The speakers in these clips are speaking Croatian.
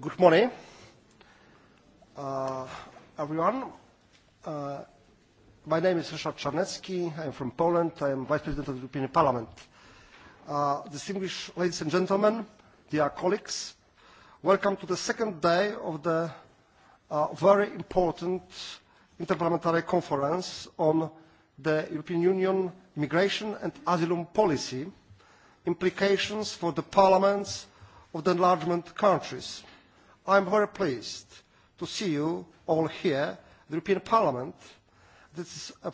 Good morning, uh, everyone. Uh, my name is Ryszard Czarnecki. I am from Poland. I am Vice President of the European Parliament. Uh, distinguished ladies and gentlemen, dear colleagues, welcome to the second day of the uh, very important interparliamentary conference on the European Union immigration and asylum policy, implications for the parliaments of the enlargement countries. I am very pleased to see you all here, the European Parliament. This is a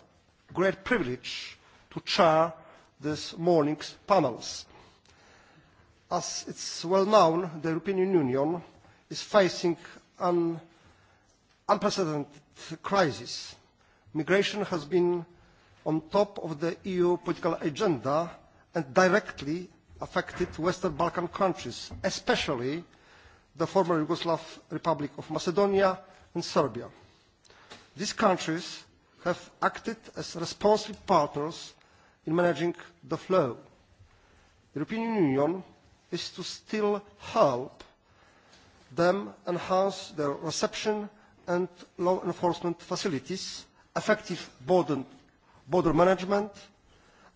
great privilege to chair this morning's panels. As it's well known, the European Union is facing an unprecedented crisis. Migration has been on top of the EU political agenda and directly affected Western Balkan countries, especially the former Yugoslav Republic of Macedonia and Serbia. These countries have acted as responsible partners in managing the flow. The European Union is to still help them enhance their reception and law enforcement facilities, effective border, management,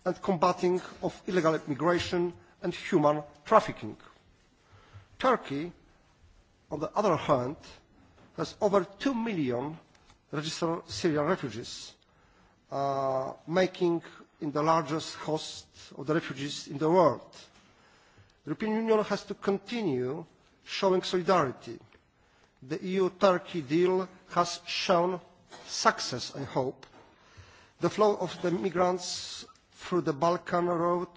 and combating of illegal immigration and human trafficking. Turkey on the other hand, has over 2 million registered Syrian refugees, uh, making in the largest host of the refugees in the world. The European Union has to continue showing solidarity. The EU-Turkey deal has shown success, I hope. The flow of the migrants through the Balkan road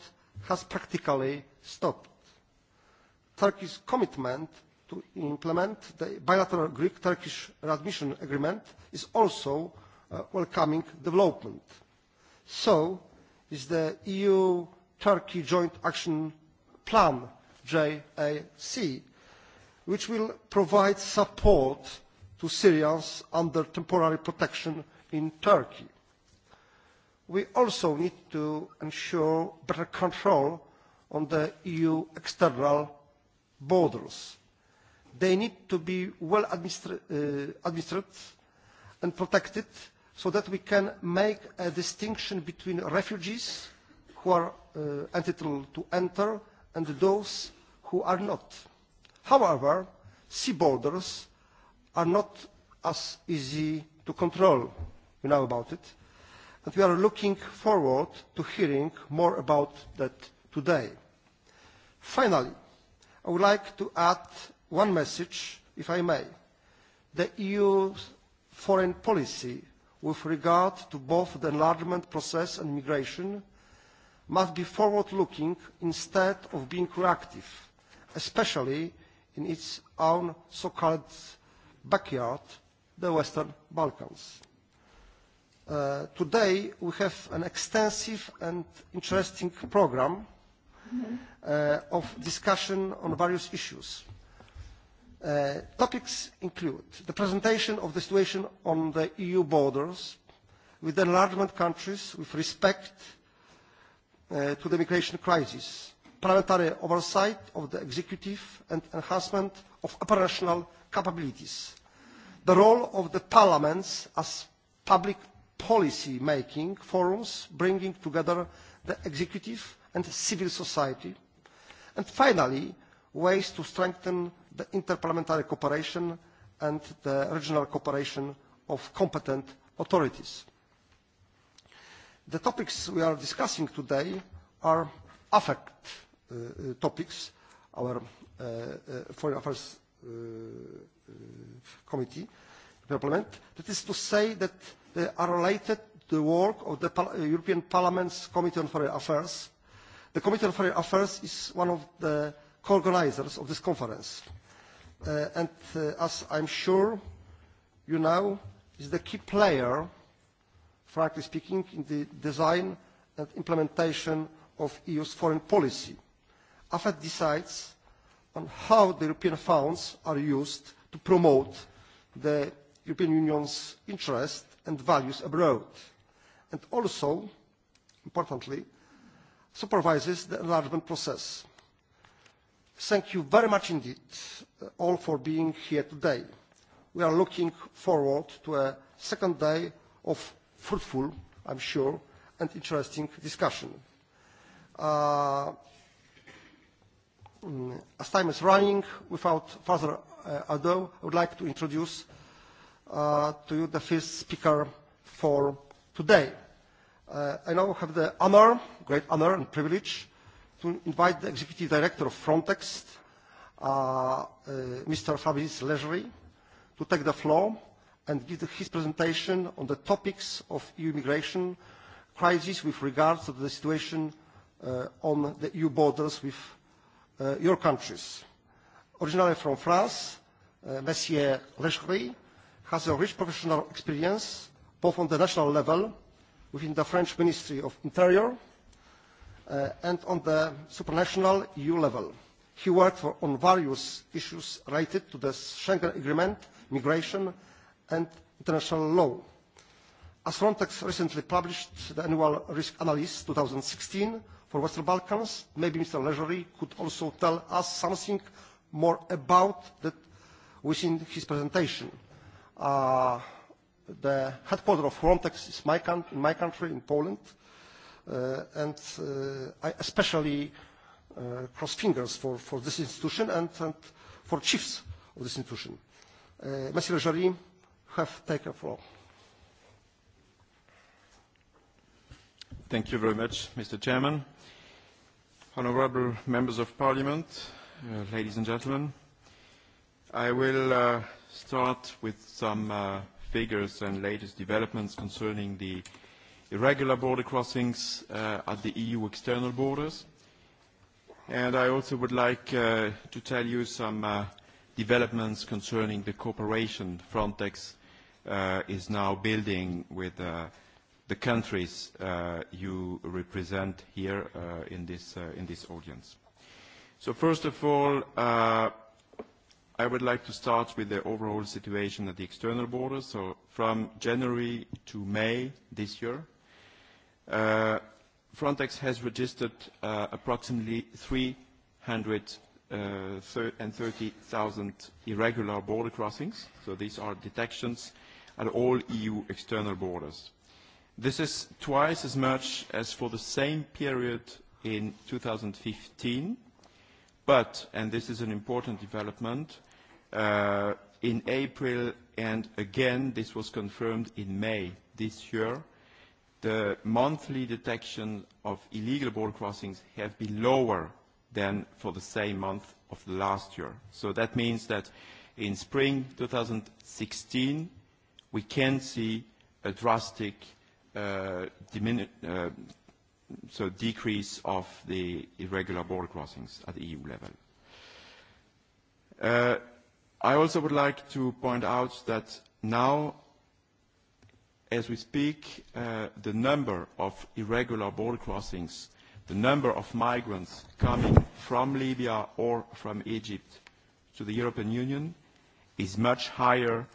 has practically stopped. Turkey's commitment to implement the bilateral Greek-Turkish readmission agreement is also a uh, welcoming development. So is the EU-Turkey Joint Action Plan, JAC, which will provide support to Syrians under temporary protection in Turkey. We also need to ensure better control on the EU external borders they need to be well administra uh, administered and protected so that we can make a distinction between refugees who are uh, entitled to enter and those who are not. However, sea borders are not as easy to control. You know about it. And we are looking forward to hearing more about that today. Finally, I would like to add one message, if I may. The EU's foreign policy with regard to both the enlargement process and migration must be forward-looking instead of being reactive, especially in its own so-called backyard, the Western Balkans. Uh, today we have an extensive and interesting program mm-hmm. uh, of discussion on various issues Uh, topics include the presentation of the situation on the EU borders with enlargement countries with respect uh, to the migration crisis, parliamentary oversight of the executive and enhancement of operational capabilities, the role of the parliaments as public policy making forums bringing together the executive and civil society, and finally, ways to strengthen the interparliamentary cooperation and the regional cooperation of competent authorities. The topics we are discussing today are affect uh, uh, topics, our uh, Foreign Affairs Committee Parliament. That is to say that they are related to the work of the European Parliament's Committee on Foreign Affairs. The Committee on Foreign Affairs is one of the co-organizers of this conference. Uh, and uh, as I'm sure you know, is the key player, frankly speaking, in the design and implementation of EU's foreign policy. AFED decides on how the European funds are used to promote the European Union's interests and values abroad, and also, importantly, supervises the enlargement process. Thank you very much indeed, uh, all for being here today. We are looking forward to a second day of fruitful, I'm sure, and interesting discussion. Uh, mm, as time is running, without further uh, ado, I would like to introduce to you the first speaker for today. I now have the honor, great honor and privilege, to invite the Executive Director of Frontex, uh, uh, Mr. Fabrice Legery, to take the floor and give his presentation on the topics of EU immigration crisis with regards to the situation uh, on the EU borders with uh, your countries. Originally from France, uh, Monsieur Legery has a rich professional experience both on the national level within the French Ministry of Interior Uh, and on the supranational EU level. He worked on various issues related to the Schengen Agreement, migration and international law. As Frontex recently published the annual risk analysis 2016 for Western Balkans, maybe Mr. Leisure could also tell us something more about that within his presentation. Uh, the headquarters of Frontex is my in my country, in Poland, Uh, and uh, I especially uh, cross fingers for, for this institution and, and for chiefs of this institution. Monsieur Jolie, have taken the floor. Thank you very much, Mr. Chairman. Honorable Members of Parliament, uh, ladies and gentlemen, I will uh, start with some uh, figures and latest developments concerning the irregular border crossings uh, at the EU external borders. And I also would like uh, to tell you some uh, developments concerning the cooperation Frontex is now building with the countries you represent here in, this, in this audience. So first of all, I would like to start with the overall situation at the external borders. So from January to May this year, Uh, Frontex has registered uh, approximately 330,000 uh, irregular border crossings. So these are detections at all EU external borders. This is twice as much as for the same period in 2015. But, and this is an important development, in April and again, this was confirmed in May this year, the monthly detection of illegal border crossings have been lower than for the same month of last year. So that means that in spring 2016, we can see a drastic uh, uh, decrease of the irregular border crossings at EU level. Uh, I also would like to point out that now as we speak, uh, the number of irregular border crossings, the number of migrants coming from Libya or from Egypt to the European Union is much higher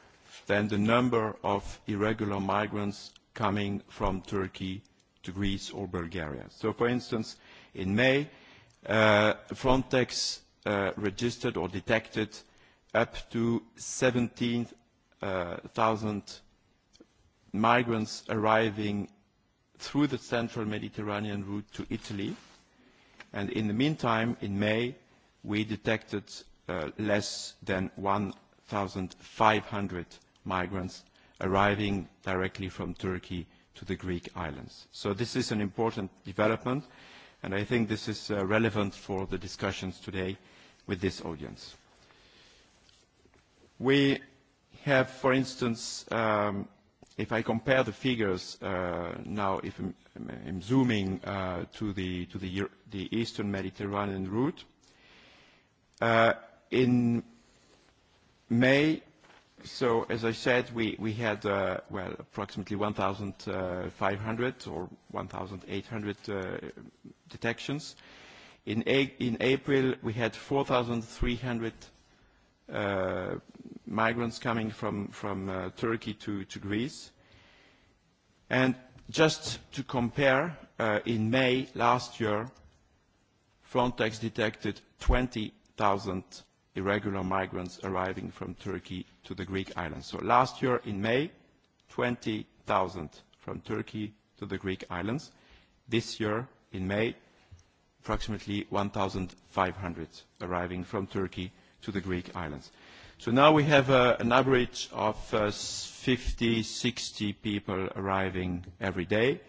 than the number of irregular migrants coming from Turkey to Greece or Bulgaria. So, for instance, in May, uh, Frontex uh, registered or detected up to 17,000 migrants arriving through the central Mediterranean route to Italy. And in the meantime, in May, we detected uh, less than 1,500 migrants arriving directly from Turkey to the Greek islands. So this is an important development, and I think this is uh, relevant for the discussions today with this audience. We have, for instance, um, if I compare the figures uh, now, if I'm, zooming uh, to, the, to the, the eastern Mediterranean route, uh, in May, so as I said, we, we had, uh, well, approximately 1,500 or 1,800 uh, detections. In, a in April, we had 4,300 migrants coming from, from uh, Turkey to, to Greece. And just to compare, uh, in May last year, Frontex detected 20,000 irregular migrants arriving from Turkey to the Greek islands. So last year in May, 20,000 from Turkey to the Greek islands. This year in May, approximately 1,500 arriving from Turkey to the Greek islands. So now we have uh, an average of uh, 50, 60 people arriving every day,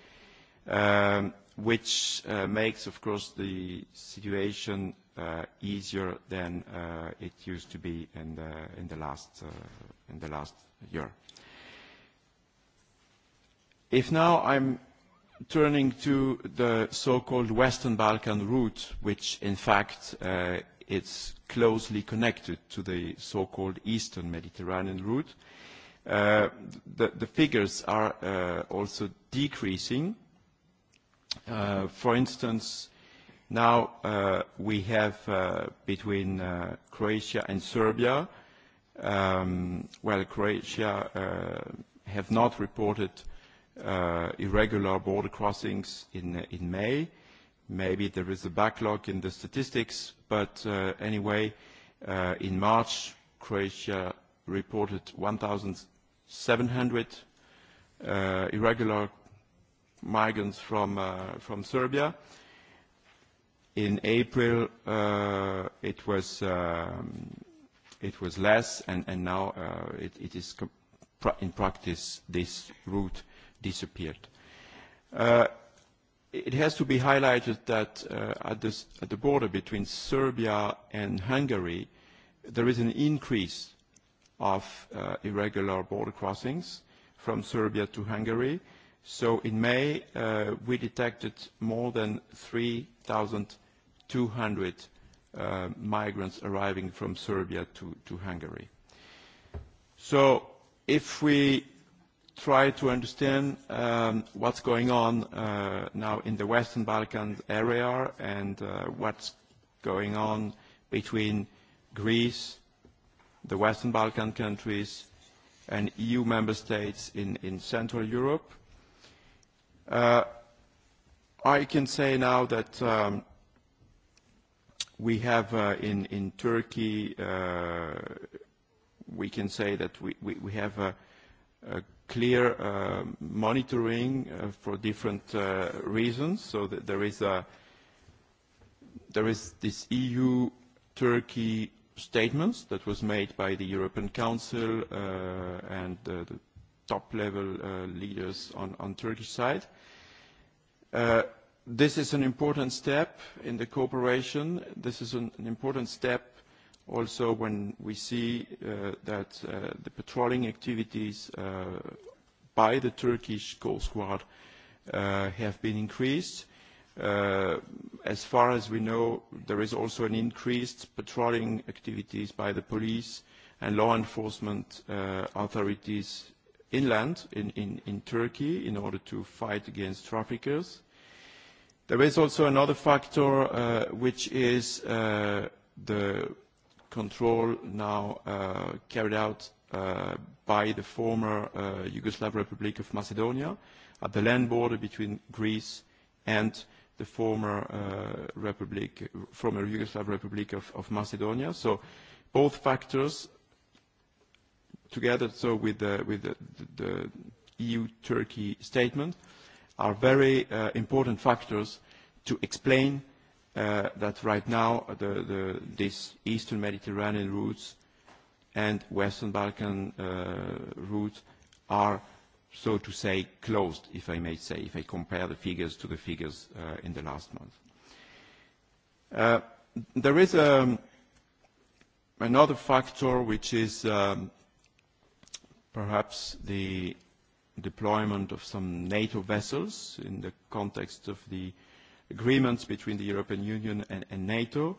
um, which uh, makes, of course, the situation uh, easier than it used to be in the, in the, last, in the last year. If now I'm turning to the so-called Western Balkan route, which in fact it's closely connected to the so-called Eastern Mediterranean route. Uh, the, the figures are uh, also decreasing. Uh, for instance, now uh, we have uh, between uh, Croatia and Serbia, um, well, Croatia have not reported irregular border crossings in, in May. Maybe there is a backlog in the statistics, But uh, anyway, uh, in March, Croatia reported 1,700 uh, irregular migrants from, from Serbia. In April, it, was, um, it was less, and, and now it, it is in practice this route disappeared it has to be highlighted that uh, at, this, at the border between Serbia and Hungary, there is an increase of uh, irregular border crossings from Serbia to Hungary. So in May, uh, we detected more than 3,200 uh, migrants arriving from Serbia to, to Hungary. So if we try to understand um, what's going on uh, now in the Western Balkans area and uh, what's going on between Greece, the Western Balkan countries, and EU member states in, in Central Europe. Uh, I can say now that um, we have uh, in, in Turkey, uh, we can say that we, we, we have a clear uh, monitoring uh, for different uh, reasons. So that there is a there is this EU Turkey statements that was made by the European Council uh, and uh, the top level uh, leaders on on Turkish side. Uh, this is an important step in the cooperation. This is an, an important step also when we see uh, that uh, the patrolling activities uh, by the Turkish Coast Guard have been increased. as far as we know, there is also an increased patrolling activities by the police and law enforcement authorities inland in, Turkey in order to fight against traffickers. There is also another factor which is the control now uh, carried out uh, by the former uh, Yugoslav Republic of Macedonia at the land border between Greece and the former uh, Republic, former Yugoslav Republic of, of Macedonia. So both factors together so with the, with the, the EU-Turkey e statement are very uh, important factors to explain uh, Uh, that right now the, the, this Eastern Mediterranean routes and Western Balkan uh, routes are, so to say, closed, if I may say, if I compare the figures to the figures uh, in the last month. Uh, there is um, another factor which is um, perhaps the deployment of some NATO vessels in the context of the agreements between the European Union and, and NATO,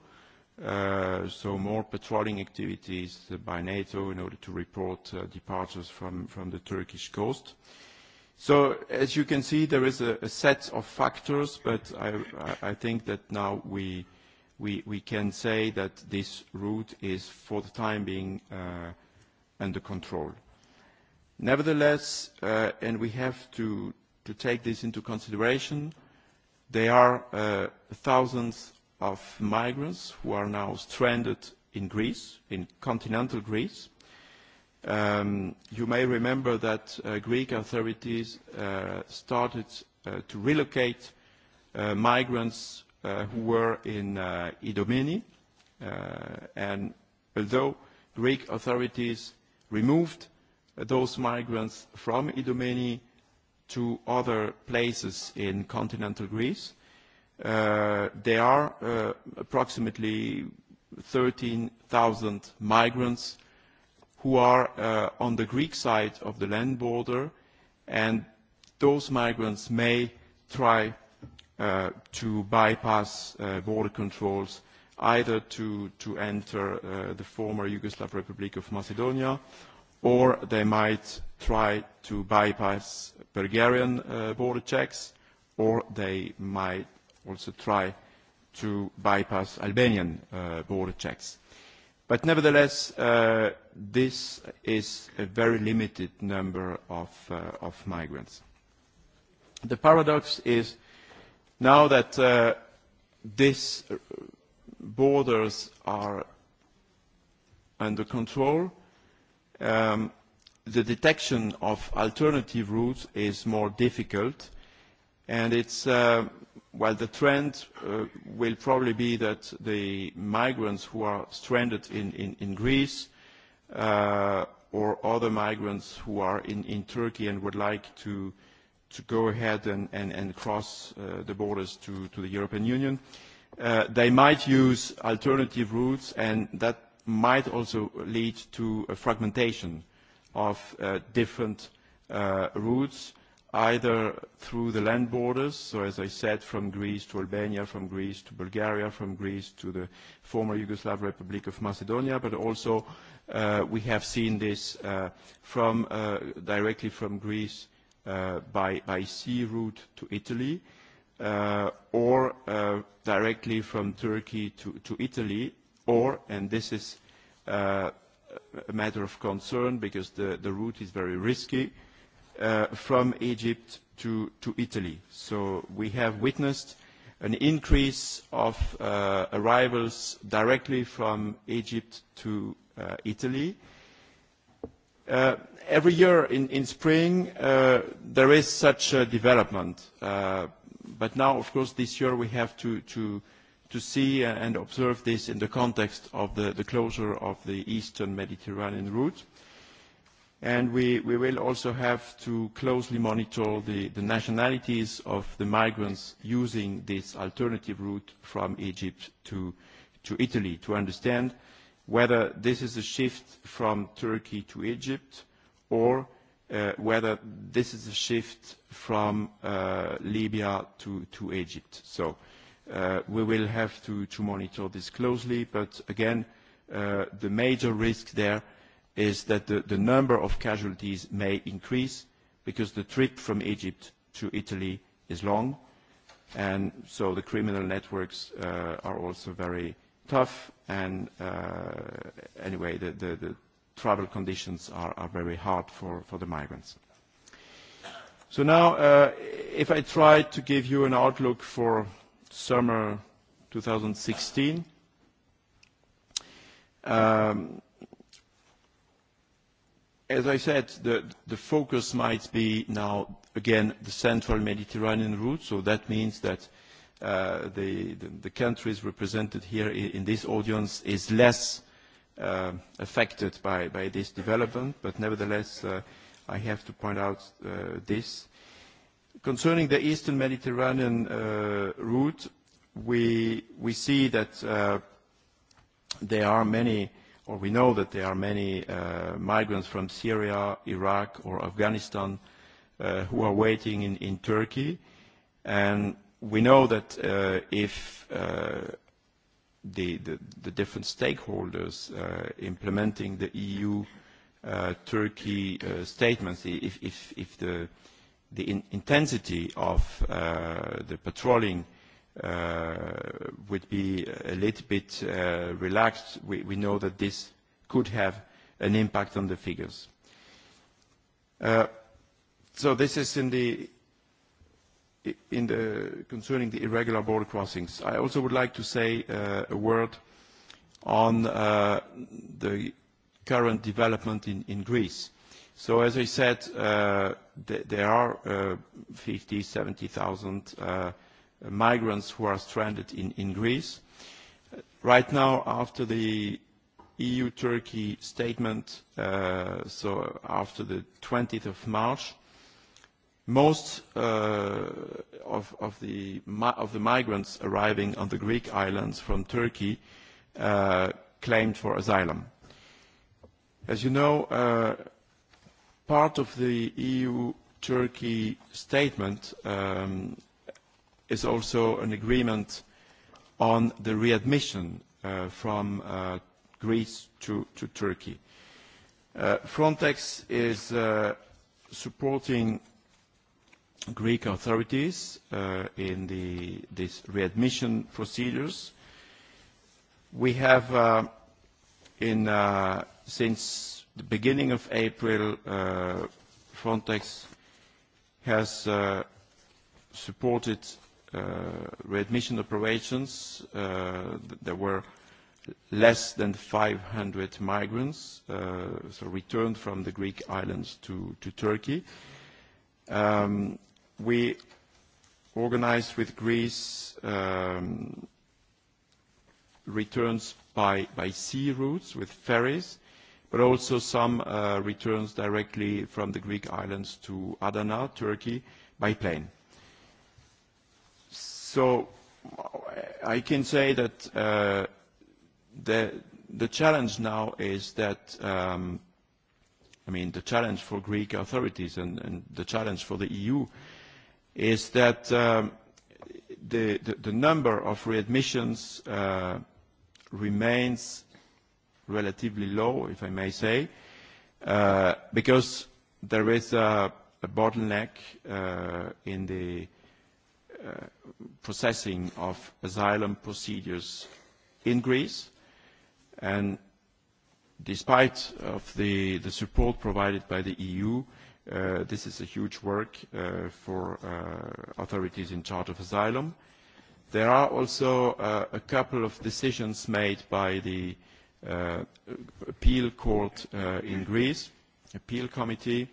uh, so more patrolling activities by NATO in order to report uh, departures from, from the Turkish coast. So as you can see, there is a, a set of factors, but I, I think that now we, we, we can say that this route is, for the time being, uh, under control. Nevertheless, uh, and we have to, to take this into consideration, There are uh, thousands of migrants who are now stranded in Greece, in continental Greece. Um, you may remember that uh, Greek authorities uh, started uh, to relocate uh, migrants uh, who were in uh, Idomeni, uh, and although Greek authorities removed uh, those migrants from Idomeni, to other places in continental Greece. Uh, there are uh, approximately 13,000 migrants who are uh, on the Greek side of the land border, and those migrants may try uh, to bypass uh, border controls either to, to enter uh, the former Yugoslav Republic of Macedonia or they might try to bypass Bulgarian uh, border checks, or they might also try to bypass Albanian uh, border checks. But nevertheless, uh, this is a very limited number of, uh, of migrants. The paradox is now that uh, these borders are under control, um, the detection of alternative routes is more difficult and it's uh, well the trend uh, will probably be that the migrants who are stranded in, in, Greece uh, or other migrants who are in, in Turkey and would like to, to go ahead and, and, cross the borders to, to the European Union, they might use alternative routes and that might also lead to a fragmentation of uh, different uh, routes, either through the land borders, so as I said, from Greece to Albania, from Greece to Bulgaria, from Greece to the former Yugoslav Republic of Macedonia, but also uh, we have seen this uh, from, uh, directly from Greece uh, by, by sea route to Italy, uh, or uh, directly from Turkey to, to Italy, or, and this is a uh, matter of concern because the, the route is very risky uh, from Egypt to, to Italy. So we have witnessed an increase of uh, arrivals directly from Egypt to Italy. every year in, spring, there is such a development. but now, of course, this year we have to, to to see uh, and observe this in the context of the, closure of the eastern Mediterranean route. And we, will also have to closely monitor the, nationalities of the migrants using this alternative route from Egypt to, Italy to understand whether this is a shift from Turkey to Egypt or uh, whether this is a shift from uh, Libya to, Egypt. Uh, we will have to, monitor this closely, but again, uh, the major risk there is that the, number of casualties may increase because the trip from Egypt to Italy is long, and so the criminal networks uh, are also very tough, and anyway, the, the, the travel conditions are, are very hard for, for the migrants. So now, if I try to give you an outlook for summer 2016. Um, as I said, the, the focus might be now, again, the central Mediterranean route, so that means that uh, the, the, countries represented here in, this audience is less uh, affected by, by this development, but nevertheless, uh, I have to point out this. Concerning the Eastern Mediterranean uh, route, we, see that uh, there are many, or we know that there are many uh, migrants from Syria, Iraq, or Afghanistan who are waiting in, Turkey. And we know that if the, the different stakeholders implementing the EU-Turkey statements, if, if, if the the in intensity of uh, the patrolling uh, would be a little bit uh, relaxed, we, we know that this could have an impact on the figures. Uh, so this is in the, in the concerning the irregular border crossings. I also would like to say uh, a word on uh, the current development in, in Greece So as I said, uh, there are uh, fifty, 50, 70,000 uh, migrants who are stranded in, Greece. Right now, after the EU-Turkey statement, so after the 20th of March, most of, of, the, migrants arriving on the Greek islands from Turkey claimed for asylum. As you know, part of the EU-Turkey statement um, is also an agreement on the readmission uh, from uh, Greece to, Turkey. Uh, Frontex is supporting Greek authorities in these readmission procedures. We have in, since the beginning of April, uh, Frontex has uh, supported uh, readmission operations. there were less than 500 migrants so returned from the Greek islands to, to Turkey. Um, we organized with Greece um, returns by, by sea routes with ferries but also some uh, returns directly from the Greek islands to Adana, Turkey, by plane. So I can say that uh, the, the challenge now is that, um, I mean, the challenge for Greek authorities and, the challenge for the EU is that um, the, the, number of readmissions uh, remains relatively low, if I may say, uh, because there is a, bottleneck uh, in the uh, processing of asylum procedures in Greece. And despite of the, support provided by the EU, this is a huge work for authorities in charge of asylum. There are also a couple of decisions made by the uh, appeal court uh, in Greece, appeal committee,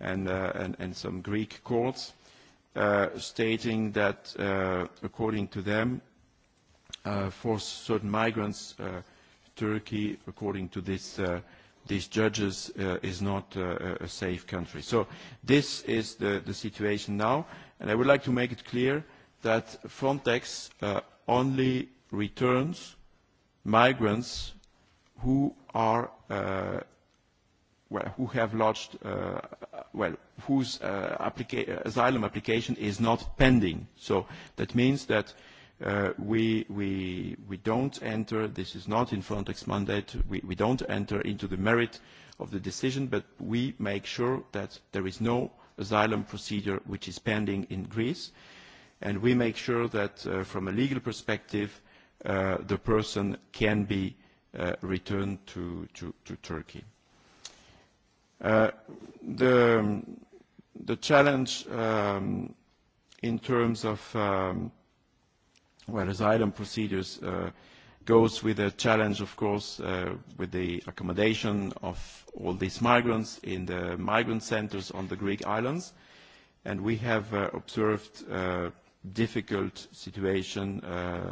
and, uh, and, some Greek courts, uh, stating that, according to them, uh, for certain migrants, uh, Turkey, according to this, uh, these judges, is not a safe country. So this is the, situation now, and I would like to make it clear that Frontex only returns migrants who are uh, well, who have lodged, uh, well, whose uh, applica asylum application is not pending. So that means that uh, we, we, we don't enter, this is not in Frontex mandate, we, we don't enter into the merit of the decision, but we make sure that there is no asylum procedure which is pending in Greece, and we make sure that uh, from a legal perspective, the person can be Uh, return to, to, to Turkey. Uh, the, the challenge um, in terms of um, well, asylum procedures uh, goes with a challenge, of course, with the accommodation of all these migrants in the migrant centers on the Greek islands. And we have observed a difficult situation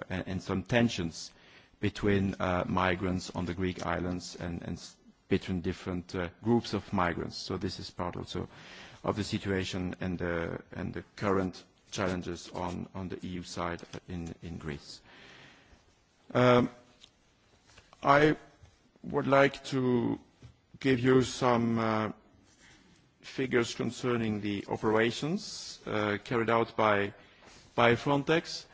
and some tensions between uh, migrants on the Greek islands and, and between different uh, groups of migrants. So this is part also of the situation and the, and the current challenges on, on the EU side in, in Greece. Um, I would like to give you some uh, figures concerning the operations uh, carried out by, by Frontex.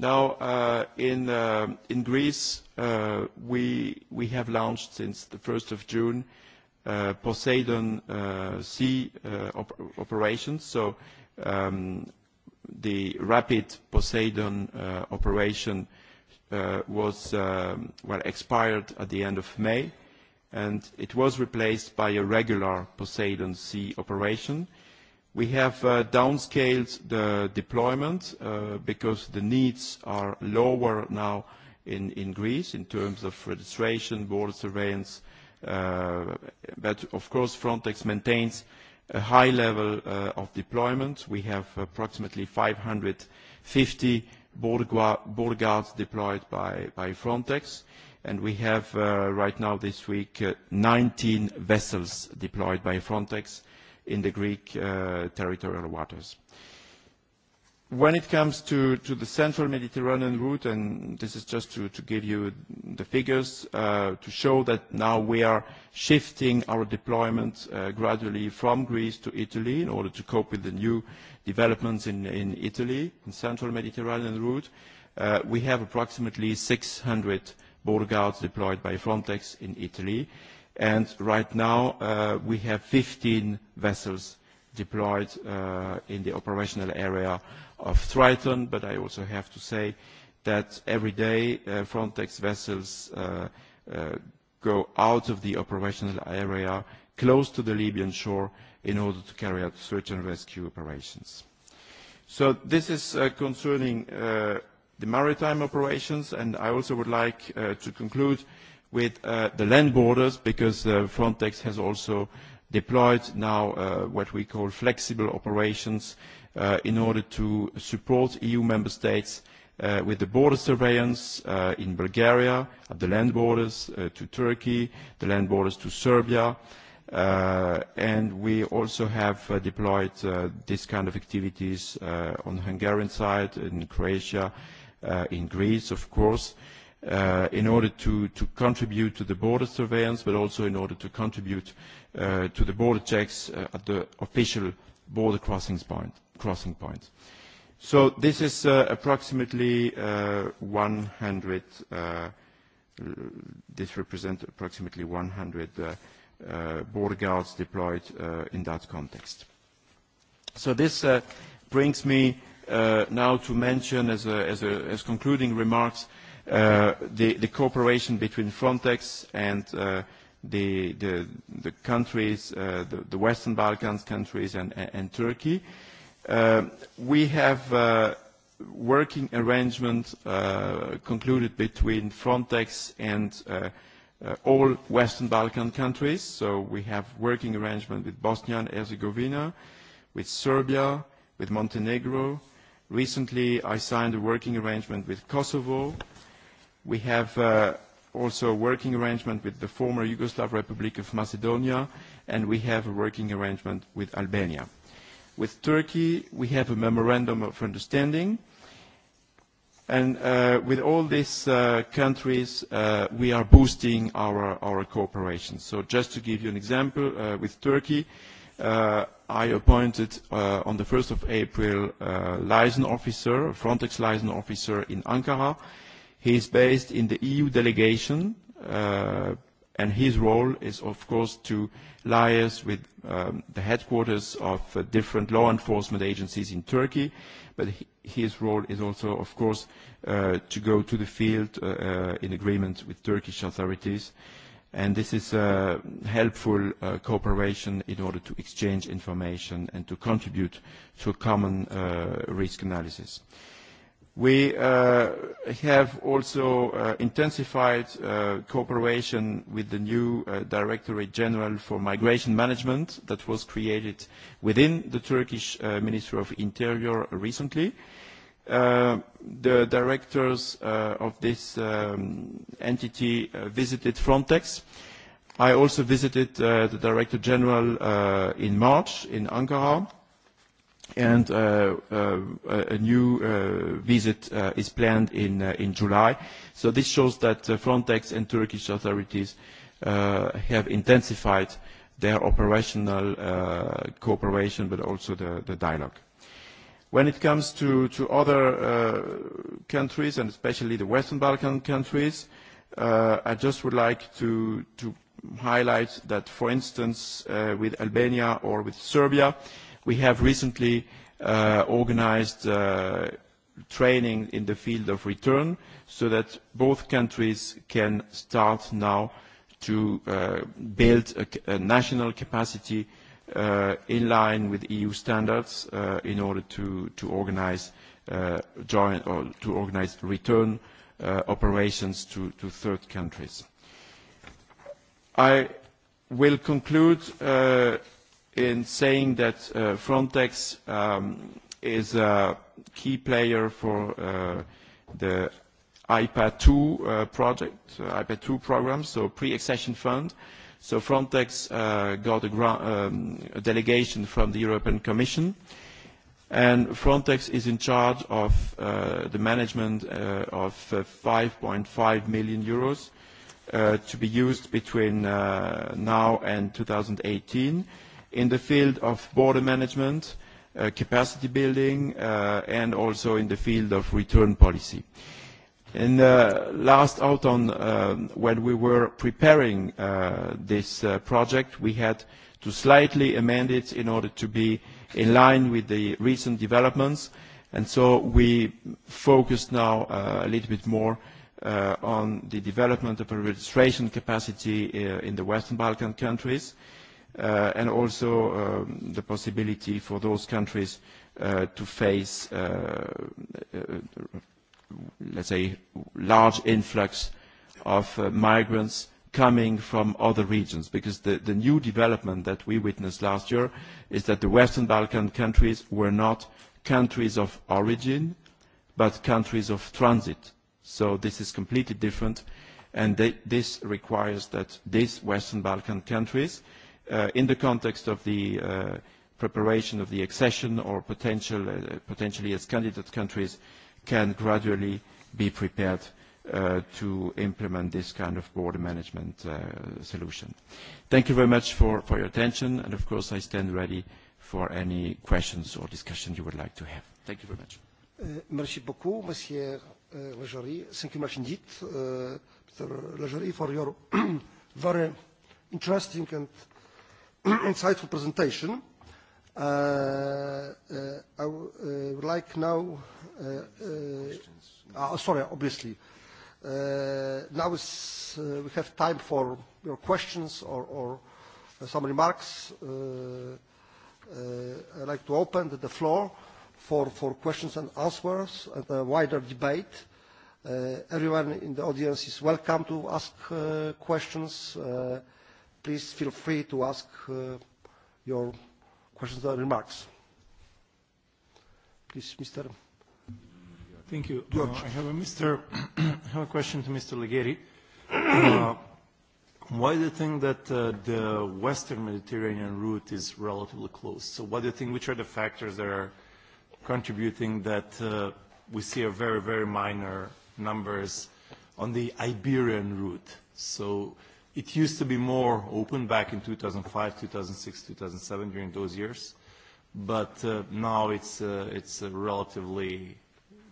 Now, uh, uh, in, Greece, uh, we, have launched since the 1st of June Poseidon Sea operations. So um, the rapid Poseidon operation was um, well expired at the end of May, and it was replaced by a regular Poseidon Sea operation We have uh, downscaled the deployment uh, because the needs are lower now in, Greece in terms of registration, border surveillance. Uh, but of course, Frontex maintains a high level of deployment. We have approximately 550 border, guards deployed by, by Frontex, and we have right now this week 19 vessels deployed by Frontex in the Greek uh, territorial waters. When it comes to, to the central Mediterranean route, and this is just to, to give you the figures uh, to show that now we are shifting our deployment uh, gradually from Greece to Italy in order to cope with the new developments in, in Italy, in central Mediterranean route. Uh, we have approximately 600 border guards deployed by Frontex in Italy and right now uh, we have 15 vessels deployed uh, in the operational area of Triton, but I also have to say that every day uh, Frontex vessels go out of the operational area close to the Libyan shore in order to carry out search and rescue operations. So this is concerning the maritime operations, and I also would like to conclude with uh, the land borders because uh, Frontex has also deployed now uh, what we call flexible operations uh, in order to support EU member states uh, with the border surveillance uh, in Bulgaria, at the land borders to Turkey, the land borders to Serbia. And we also have deployed this kind of activities on the Hungarian side, in Croatia, in Greece, of course uh, in order to, to contribute to the border surveillance, but also in order to contribute uh, to the border checks uh, at the official border crossings point, crossing points. So this is uh, approximately uh, 100, uh, this represents approximately 100 uh, uh, border guards deployed uh, in that context. So this uh, brings me uh, now to mention as, a, as, a, as concluding remarks Uh, the, the cooperation between Frontex and uh, the, the, the countries, uh, the, the Western Balkans countries and, and, and Turkey. Uh, we have uh, working arrangement uh, concluded between Frontex and uh, uh, all Western Balkan countries. So we have working arrangement with Bosnia and Herzegovina, with Serbia, with Montenegro. Recently, I signed a working arrangement with Kosovo, We have uh, also a working arrangement with the former Yugoslav Republic of Macedonia, and we have a working arrangement with Albania. With Turkey, we have a memorandum of understanding. And uh, with all these uh, countries, uh, we are boosting our, our cooperation. So just to give you an example, uh, with Turkey, uh, I appointed uh, on the 1st of April a uh, liaison officer, a Frontex liaison officer in Ankara, He is based in the EU delegation, uh, and his role is, of course, to liaise with um, the headquarters of uh, different law enforcement agencies in Turkey, but his role is also, of course, uh, to go to the field uh, uh, in agreement with Turkish authorities. And this is uh, helpful uh, cooperation in order to exchange information and to contribute to a common uh, risk analysis. We uh, have also uh, intensified uh, cooperation with the new Directorate General for Migration Management that was created within the Turkish Ministry of Interior recently. The directors of this um, entity visited Frontex. I also visited the Director General in March in Ankara and uh, uh, a new uh, visit is planned in, in July. So this shows that Frontex and Turkish authorities have intensified their operational cooperation, but also the, dialogue. When it comes to, to other countries, and especially the Western Balkan countries, I just would like to, to highlight that, for instance, with Albania or with Serbia, We have recently uh, organized uh, training in the field of return so that both countries can start now to uh, build a, national capacity uh, in line with EU standards in order to, to organize joint or to organize return operations to, third countries. I will conclude in saying that uh, Frontex um, is a key player for uh, the IPA 2 uh, project, uh, IPA 2 program, so pre-accession fund. So Frontex uh, got a, um, a delegation from the European Commission, and Frontex is in charge of uh, the management uh, of 5.5 uh, million euros uh, to be used between uh, now and 2018 in the field of border management, uh, capacity building, uh, and also in the field of return policy. And uh, last autumn, when we were preparing this project, we had to slightly amend it in order to be in line with the recent developments. And so we focus now a little bit more on the development of a registration capacity in the Western Balkan countries. Uh, and also uh, the possibility for those countries uh, to face, let's say, large influx of migrants coming from other regions, because the, new development that we witnessed last year is that the Western Balkan countries were not countries of origin, but countries of transit. So this is completely different, and this requires that these Western Balkan countries – Uh, in the context of the uh, preparation of the accession or potential, uh, potentially as candidate countries can gradually be prepared uh, to implement this kind of border management uh, solution. Thank you very much for, for your attention and of course I stand ready for any questions or discussion you would like to have. Thank you very much. Uh, merci beaucoup, Monsieur uh, Lajari. Thank you much indeed, uh, Mr. for your very interesting and insightful presentation. Uh, uh, I uh, would like now, uh, ah, sorry, obviously. Now we have time for your questions or, or some remarks. I'd like to open the floor for, for questions and answers and a wider debate. Everyone in the audience is welcome to ask questions please feel free to ask uh, your questions or remarks. Please, Mr. Thank you. George. Uh, I have a Mr. I have a question to Mr. Legeri. why do you think that uh, the Western Mediterranean route is relatively closed? So what do you think, which are the factors that are contributing that we see a very, very minor numbers on the Iberian route? So It used to be more open back in 2005, 2006, 2007, during those years. But uh, now it's, uh, it's relatively,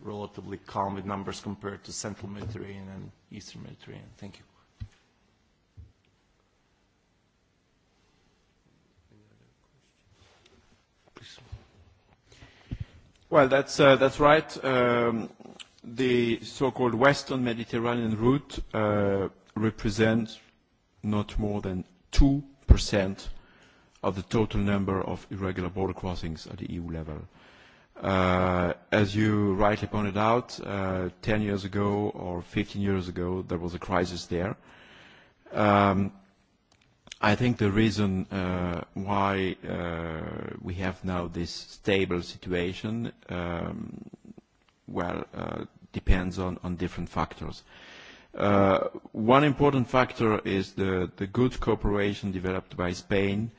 relatively calm with numbers compared to Central Mediterranean and Eastern Mediterranean. Thank you. Well, that's, uh, that's right. Um, the so-called Western Mediterranean route represents not more than 2% of the total number of irregular border crossings at the EU level. Uh, as you rightly pointed out, 10 uh, years ago or 15 years ago, there was a crisis there. Um, I think the reason uh, why we have now this stable situation, um, well, depends on, on different factors. Uh, one important factor is the, the good cooperation developed by Spain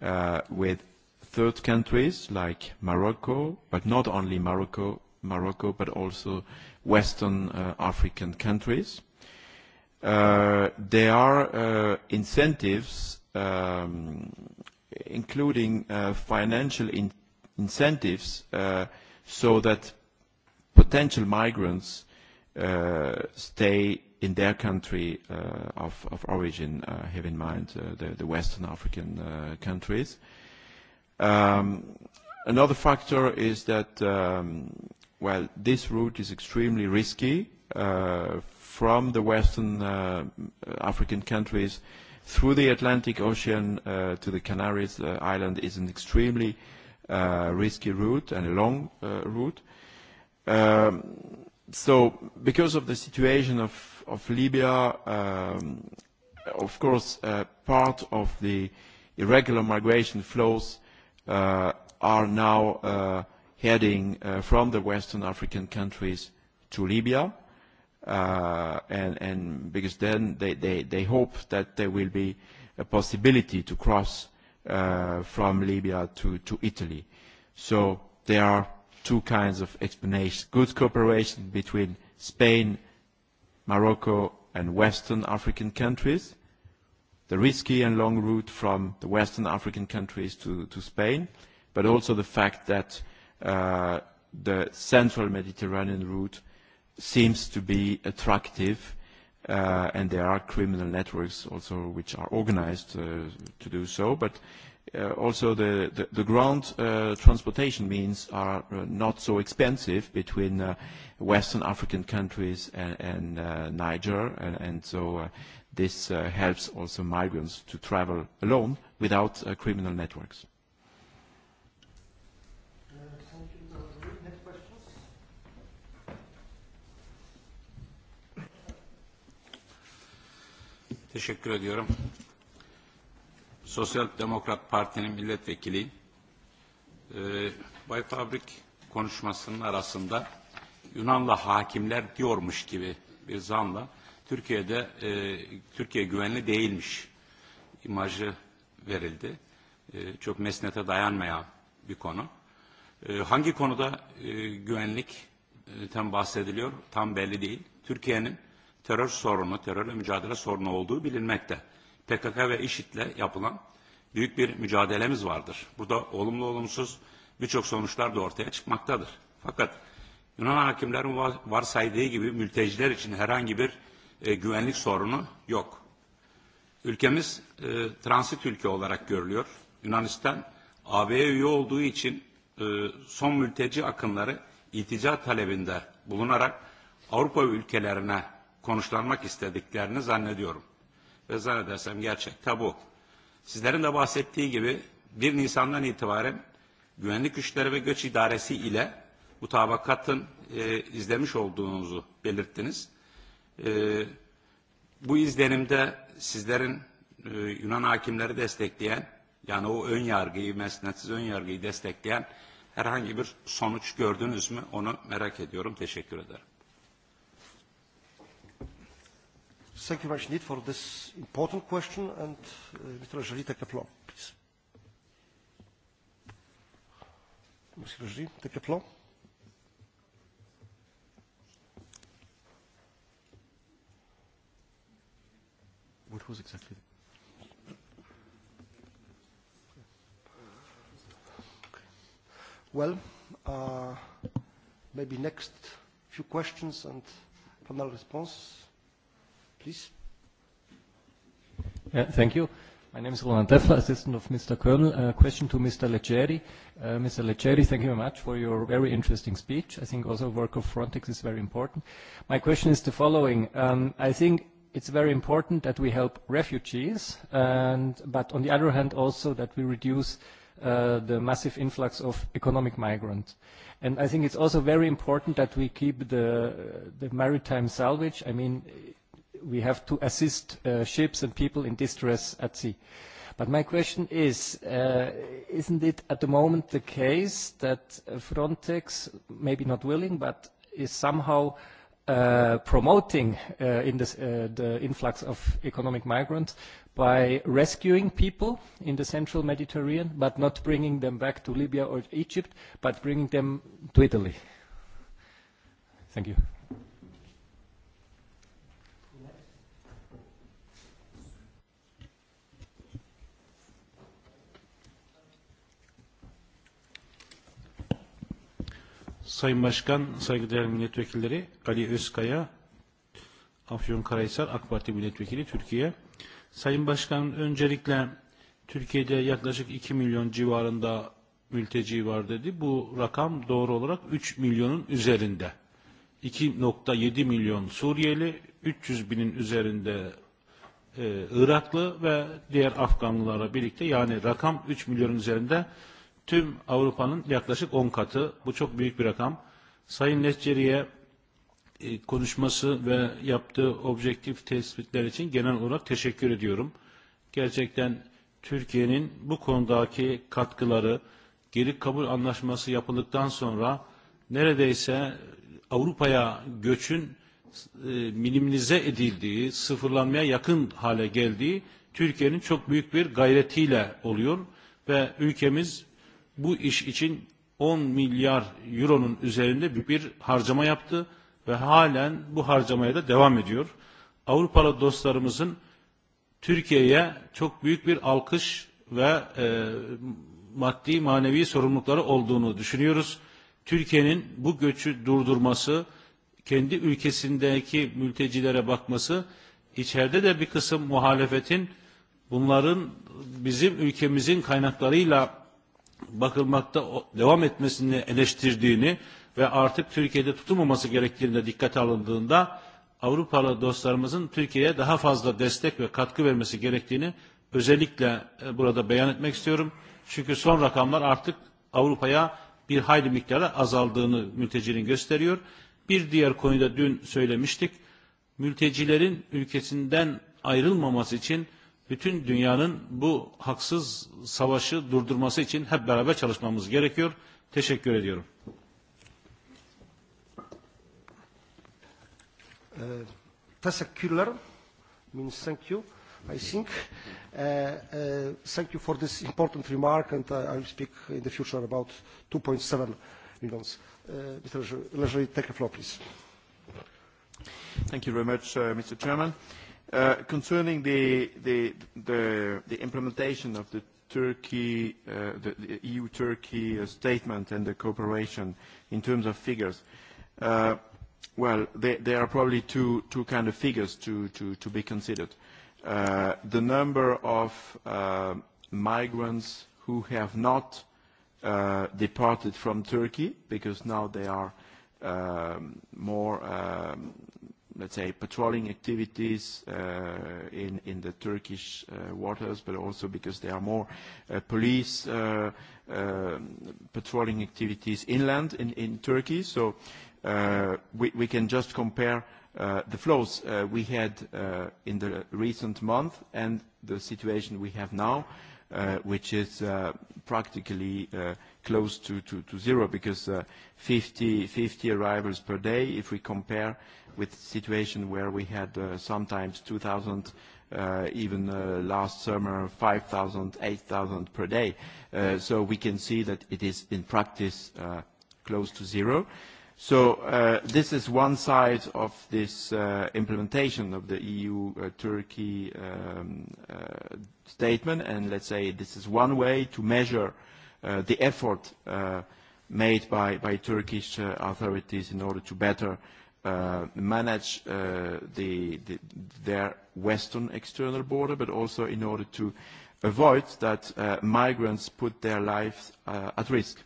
uh, with third countries like Morocco, but not only Morocco, Morocco but also Western uh, African countries. Uh, there are uh, incentives, um, including financial in incentives, so that potential migrants Uh, stay in their country uh, of, of origin, uh, have in mind uh, the, the Western African uh, countries. Um, another factor is that, um, well, this route is extremely risky uh, from the Western uh, African countries through the Atlantic Ocean uh, to the Canaries uh, Island is an extremely uh, risky route and a long uh, route. Um, so because of the situation of, of Libya, um, of course, uh, part of the irregular migration flows uh, are now uh, heading uh, from the Western African countries to Libya. Uh, and, and because then they, they, they hope that there will be a possibility to cross uh, from Libya to, to Italy. So they are two kinds of explanations. Good cooperation between Spain, Morocco and Western African countries, the risky and long route from the Western African countries to, to Spain, but also the fact that uh, the central Mediterranean route seems to be attractive uh, and there are criminal networks also which are organized uh, to do so, but Uh, also the, the, the ground uh, transportation means are uh, not so expensive between uh, Western African countries and, Niger, and, and so this helps also migrants to travel alone without criminal networks. Teşekkür ediyorum. Sosyal Demokrat Parti'nin milletvekili e, Bay Fabrik konuşmasının arasında Yunanlı hakimler diyormuş gibi bir zamla Türkiye'de e, Türkiye güvenli değilmiş imajı verildi. E, çok mesnete dayanmayan bir konu. E, hangi konuda e, güvenlikten bahsediliyor tam belli değil. Türkiye'nin terör sorunu, terörle mücadele sorunu olduğu bilinmekte. PKK ve IŞİD'le yapılan büyük bir mücadelemiz vardır. Burada olumlu olumsuz birçok sonuçlar da ortaya çıkmaktadır. Fakat Yunan hakimlerin varsaydığı gibi mülteciler için herhangi bir e, güvenlik sorunu yok. Ülkemiz e, transit ülke olarak görülüyor. Yunanistan AB'ye üye olduğu için e, son mülteci akınları iltica talebinde bulunarak Avrupa ülkelerine konuşlanmak istediklerini zannediyorum ve zannedersem gerçek tabu. Sizlerin de bahsettiği gibi 1 Nisan'dan itibaren güvenlik güçleri ve göç idaresi ile mutabakatın e, izlemiş olduğunuzu belirttiniz. E, bu izlenimde sizlerin e, Yunan hakimleri destekleyen yani o ön yargıyı, mesnetsiz ön yargıyı destekleyen herhangi bir sonuç gördünüz mü? Onu merak ediyorum. Teşekkür ederim. Thank you very much indeed for this important question. And uh, Mr. Rajali, take the floor, please. Mr. Rajali, take the floor. What was exactly the Well, uh, maybe next few questions and final response. Please. Yeah, thank you. My name is Roland Deffler, assistant of Mr. Colonel. A uh, question to Mr. Leggeri. Uh, Mr. Leggeri, thank you very much for your very interesting speech. I think also work of Frontex is very important. My question is the following. Um, I think it's very important that we help refugees, and, but on the other hand also that we reduce uh, the massive influx of economic migrants. And I think it's also very important that we keep the, the maritime salvage. I mean, we have to assist uh, ships and people in distress at sea. But my question is, uh, isn't it at the moment the case that uh, Frontex, maybe not willing, but is somehow uh, promoting uh, in this, uh, the influx of economic migrants by rescuing people in the central Mediterranean, but not bringing them back to Libya or Egypt, but bringing them to Italy? Thank you. Sayın Başkan, saygıdeğer milletvekilleri Ali Özkaya, Afyonkarahisar AK Parti milletvekili Türkiye. Sayın Başkan öncelikle Türkiye'de yaklaşık 2 milyon civarında mülteci var dedi. Bu rakam doğru olarak 3 milyonun üzerinde. 2.7 milyon Suriyeli, 300 binin üzerinde e, Iraklı ve diğer Afganlılara birlikte yani rakam 3 milyonun üzerinde tüm Avrupa'nın yaklaşık 10 katı. Bu çok büyük bir rakam. Sayın Netçeri'ye e, konuşması ve yaptığı objektif tespitler için genel olarak teşekkür ediyorum. Gerçekten Türkiye'nin bu konudaki katkıları geri kabul anlaşması yapıldıktan sonra neredeyse Avrupa'ya göçün e, minimize edildiği, sıfırlanmaya yakın hale geldiği Türkiye'nin çok büyük bir gayretiyle oluyor ve ülkemiz bu iş için 10 milyar euronun üzerinde bir harcama yaptı ve halen bu harcamaya da devam ediyor. Avrupalı dostlarımızın Türkiye'ye çok büyük bir alkış ve e, maddi manevi sorumlulukları olduğunu düşünüyoruz. Türkiye'nin bu göçü durdurması, kendi ülkesindeki mültecilere bakması, içeride de bir kısım muhalefetin bunların bizim ülkemizin kaynaklarıyla bakılmakta devam etmesini eleştirdiğini ve artık Türkiye'de tutulmaması gerektiğinde dikkate alındığında Avrupalı dostlarımızın Türkiye'ye daha fazla destek ve katkı vermesi gerektiğini özellikle e, burada beyan etmek istiyorum. Çünkü son rakamlar artık Avrupa'ya bir hayli miktarda azaldığını mültecinin gösteriyor. Bir diğer konuda dün söylemiştik. Mültecilerin ülkesinden ayrılmaması için bütün dünyanın bu haksız savaşı durdurması için hep beraber çalışmamız gerekiyor. Teşekkür ediyorum. Uh, teşekkürler. Means thank you. I think uh, uh, thank you for this important remark and uh, I will speak in the future about 2.7 million. Uh, Mr. Leger, take the floor, please. Thank you very much, uh, Mr. Chairman. Uh, Uh, concerning the, implementation of the Turkey, uh, the, EU-Turkey e uh, statement and the cooperation in terms of figures, well, there, are probably two, two kind of figures to, be considered. the number of migrants who have not departed from Turkey, because now they are um, more um, let's say, patrolling activities uh, in, in the Turkish uh, waters, but also because there are more uh, police uh, uh, patrolling activities inland in, in Turkey. So uh, we, we can just compare uh, the flows uh, we had uh, in the recent month and the situation we have now, uh, which is uh, practically uh, – close to, to, zero because 50, uh, arrivals per day, if we compare with situation where we had uh, sometimes 2,000, uh, even last summer 5,000, 8,000 per day. so we can see that it is in practice close to zero. So this is one side of this implementation of the EU-Turkey um, statement, and let's say this is one way to measure Uh, the effort uh, made by, by Turkish uh, authorities in order to better manage the, their western external border, but also in order to avoid that migrants put their lives at risk.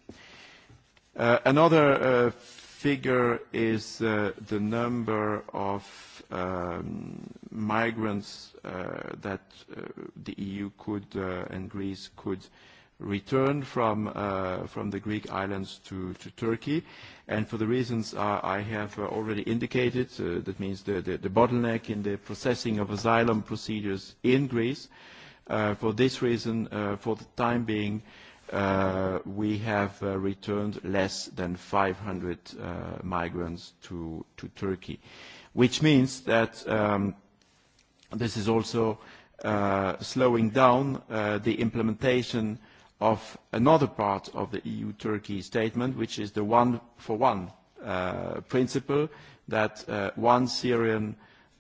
Another figure is the number of um, migrants that the EU could and Greece could returned from, uh, from the Greek islands to, to Turkey. And for the reasons I have uh, already indicated, uh, that means the, the, the bottleneck in the processing of asylum procedures in Greece, for this reason, for the time being, we have returned less than 500 migrants to, to Turkey, which means that um, this is also slowing down the implementation of another part of the EU-Turkey statement, which is the one-for-one uh, principle that uh, one Syrian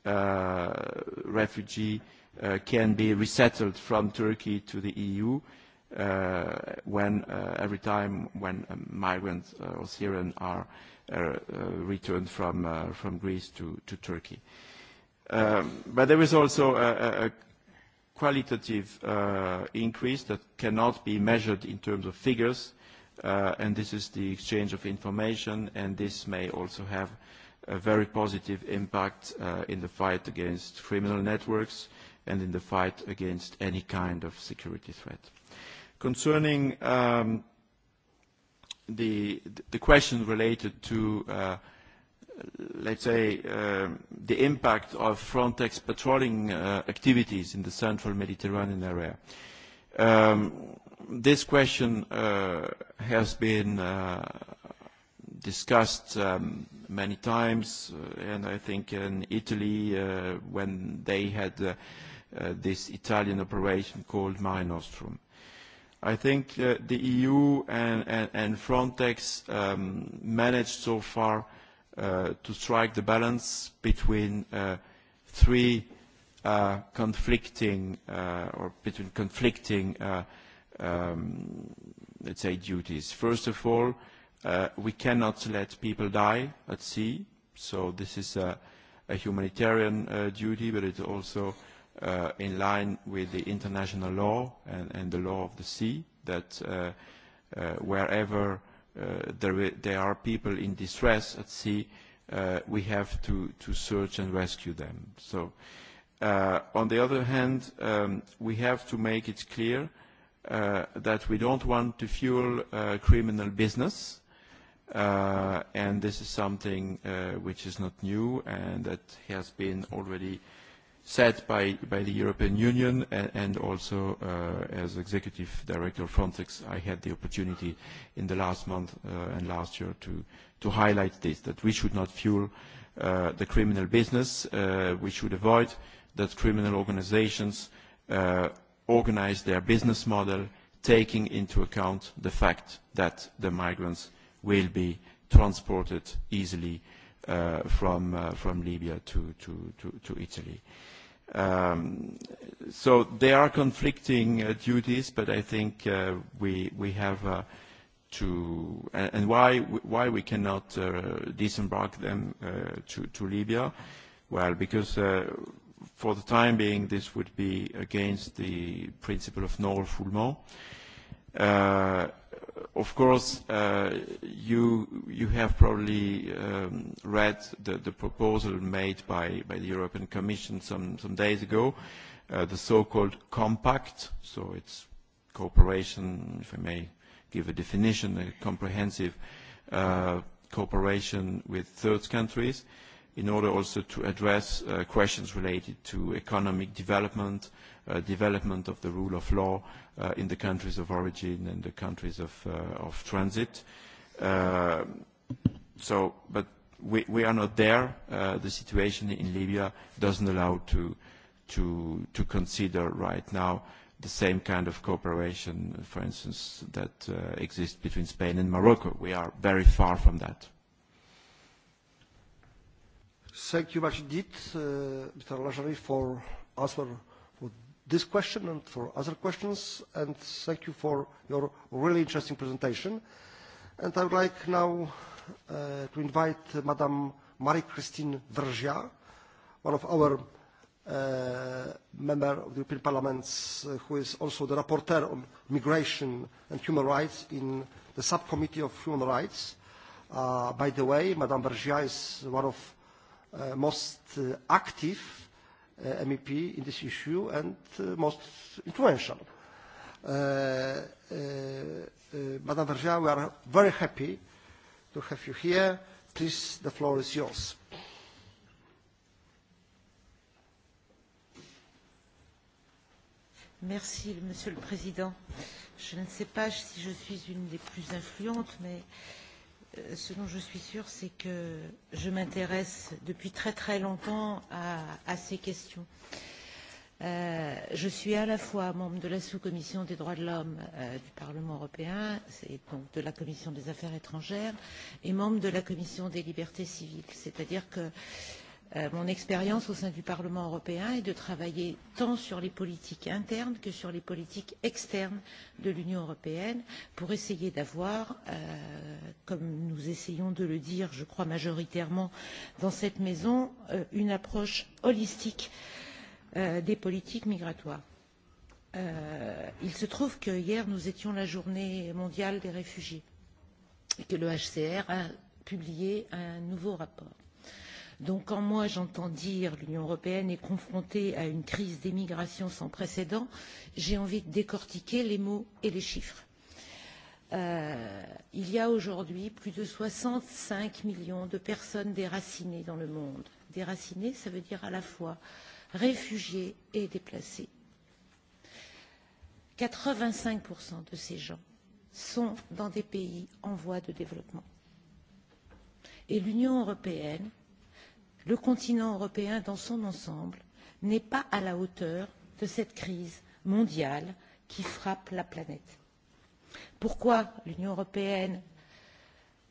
uh, refugee can be resettled from Turkey to the EU every time when migrants or Syrians are returned from, Greece to, Turkey. Um, but there is also a qualitative uh, increase that cannot be measured in terms of figures, uh, and this is the exchange of information, and this may also have a very positive impact uh, in the fight against criminal networks and in the fight against any kind of security threat. Concerning um, the, the question related to let's say, um, the impact of Frontex patrolling uh, activities in the central Mediterranean area. Um, this question uh, has been uh, discussed um, many times, uh, and I think in Italy, uh, when they had uh, this Italian operation called Mare Nostrum. I think the EU and, and, and Frontex um, managed so far Uh, to strike the balance between uh, three uh, conflicting uh, or between conflicting uh, um, let's say duties. First of all, uh, we cannot let people die at sea, so this is a, a humanitarian uh, duty, but it's also uh, in line with the international law and, and the law of the sea, that uh, uh, wherever Uh, there, there are people in distress at sea, uh, we have to, to search and rescue them. So, uh, on the other hand, um, we have to make it clear that we don't want to fuel criminal business, and this is something which is not new and that has been already set by, by the European Union and, also uh, as Executive Director of Frontex, I had the opportunity in the last month uh, and last year to, to highlight this, that we should not fuel uh, the criminal business. we should avoid that criminal organizations organise organize their business model taking into account the fact that the migrants will be transported easily from, from Libya to, to, to Italy. Um, so there are conflicting uh, duties, but I think uh, we we have uh, to and, why why we cannot disembark them to to Libya? Well, because for the time being, this would be against the principle of non-refoulement. Uh, of course, uh, you you have probably um, read the, the proposal made by, by the European Commission some, some days ago, uh, the so-called compact. So it's cooperation, if I may give a definition, a comprehensive uh, cooperation with third countries, in order also to address questions related to economic development, Uh, development of the rule of law uh, in the countries of origin and the countries of, uh, transit. but we, we are not there. the situation in Libya doesn't allow to, to, to consider right now the same kind of cooperation, for instance, that exists between Spain and Morocco. We are very far from that. Thank you much indeed, Mr. Lajari, for answering this question and for other questions, and thank you for your really interesting presentation. And I would like now uh, to invite Madame Marie-Christine Vergia, one of our uh, member of the European Parliament, uh, who is also the rapporteur on migration and human rights in the subcommittee of human rights. Uh, by the way, Madame Vergia is one of uh, most uh, active Eh, MEP in this issue and eh, most influential. Eh, Madame Vergia, we are very happy to have you here. Please, the floor is yours. Merci, Monsieur le Président. Je ne sais pas si je suis une des plus influentes, mais Euh, ce dont je suis sûre, c'est que je m'intéresse depuis très très longtemps à, à ces questions. Euh, je suis à la fois membre de la sous-commission des droits de l'homme euh, du Parlement européen, et donc de la commission des affaires étrangères, et membre de la commission des libertés civiles. C'est-à-dire que Euh, mon expérience au sein du parlement européen est de travailler tant sur les politiques internes que sur les politiques externes de l'union européenne pour essayer d'avoir euh, comme nous essayons de le dire je crois majoritairement dans cette maison euh, une approche holistique des politiques migratoires. il se trouve que hier nous étions la journée mondiale des réfugiés et que le hcr a publié un nouveau rapport Donc quand moi j'entends dire l'Union européenne est confrontée à une crise d'émigration sans précédent, j'ai envie de décortiquer les mots et les chiffres. Euh, il y a aujourd'hui plus de 65 millions de personnes déracinées dans le monde. Déracinées, ça veut dire à la fois réfugiés et déplacés. 85% de ces gens sont dans des pays en voie de développement. Et l'Union européenne le continent européen dans son ensemble n'est pas à la hauteur de cette crise mondiale qui frappe la planète. Pourquoi l'Union européenne,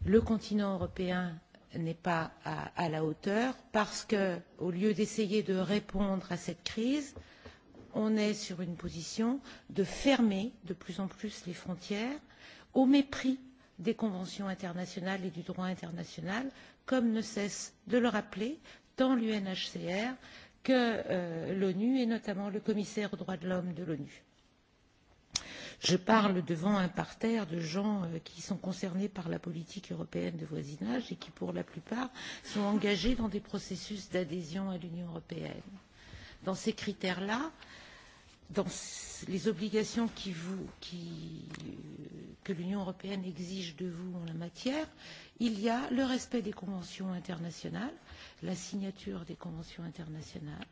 le continent européen n'est pas à, la hauteur parce que, au lieu d'essayer de répondre à cette crise, on est sur une position de fermer de plus en plus les frontières au mépris des conventions internationales et du droit international comme ne cesse de le rappeler tant l'unhcr que euh, l'onu et notamment le commissaire aux droits de l'homme de l'onu. je parle devant un parterre de gens euh, qui sont concernés par la politique européenne de voisinage et qui pour la plupart sont engagés dans des processus d'adhésion à l'union européenne. dans ces critères là dans les obligations qui vous, qui, euh, que l'union européenne exige de vous en la matière il y a le respect des conventions internationales la signature des conventions internationales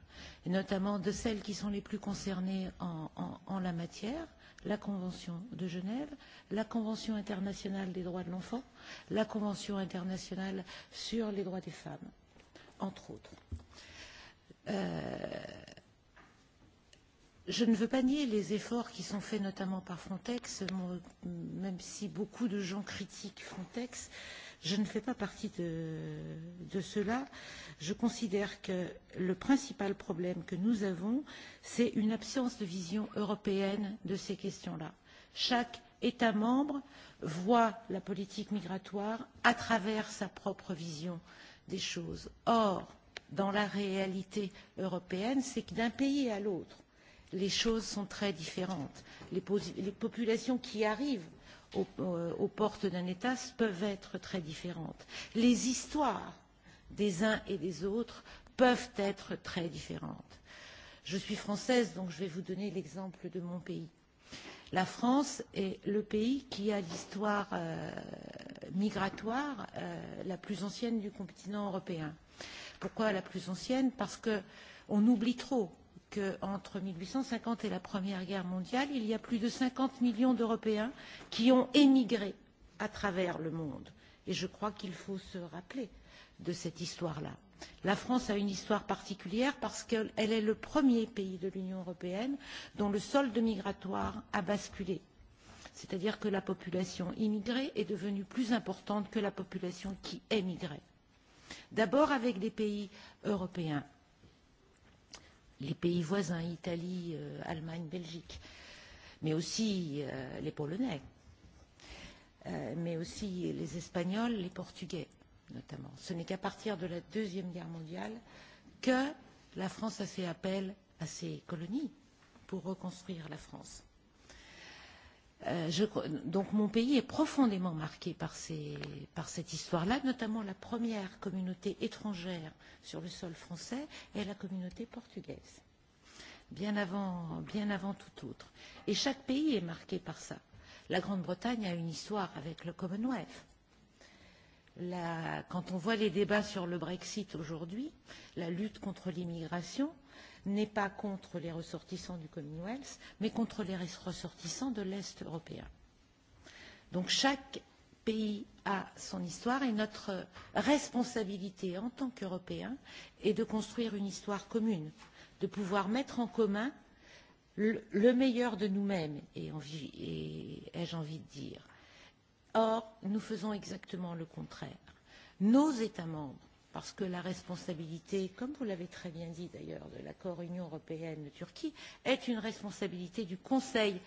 et notamment de celles qui sont les plus concernées en, en, en la matière la convention de genève la convention internationale des droits de l'enfant la convention internationale sur les droits des femmes entre autres. Euh, je ne veux pas nier les efforts qui sont faits notamment par frontex même si beaucoup de gens critiquent frontex je ne fais pas partie de, de cela. Je considère que le principal problème que nous avons, c'est une absence de vision européenne de ces questions-là. Chaque État membre voit la politique migratoire à travers sa propre vision des choses. Or, dans la réalité européenne, c'est que d'un pays à l'autre, les choses sont très différentes. Les, les populations qui arrivent aux, euh, aux portes d'un État peuvent être très différentes. Les histoires des uns et des autres peuvent être très différentes. Je suis française, donc je vais vous donner l'exemple de mon pays. La France est le pays qui a l'histoire euh, migratoire euh, la plus ancienne du continent européen. Pourquoi la plus ancienne Parce qu'on oublie trop qu'entre 1850 et la Première Guerre mondiale, il y a plus de 50 millions d'Européens qui ont émigré à travers le monde. Et je crois qu'il faut se rappeler de cette histoire-là. La France a une histoire particulière parce qu'elle est le premier pays de l'Union européenne dont le solde migratoire a basculé. C'est-à-dire que la population immigrée est devenue plus importante que la population qui émigrait. D'abord avec des pays européens les pays voisins, Italie, euh, Allemagne, Belgique, mais aussi euh, les Polonais, euh, mais aussi les Espagnols, les Portugais notamment. Ce n'est qu'à partir de la Deuxième Guerre mondiale que la France a fait appel à ses colonies pour reconstruire la France. Euh, je, donc mon pays est profondément marqué par, ces, par cette histoire-là, notamment la première communauté étrangère sur le sol français est la communauté portugaise, bien avant, bien avant tout autre. Et chaque pays est marqué par ça. La Grande-Bretagne a une histoire avec le Commonwealth la, quand on voit les débats sur le Brexit aujourd'hui, la lutte contre l'immigration n'est pas contre les ressortissants du Commonwealth, mais contre les ressortissants de l'Est européen. Donc chaque pays a son histoire et notre responsabilité en tant qu'Européens est de construire une histoire commune, de pouvoir mettre en commun le meilleur de nous-mêmes, et ai-je envie de dire Or, nous faisons exactement le contraire. Nos États membres, parce que la responsabilité, comme vous l'avez très bien dit d'ailleurs, de l'accord Union européenne-Turquie, est une responsabilité du Conseil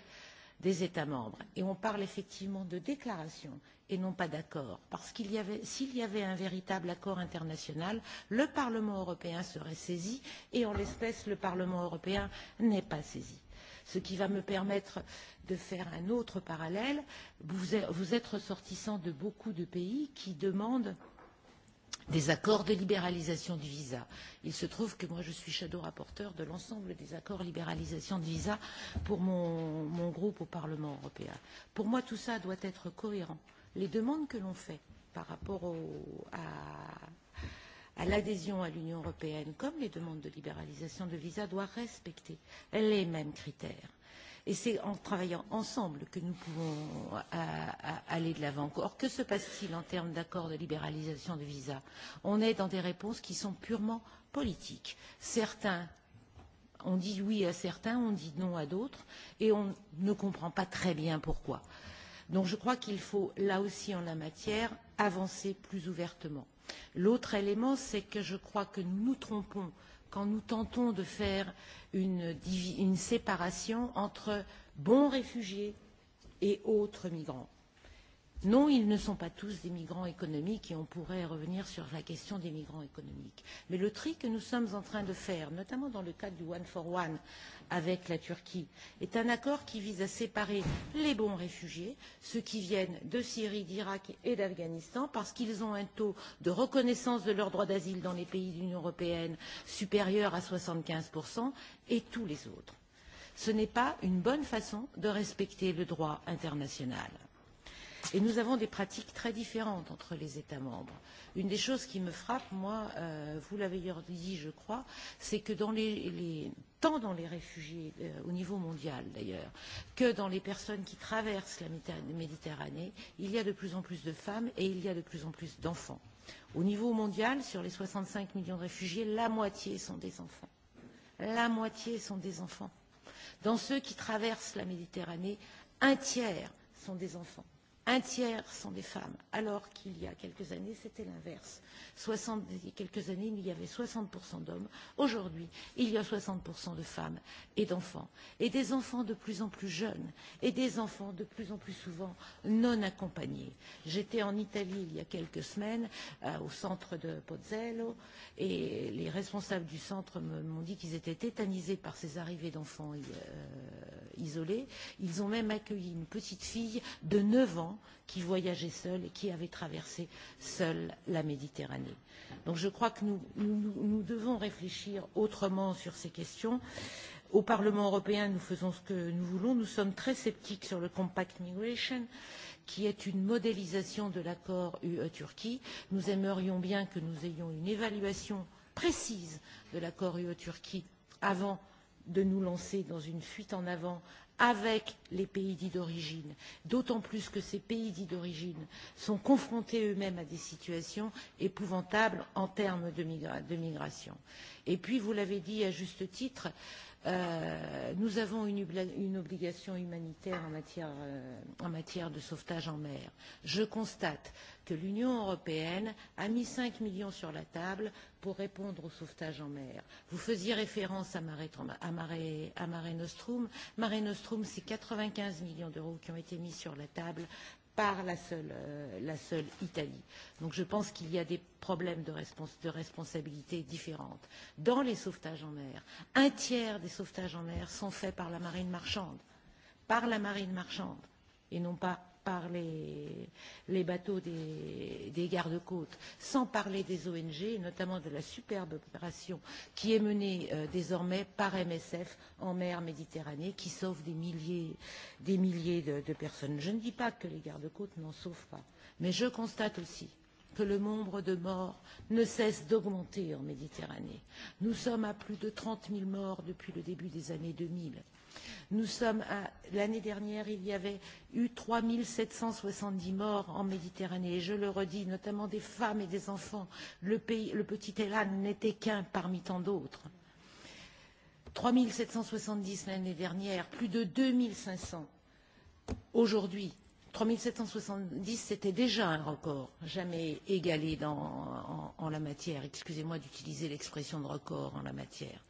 des États membres. Et on parle effectivement de déclaration et non pas d'accord. Parce qu'il y avait, s'il y avait un véritable accord international, le Parlement européen serait saisi et en l'espèce, le Parlement européen n'est pas saisi ce qui va me permettre de faire un autre parallèle. Vous êtes ressortissant de beaucoup de pays qui demandent des accords de libéralisation du visa. Il se trouve que moi je suis shadow rapporteur de l'ensemble des accords de libéralisation de visa pour mon, mon groupe au Parlement européen. Pour moi tout ça doit être cohérent. Les demandes que l'on fait par rapport au, à, à l'adhésion à l'Union européenne, comme les demandes de libéralisation de visa, doit respecter les mêmes critères. Et c'est en travaillant ensemble que nous pouvons euh, à, à aller de l'avant. Or, que se passe-t-il en termes d'accords de libéralisation de visa On est dans des réponses qui sont purement politiques. Certains on dit oui à certains, on dit non à d'autres, et on ne comprend pas très bien pourquoi. Donc je crois qu'il faut, là aussi en la matière, avancer plus ouvertement. L'autre élément, c'est que je crois que nous nous trompons quand nous tentons de faire une, une séparation entre bons réfugiés et autres migrants. Non, ils ne sont pas tous des migrants économiques et on pourrait revenir sur la question des migrants économiques. Mais le tri que nous sommes en train de faire, notamment dans le cadre du One for One avec la Turquie, est un accord qui vise à séparer les bons réfugiés, ceux qui viennent de Syrie, d'Irak et d'Afghanistan, parce qu'ils ont un taux de reconnaissance de leur droit d'asile dans les pays de l'Union européenne supérieur à 75%, et tous les autres. Ce n'est pas une bonne façon de respecter le droit international et nous avons des pratiques très différentes entre les états membres une des choses qui me frappe moi euh, vous l'avez dit je crois c'est que dans les, tant dans les réfugiés euh, au niveau mondial d'ailleurs que dans les personnes qui traversent la méditerranée il y a de plus en plus de femmes et il y a de plus en plus d'enfants au niveau mondial sur les 65 millions de réfugiés la moitié sont des enfants la moitié sont des enfants dans ceux qui traversent la méditerranée un tiers sont des enfants un tiers sont des femmes, alors qu'il y a quelques années, c'était l'inverse. Il y a quelques années, il y avait soixante d'hommes. Aujourd'hui, il y a soixante de femmes et d'enfants. Et des enfants de plus en plus jeunes, et des enfants de plus en plus souvent non accompagnés. J'étais en Italie il y a quelques semaines, euh, au centre de Pozzello, et les responsables du centre m'ont dit qu'ils étaient tétanisés par ces arrivées d'enfants euh, isolés. Ils ont même accueilli une petite fille de neuf ans qui voyageaient seuls et qui avaient traversé seuls la Méditerranée. Donc je crois que nous, nous, nous devons réfléchir autrement sur ces questions. Au Parlement européen, nous faisons ce que nous voulons. Nous sommes très sceptiques sur le Compact Migration, qui est une modélisation de l'accord UE-Turquie. Nous aimerions bien que nous ayons une évaluation précise de l'accord UE-Turquie avant de nous lancer dans une fuite en avant avec les pays dits d'origine d'autant plus que ces pays dits d'origine sont confrontés eux-mêmes à des situations épouvantables en termes de migration et puis vous l'avez dit à juste titre Euh, nous avons une, une obligation humanitaire en matière, euh, en matière de sauvetage en mer. Je constate que l'Union européenne a mis 5 millions sur la table pour répondre au sauvetage en mer. Vous faisiez référence à Mare, à Mare, à Mare Nostrum. Mare Nostrum, c'est 95 millions d'euros qui ont été mis sur la table par la seule, euh, la seule Italie. Donc je pense qu'il y a des problèmes de, de responsabilité différentes. Dans les sauvetages en mer, un tiers des sauvetages en mer sont faits par la marine marchande, par la marine marchande, et non pas par les, les bateaux des, des gardes-côtes, sans parler des ONG, notamment de la superbe opération qui est menée euh, désormais par MSF en mer Méditerranée, qui sauve des milliers, des milliers de, de personnes. Je ne dis pas que les gardes-côtes n'en sauvent pas, mais je constate aussi que le nombre de morts ne cesse d'augmenter en Méditerranée. Nous sommes à plus de 30 000 morts depuis le début des années 2000. Nous sommes à l'année dernière, il y avait eu trois sept cent soixante dix morts en Méditerranée. Et je le redis, notamment des femmes et des enfants. Le, petit Elan n'était qu'un parmi tant d'autres. Trois sept cent soixante dix l'année dernière, plus de deux cinq cents aujourd'hui. 3770, c'était déjà un record, jamais égalé dans, en la matière. Excusez-moi d'utiliser l'expression de record en la matière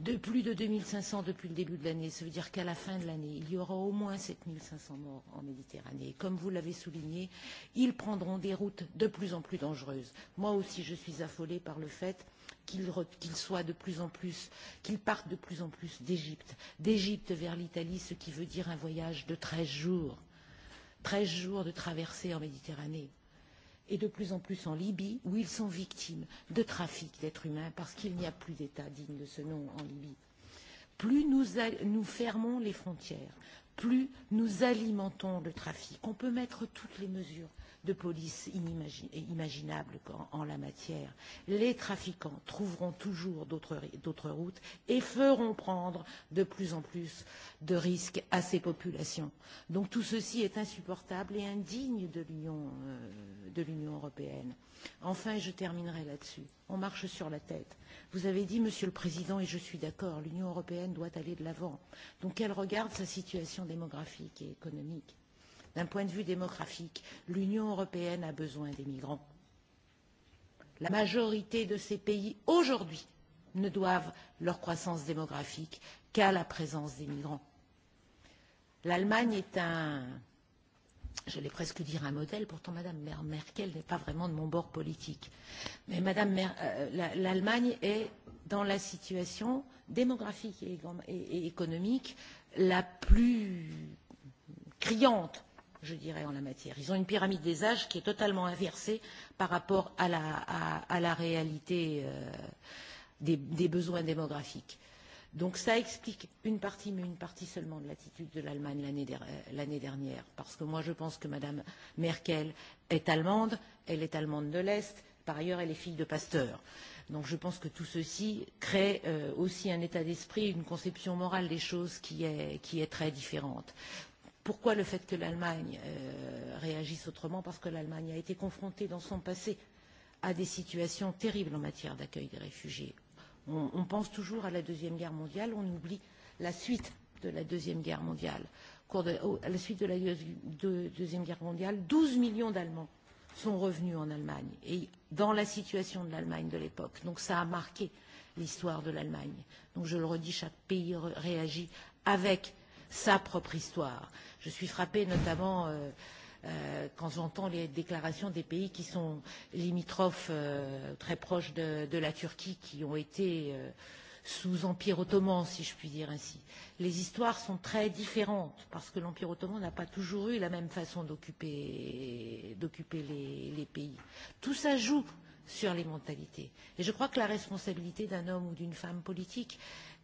de plus de 2500 depuis le début de l'année. Ça veut dire qu'à la fin de l'année, il y aura au moins 7500 morts en Méditerranée. Et comme vous l'avez souligné, ils prendront des routes de plus en plus dangereuses. Moi aussi, je suis affolée par le fait qu'ils qu soient de plus en plus, qu'ils partent de plus en plus d'Égypte, d'Égypte vers l'Italie, ce qui veut dire un voyage de 13 jours, 13 jours de traversée en Méditerranée et de plus en plus en Libye, où ils sont victimes de trafic d'êtres humains, parce qu'il n'y a plus d'État digne de ce nom en Libye. Plus nous, a, nous fermons les frontières, plus nous alimentons le trafic. On peut mettre toutes les mesures de police inimaginable en, en la matière. Les trafiquants trouveront toujours d'autres routes et feront prendre de plus en plus de risques à ces populations. Donc tout ceci est insupportable et indigne de l'Union euh, européenne. Enfin, je terminerai là-dessus. On marche sur la tête. Vous avez dit, Monsieur le Président, et je suis d'accord, l'Union européenne doit aller de l'avant. Donc elle regarde sa situation démographique et économique D'un point de vue démographique, l'Union européenne a besoin des migrants. La majorité de ces pays, aujourd'hui, ne doivent leur croissance démographique qu'à la présence des migrants. L'Allemagne est un, je vais presque dire un modèle, pourtant Madame Merkel n'est pas vraiment de mon bord politique, mais Madame euh, l'Allemagne est dans la situation démographique et, et, et économique la plus criante je dirais, en la matière. Ils ont une pyramide des âges qui est totalement inversée par rapport à la, à, à la réalité euh, des, des besoins démographiques. Donc ça explique une partie, mais une partie seulement de l'attitude de l'Allemagne l'année dernière. Parce que moi, je pense que Mme Merkel est allemande, elle est allemande de l'Est, par ailleurs, elle est fille de pasteur. Donc je pense que tout ceci crée euh, aussi un état d'esprit, une conception morale des choses qui est, qui est très différente. Pourquoi le fait que l'Allemagne euh, réagisse autrement Parce que l'Allemagne a été confrontée dans son passé à des situations terribles en matière d'accueil des réfugiés. On, on pense toujours à la Deuxième Guerre mondiale, on oublie la suite de la Deuxième Guerre mondiale. Cours de, oh, à la suite de la de, Deuxième Guerre mondiale, 12 millions d'Allemands sont revenus en Allemagne, et dans la situation de l'Allemagne de l'époque. Donc ça a marqué l'histoire de l'Allemagne. Donc je le redis, chaque pays réagit avec sa propre histoire je suis frappée notamment euh, euh, quand j'entends les déclarations des pays qui sont limitrophes euh, très proches de, de la Turquie qui ont été sous empire ottoman si je puis dire ainsi les histoires sont très différentes parce que l'empire ottoman n'a pas toujours eu la même façon d'occuper d'occuper les les pays tout ça joue sur les mentalités et je crois que la responsabilité d'un homme ou d'une femme politique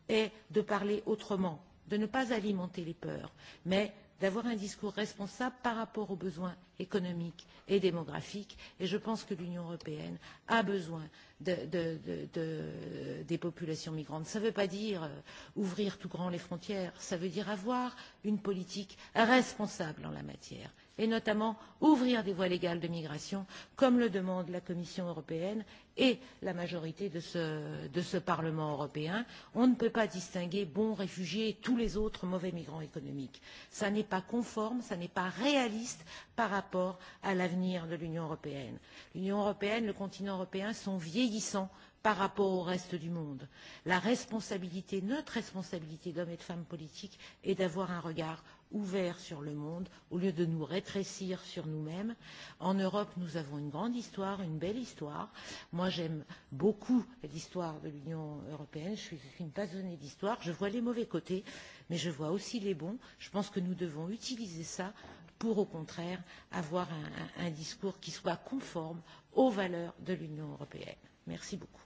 est de parler autrement de ne pas alimenter les peurs mais d'avoir un discours responsable par rapport aux besoins économiques et démographiques et je pense que l'union européenne a besoin de, de, de, des populations migrantes. ça ne veut pas dire euh, ouvrir tout grand les frontières ça veut dire avoir une politique responsable en la matière et notamment ouvrir des voies légales de migration comme le demande la commission européenne et la majorité de ce, de ce parlement européen. on ne peut pas distinguer bons réfugiés et tous les autres mauvais migrants économiques. ce n'est pas conforme ce n'est pas réaliste par rapport à l'avenir de l'union européenne. l'union européenne le continent européen sont vieillissants par rapport au reste du monde. la responsabilité notre responsabilité d'hommes et de femmes politiques est d'avoir un regard ouvert sur le monde au lieu de nous rétrécir sur nous-mêmes. En Europe, nous avons une grande histoire, une belle histoire. Moi, j'aime beaucoup l'histoire de l'Union européenne. Je suis une passionnée d'histoire. Je vois les mauvais côtés, mais je vois aussi les bons. Je pense que nous devons utiliser ça pour, au contraire, avoir un, un discours qui soit conforme aux valeurs de l'Union européenne. Merci beaucoup.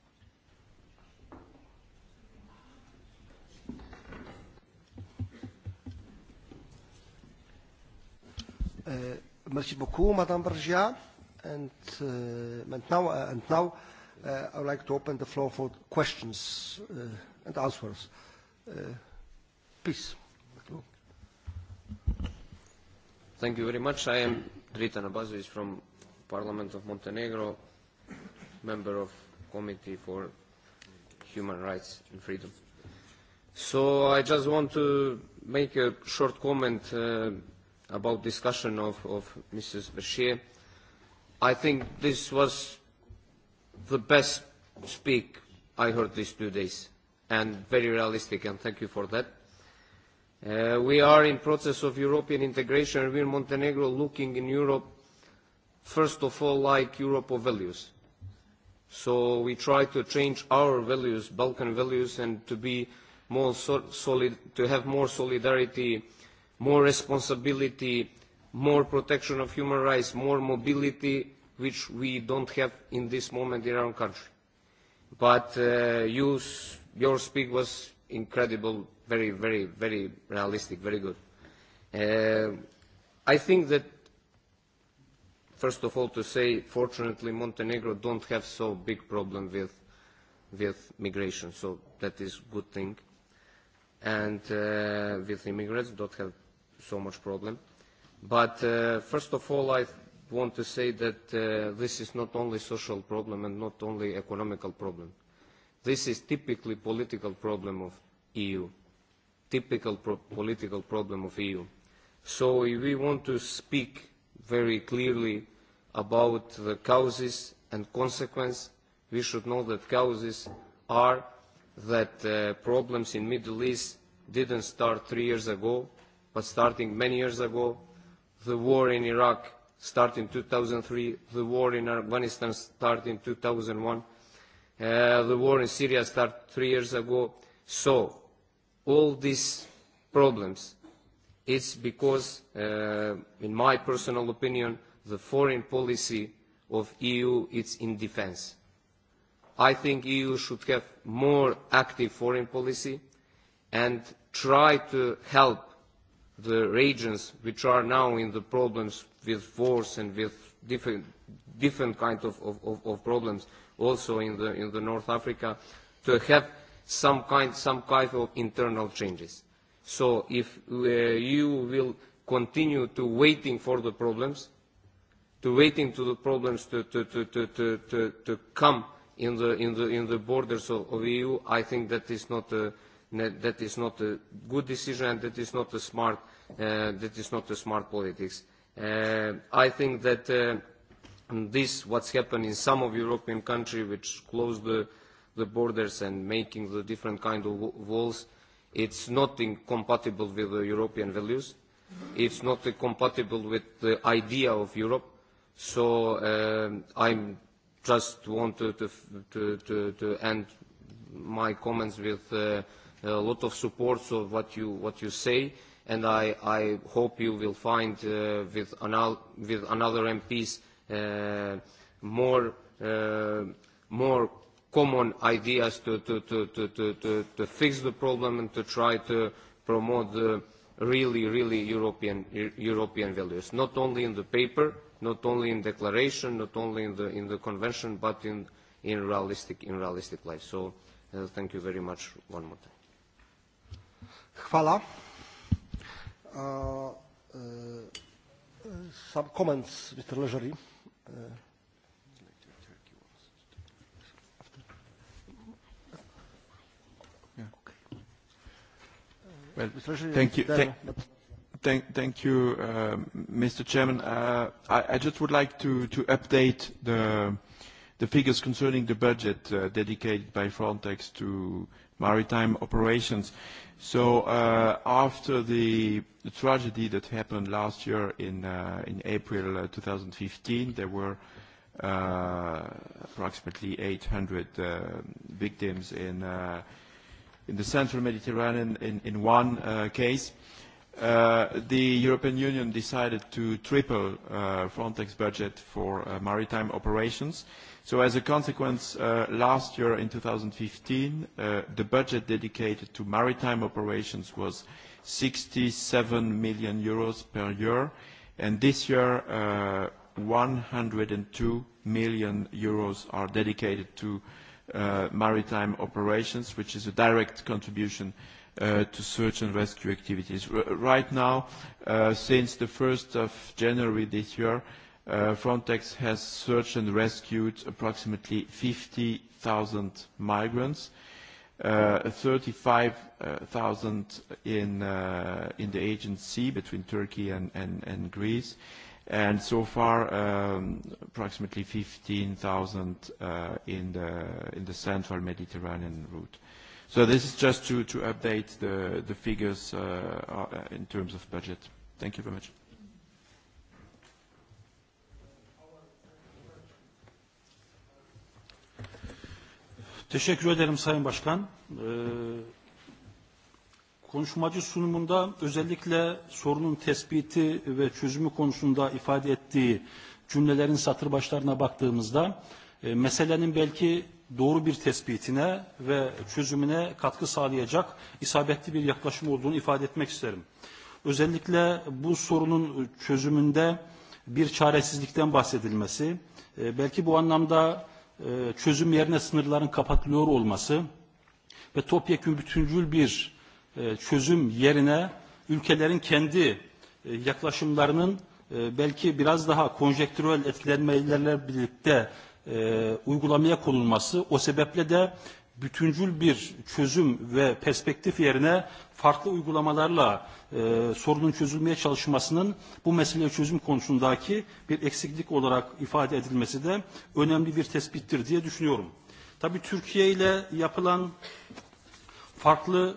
Eh, merci beaucoup, Madame Bergia. And, uh, and now, uh, and now uh, I would like to open the floor for questions uh, and answers. Uh, please. Thank you very much. I am Dritan Abazovic from Parliament of Montenegro, member of Committee for Human Rights and Freedom. So I just want to make a short comment uh, about discussion of, of Mrs. Bashir. I think this was the best speak I heard these two days, and very realistic, and thank you for that. Uh, we are in process of European integration, and we in Montenegro looking in Europe, first of all, like Europe of values. So we try to change our values, Balkan values, and to be more so solid, to have more solidarity more responsibility, more protection of human rights, more mobility, which we don't have in this moment in our country. But uh, you, your speak was incredible, very, very, very realistic, very good. Uh, I think that, first of all, to say, fortunately, Montenegro don't have so big problem with, with migration, so that is good thing. And uh, with immigrants, don't have so much problem. But uh, first of all, I want to say that uh, this is not only social problem and not only economical problem. This is typically political problem of EU, typical political problem of EU. So if we want to speak very clearly about the causes and consequence, we should know that causes are that uh, problems in Middle East didn't start three years ago, but starting many years ago, the war in Iraq started in 2003, the war in Afghanistan started in 2001, uh, the war in Syria started three years ago. So all these problems, it's because, uh, in my personal opinion, the foreign policy of EU is in defense. I think EU should have more active foreign policy and try to help the regions which are now in the problems with wars and with different, different kinds of, of, of problems also in the, in the North Africa to have some kind, some kind of internal changes. So if uh, you will continue to waiting for the problems, to waiting to the problems to, to, to, to, to, to, to come in the, in, the, in the borders of, of EU, I think that is not a, that is not a good decision and that is not a smart uh, that is not a smart politics uh, i think that uh, this what's happened in some of european countries which close the, the borders and making the different kind of walls it's not incompatible with the european values it's not compatible with the idea of europe so I i'm just want to, to, to, to end my comments with a lot of support for what you, what you say, and I, I hope you will find uh, with, anal with another MPs uh, more, uh, more common ideas to, to, to, to, to, to, to fix the problem and to try to promote the really, really European, European values, not only in the paper, not only in declaration, not only in the, in the convention, but in, in, realistic, in realistic life. So thank you very much one more time. Hvala. Uh, uh, some comments, Mr. Leisure. Well, thank you. thank, thank you, uh, Mr. Chairman. Uh, I, I just would like to, to update the, the figures concerning the budget uh, dedicated by Frontex to maritime operations. So uh, after the, the tragedy that happened last year in, uh, in April uh, 2015, there were uh, approximately 800 uh, victims in, uh, in the central Mediterranean in, in one uh, case. Uh, the European Union decided to triple uh, Frontex budget for uh, maritime operations. So as a consequence, uh, last year in 2015, uh, the budget dedicated to maritime operations was 67 million euros per year, and this year, uh, and 102 million euros are dedicated to maritime operations, which is a direct contribution to search and rescue activities. right now, since the 1st of January this year, Uh, Frontex has searched and rescued approximately 50,000 migrants, uh, 35,000 in, uh, in the agency between Turkey and, and, and Greece, and so far um, approximately 15,000 uh, in, the, in the central Mediterranean route. So this is just to, to update the, the figures uh, uh in terms of budget. Thank you very much. Teşekkür ederim Sayın Başkan. konuşmacı sunumunda özellikle sorunun tespiti ve çözümü konusunda ifade ettiği cümlelerin satır başlarına baktığımızda e, meselenin belki doğru bir tespitine ve çözümüne katkı sağlayacak isabetli bir yaklaşım olduğunu ifade etmek isterim. Özellikle bu sorunun çözümünde bir çaresizlikten bahsedilmesi, e, belki bu anlamda E, çözüm yerine sınırların kapatılıyor olması ve topyekun bütüncül bir e, çözüm yerine ülkelerin kendi e, yaklaşımlarının belki biraz daha konjektürel etkilenmelerle birlikte uygulamaya konulması o sebeple de bütüncül bir çözüm ve perspektif yerine farklı uygulamalarla e, sorunun çözülmeye çalışmasının bu mesele çözüm konusundaki bir eksiklik olarak ifade edilmesi de önemli bir tespittir diye düşünüyorum. Tabii Türkiye ile yapılan farklı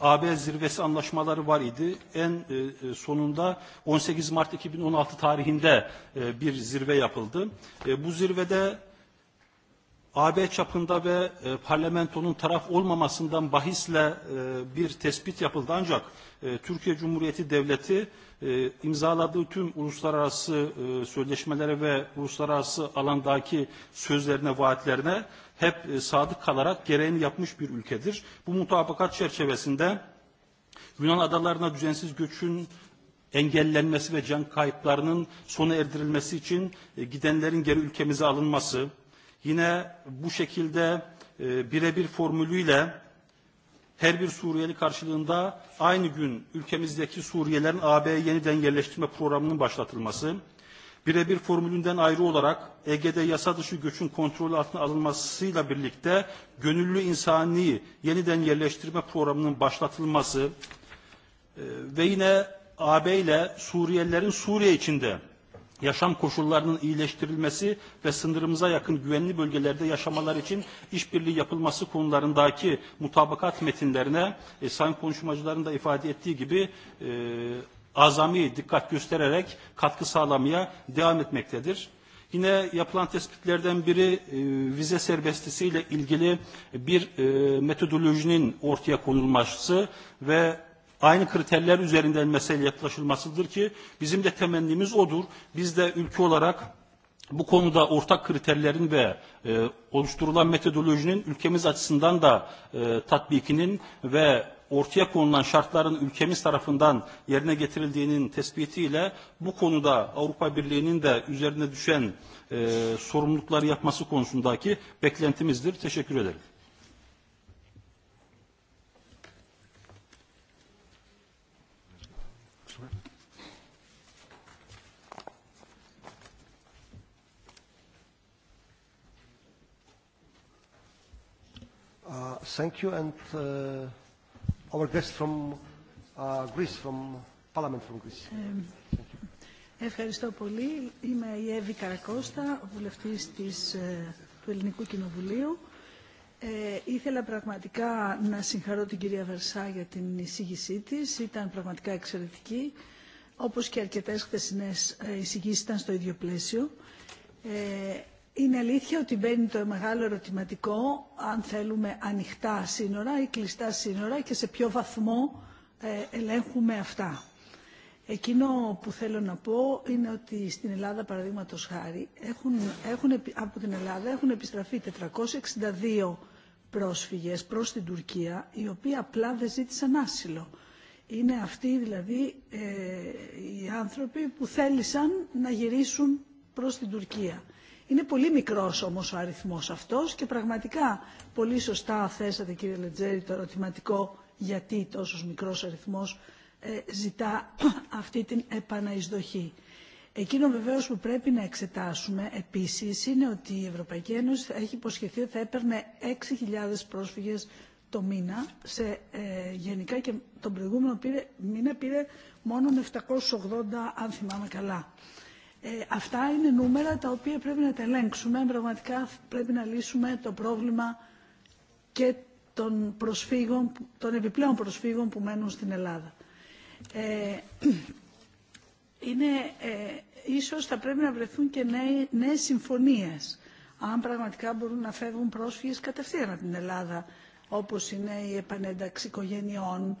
AB zirvesi anlaşmaları var idi. En e, e, sonunda 18 Mart 2016 tarihinde e, bir zirve yapıldı. Bu zirvede AB çapında ve e, parlamentonun taraf olmamasından bahisle e, bir tespit yapıldı ancak e, Türkiye Cumhuriyeti Devleti e, imzaladığı tüm uluslararası e, sözleşmelere ve uluslararası alandaki sözlerine, vaatlerine hep e, sadık kalarak gereğini yapmış bir ülkedir. Bu mutabakat çerçevesinde Yunan adalarına düzensiz göçün engellenmesi ve can kayıplarının sona erdirilmesi için e, gidenlerin geri ülkemize alınması, Yine bu şekilde e, birebir formülüyle her bir Suriyeli karşılığında aynı gün ülkemizdeki Suriyelerin AB'ye yeniden yerleştirme programının başlatılması, birebir formülünden ayrı olarak Ege'de yasa dışı göçün kontrolü altına alınmasıyla birlikte gönüllü insani yeniden yerleştirme programının başlatılması e, ve yine AB ile Suriyelilerin Suriye içinde yaşam koşullarının iyileştirilmesi ve sınırımıza yakın güvenli bölgelerde yaşamalar için işbirliği yapılması konularındaki mutabakat metinlerine e, sayın konuşmacıların da ifade ettiği gibi e, azami dikkat göstererek katkı sağlamaya devam etmektedir. Yine yapılan tespitlerden biri e, vize serbestisiyle ilgili bir e, metodolojinin ortaya konulması ve aynı kriterler üzerinden mesele yaklaşılmasıdır ki bizim de temennimiz odur. Biz de ülke olarak bu konuda ortak kriterlerin ve e, oluşturulan metodolojinin ülkemiz açısından da e, tatbikinin ve ortaya konulan şartların ülkemiz tarafından yerine getirildiğinin tespitiyle bu konuda Avrupa Birliği'nin de üzerine düşen e, sorumlulukları yapması konusundaki beklentimizdir. Teşekkür ederim. thank you. And uh, our guest from uh, Greece, from Parliament from Greece. Thank you. Ευχαριστώ πολύ. Είμαι η Εύη Καρακώστα, βουλευτής της, του Ελληνικού Κοινοβουλίου. Ε, ήθελα πραγματικά να συγχαρώ την κυρία Βερσά για την εισήγησή της. Ήταν πραγματικά εξαιρετική. Όπως και αρκετές χθεσινές εισηγήσεις ήταν στο ίδιο πλαίσιο. Ε, Είναι αλήθεια ότι μπαίνει το μεγάλο ερωτηματικό αν θέλουμε ανοιχτά σύνορα ή κλειστά σύνορα και σε ποιο βαθμό ελέγχουμε αυτά. Εκείνο που θέλω να πω είναι ότι στην Ελλάδα, παραδείγματο χάρη, έχουν, έχουν, από την Ελλάδα έχουν επιστραφεί 462 πρόσφυγες προς την Τουρκία, οι οποίοι απλά δεν ζήτησαν άσυλο. Είναι αυτοί δηλαδή ε, οι άνθρωποι που θέλησαν να γυρίσουν προς την Τουρκία. Είναι πολύ μικρός όμως ο αριθμός αυτός και πραγματικά πολύ σωστά θέσατε κύριε Λετζέρη το ερωτηματικό γιατί τόσος μικρός αριθμός ε, ζητά αυτή την επαναεισδοχή. Εκείνο βεβαίως που πρέπει να εξετάσουμε επίσης είναι ότι η Ευρωπαϊκή Ένωση έχει υποσχεθεί ότι θα έπαιρνε 6.000 πρόσφυγες το μήνα σε, ε, γενικά και τον προηγούμενο πήρε, μήνα πήρε μόνο 780 αν θυμάμαι καλά. Ε, αυτά είναι νούμερα τα οποία πρέπει να τα ελέγξουμε. Πραγματικά πρέπει να λύσουμε το πρόβλημα και των, προσφύγων, των επιπλέον προσφύγων που μένουν στην Ελλάδα. Ε, είναι, ε, ίσως θα πρέπει να βρεθούν και νέοι, νέες συμφωνίες αν πραγματικά μπορούν να φεύγουν πρόσφυγες κατευθείαν από την Ελλάδα όπως είναι η επανένταξη οικογενειών,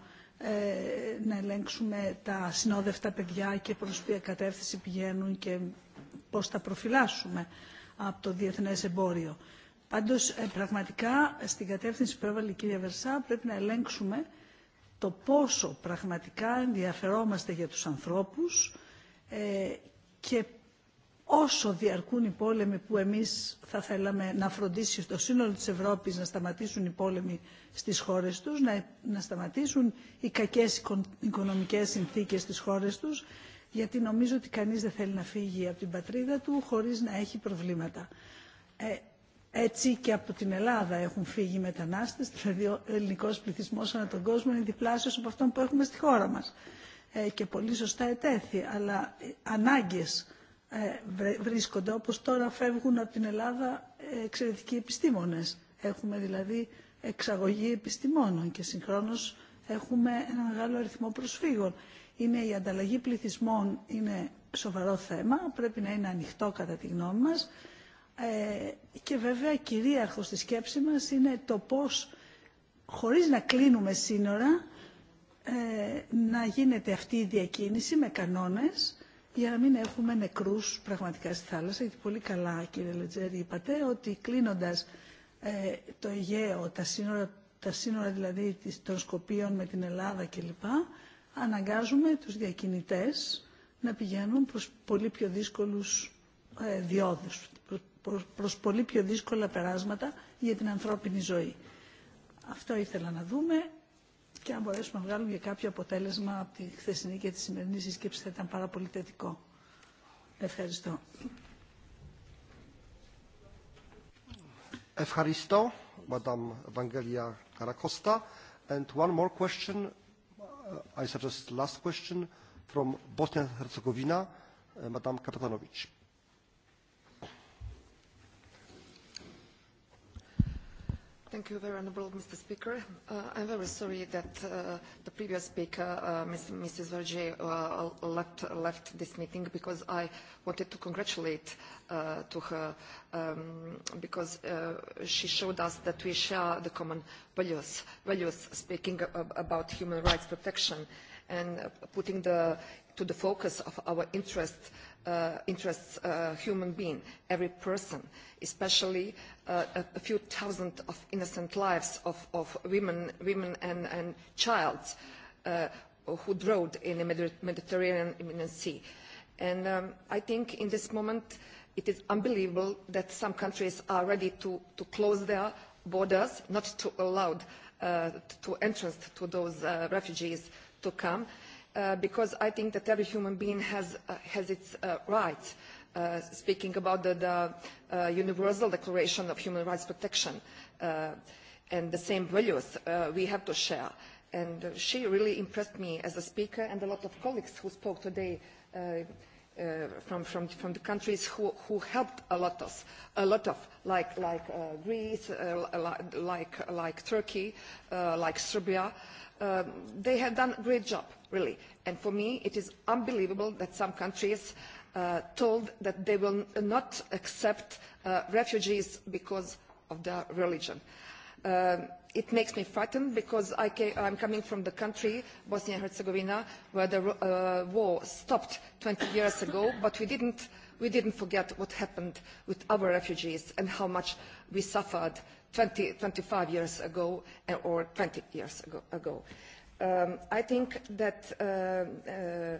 να ελέγξουμε τα συνόδευτα παιδιά και προς ποια κατεύθυνση πηγαίνουν και πώς τα προφυλάσσουμε από το διεθνές εμπόριο. Πάντως, πραγματικά, στην κατεύθυνση που έβαλε η κυρία Βερσά, πρέπει να ελέγξουμε το πόσο πραγματικά ενδιαφερόμαστε για τους ανθρώπους και όσο διαρκούν οι πόλεμοι που εμείς θα θέλαμε να φροντίσει στο σύνολο της Ευρώπης να σταματήσουν οι πόλεμοι στις χώρες τους, να, να σταματήσουν οι κακές οικονομικές συνθήκες στις χώρες τους, γιατί νομίζω ότι κανείς δεν θέλει να φύγει από την πατρίδα του χωρίς να έχει προβλήματα. Ε, έτσι και από την Ελλάδα έχουν φύγει οι μετανάστες, δηλαδή ο ελληνικός πληθυσμός ανά τον κόσμο είναι διπλάσιος από αυτόν που έχουμε στη χώρα μας. Ε, και πολύ σωστά ετέθη, αλλά ανάγκες βρίσκονται. Όπως τώρα φεύγουν από την Ελλάδα εξαιρετικοί επιστήμονες. Έχουμε δηλαδή εξαγωγή επιστημόνων και συγχρόνως έχουμε ένα μεγάλο αριθμό προσφύγων. Είναι η ανταλλαγή πληθυσμών είναι σοβαρό θέμα, πρέπει να είναι ανοιχτό κατά τη γνώμη μας και βέβαια κυρίαρχο στη σκέψη μας είναι το πώς χωρίς να κλείνουμε σύνορα να γίνεται αυτή η διακίνηση με κανόνες για να μην έχουμε νεκρούς πραγματικά στη θάλασσα, γιατί πολύ καλά κύριε Λετζέρη είπατε ότι κλείνοντας ε, το Αιγαίο, τα σύνορα, τα σύνορα δηλαδή των Σκοπίων με την Ελλάδα κλπ, αναγκάζουμε τους διακινητές να πηγαίνουν προς πολύ πιο δύσκολους ε, διόδους, προς, προς πολύ πιο δύσκολα περάσματα για την ανθρώπινη ζωή. Αυτό ήθελα να δούμε και αν μπορέσουμε να βγάλουμε και κάποιο αποτέλεσμα από τη χθεσινή και τη σημερινή συσκέψη θα ήταν πάρα πολύ θετικό. Ευχαριστώ. Ευχαριστώ, Madame Evangelia Caracosta. And one more question, I suggest last question, from Bosnia Herzegovina, Madame Kapitanovic. Thank you very honorable Mr. Speaker. Uh, I'm very sorry that uh, the previous speaker, uh, Mrs. Verge, uh, left, this meeting because I wanted to congratulate uh, to her um, because she showed us that we share the common values, values speaking about human rights protection and putting the, to the focus of our interests uh, interests uh, human being, every person, especially uh, a few thousand of innocent lives of, women, women and, and child uh, who drowned in the Mediterranean Sea. And um, I think in this moment it is unbelievable that some countries are ready to, to close their borders, not to allow uh, to entrance to those refugees to come Uh, because I think that every human being has, uh, has its uh, rights, uh, speaking about the, Universal Declaration of Human Rights Protection and the same values we have to share. And she really impressed me as a speaker and a lot of colleagues who spoke today from, from, from the countries who, who helped a lot of, a lot of like, like Greece, like, like Turkey, like Serbia. Um, they have done a great job really and for me it is unbelievable that some countries uh, told that they will not accept uh, refugees because of their religion. Um, it makes me frightened because I am coming from the country, Bosnia and Herzegovina, where the uh, war stopped 20 years ago, but we didn't, we didn't forget what happened with our refugees and how much we suffered twenty five years ago eh, or twenty years ago. ago. Um, I think that uh, uh,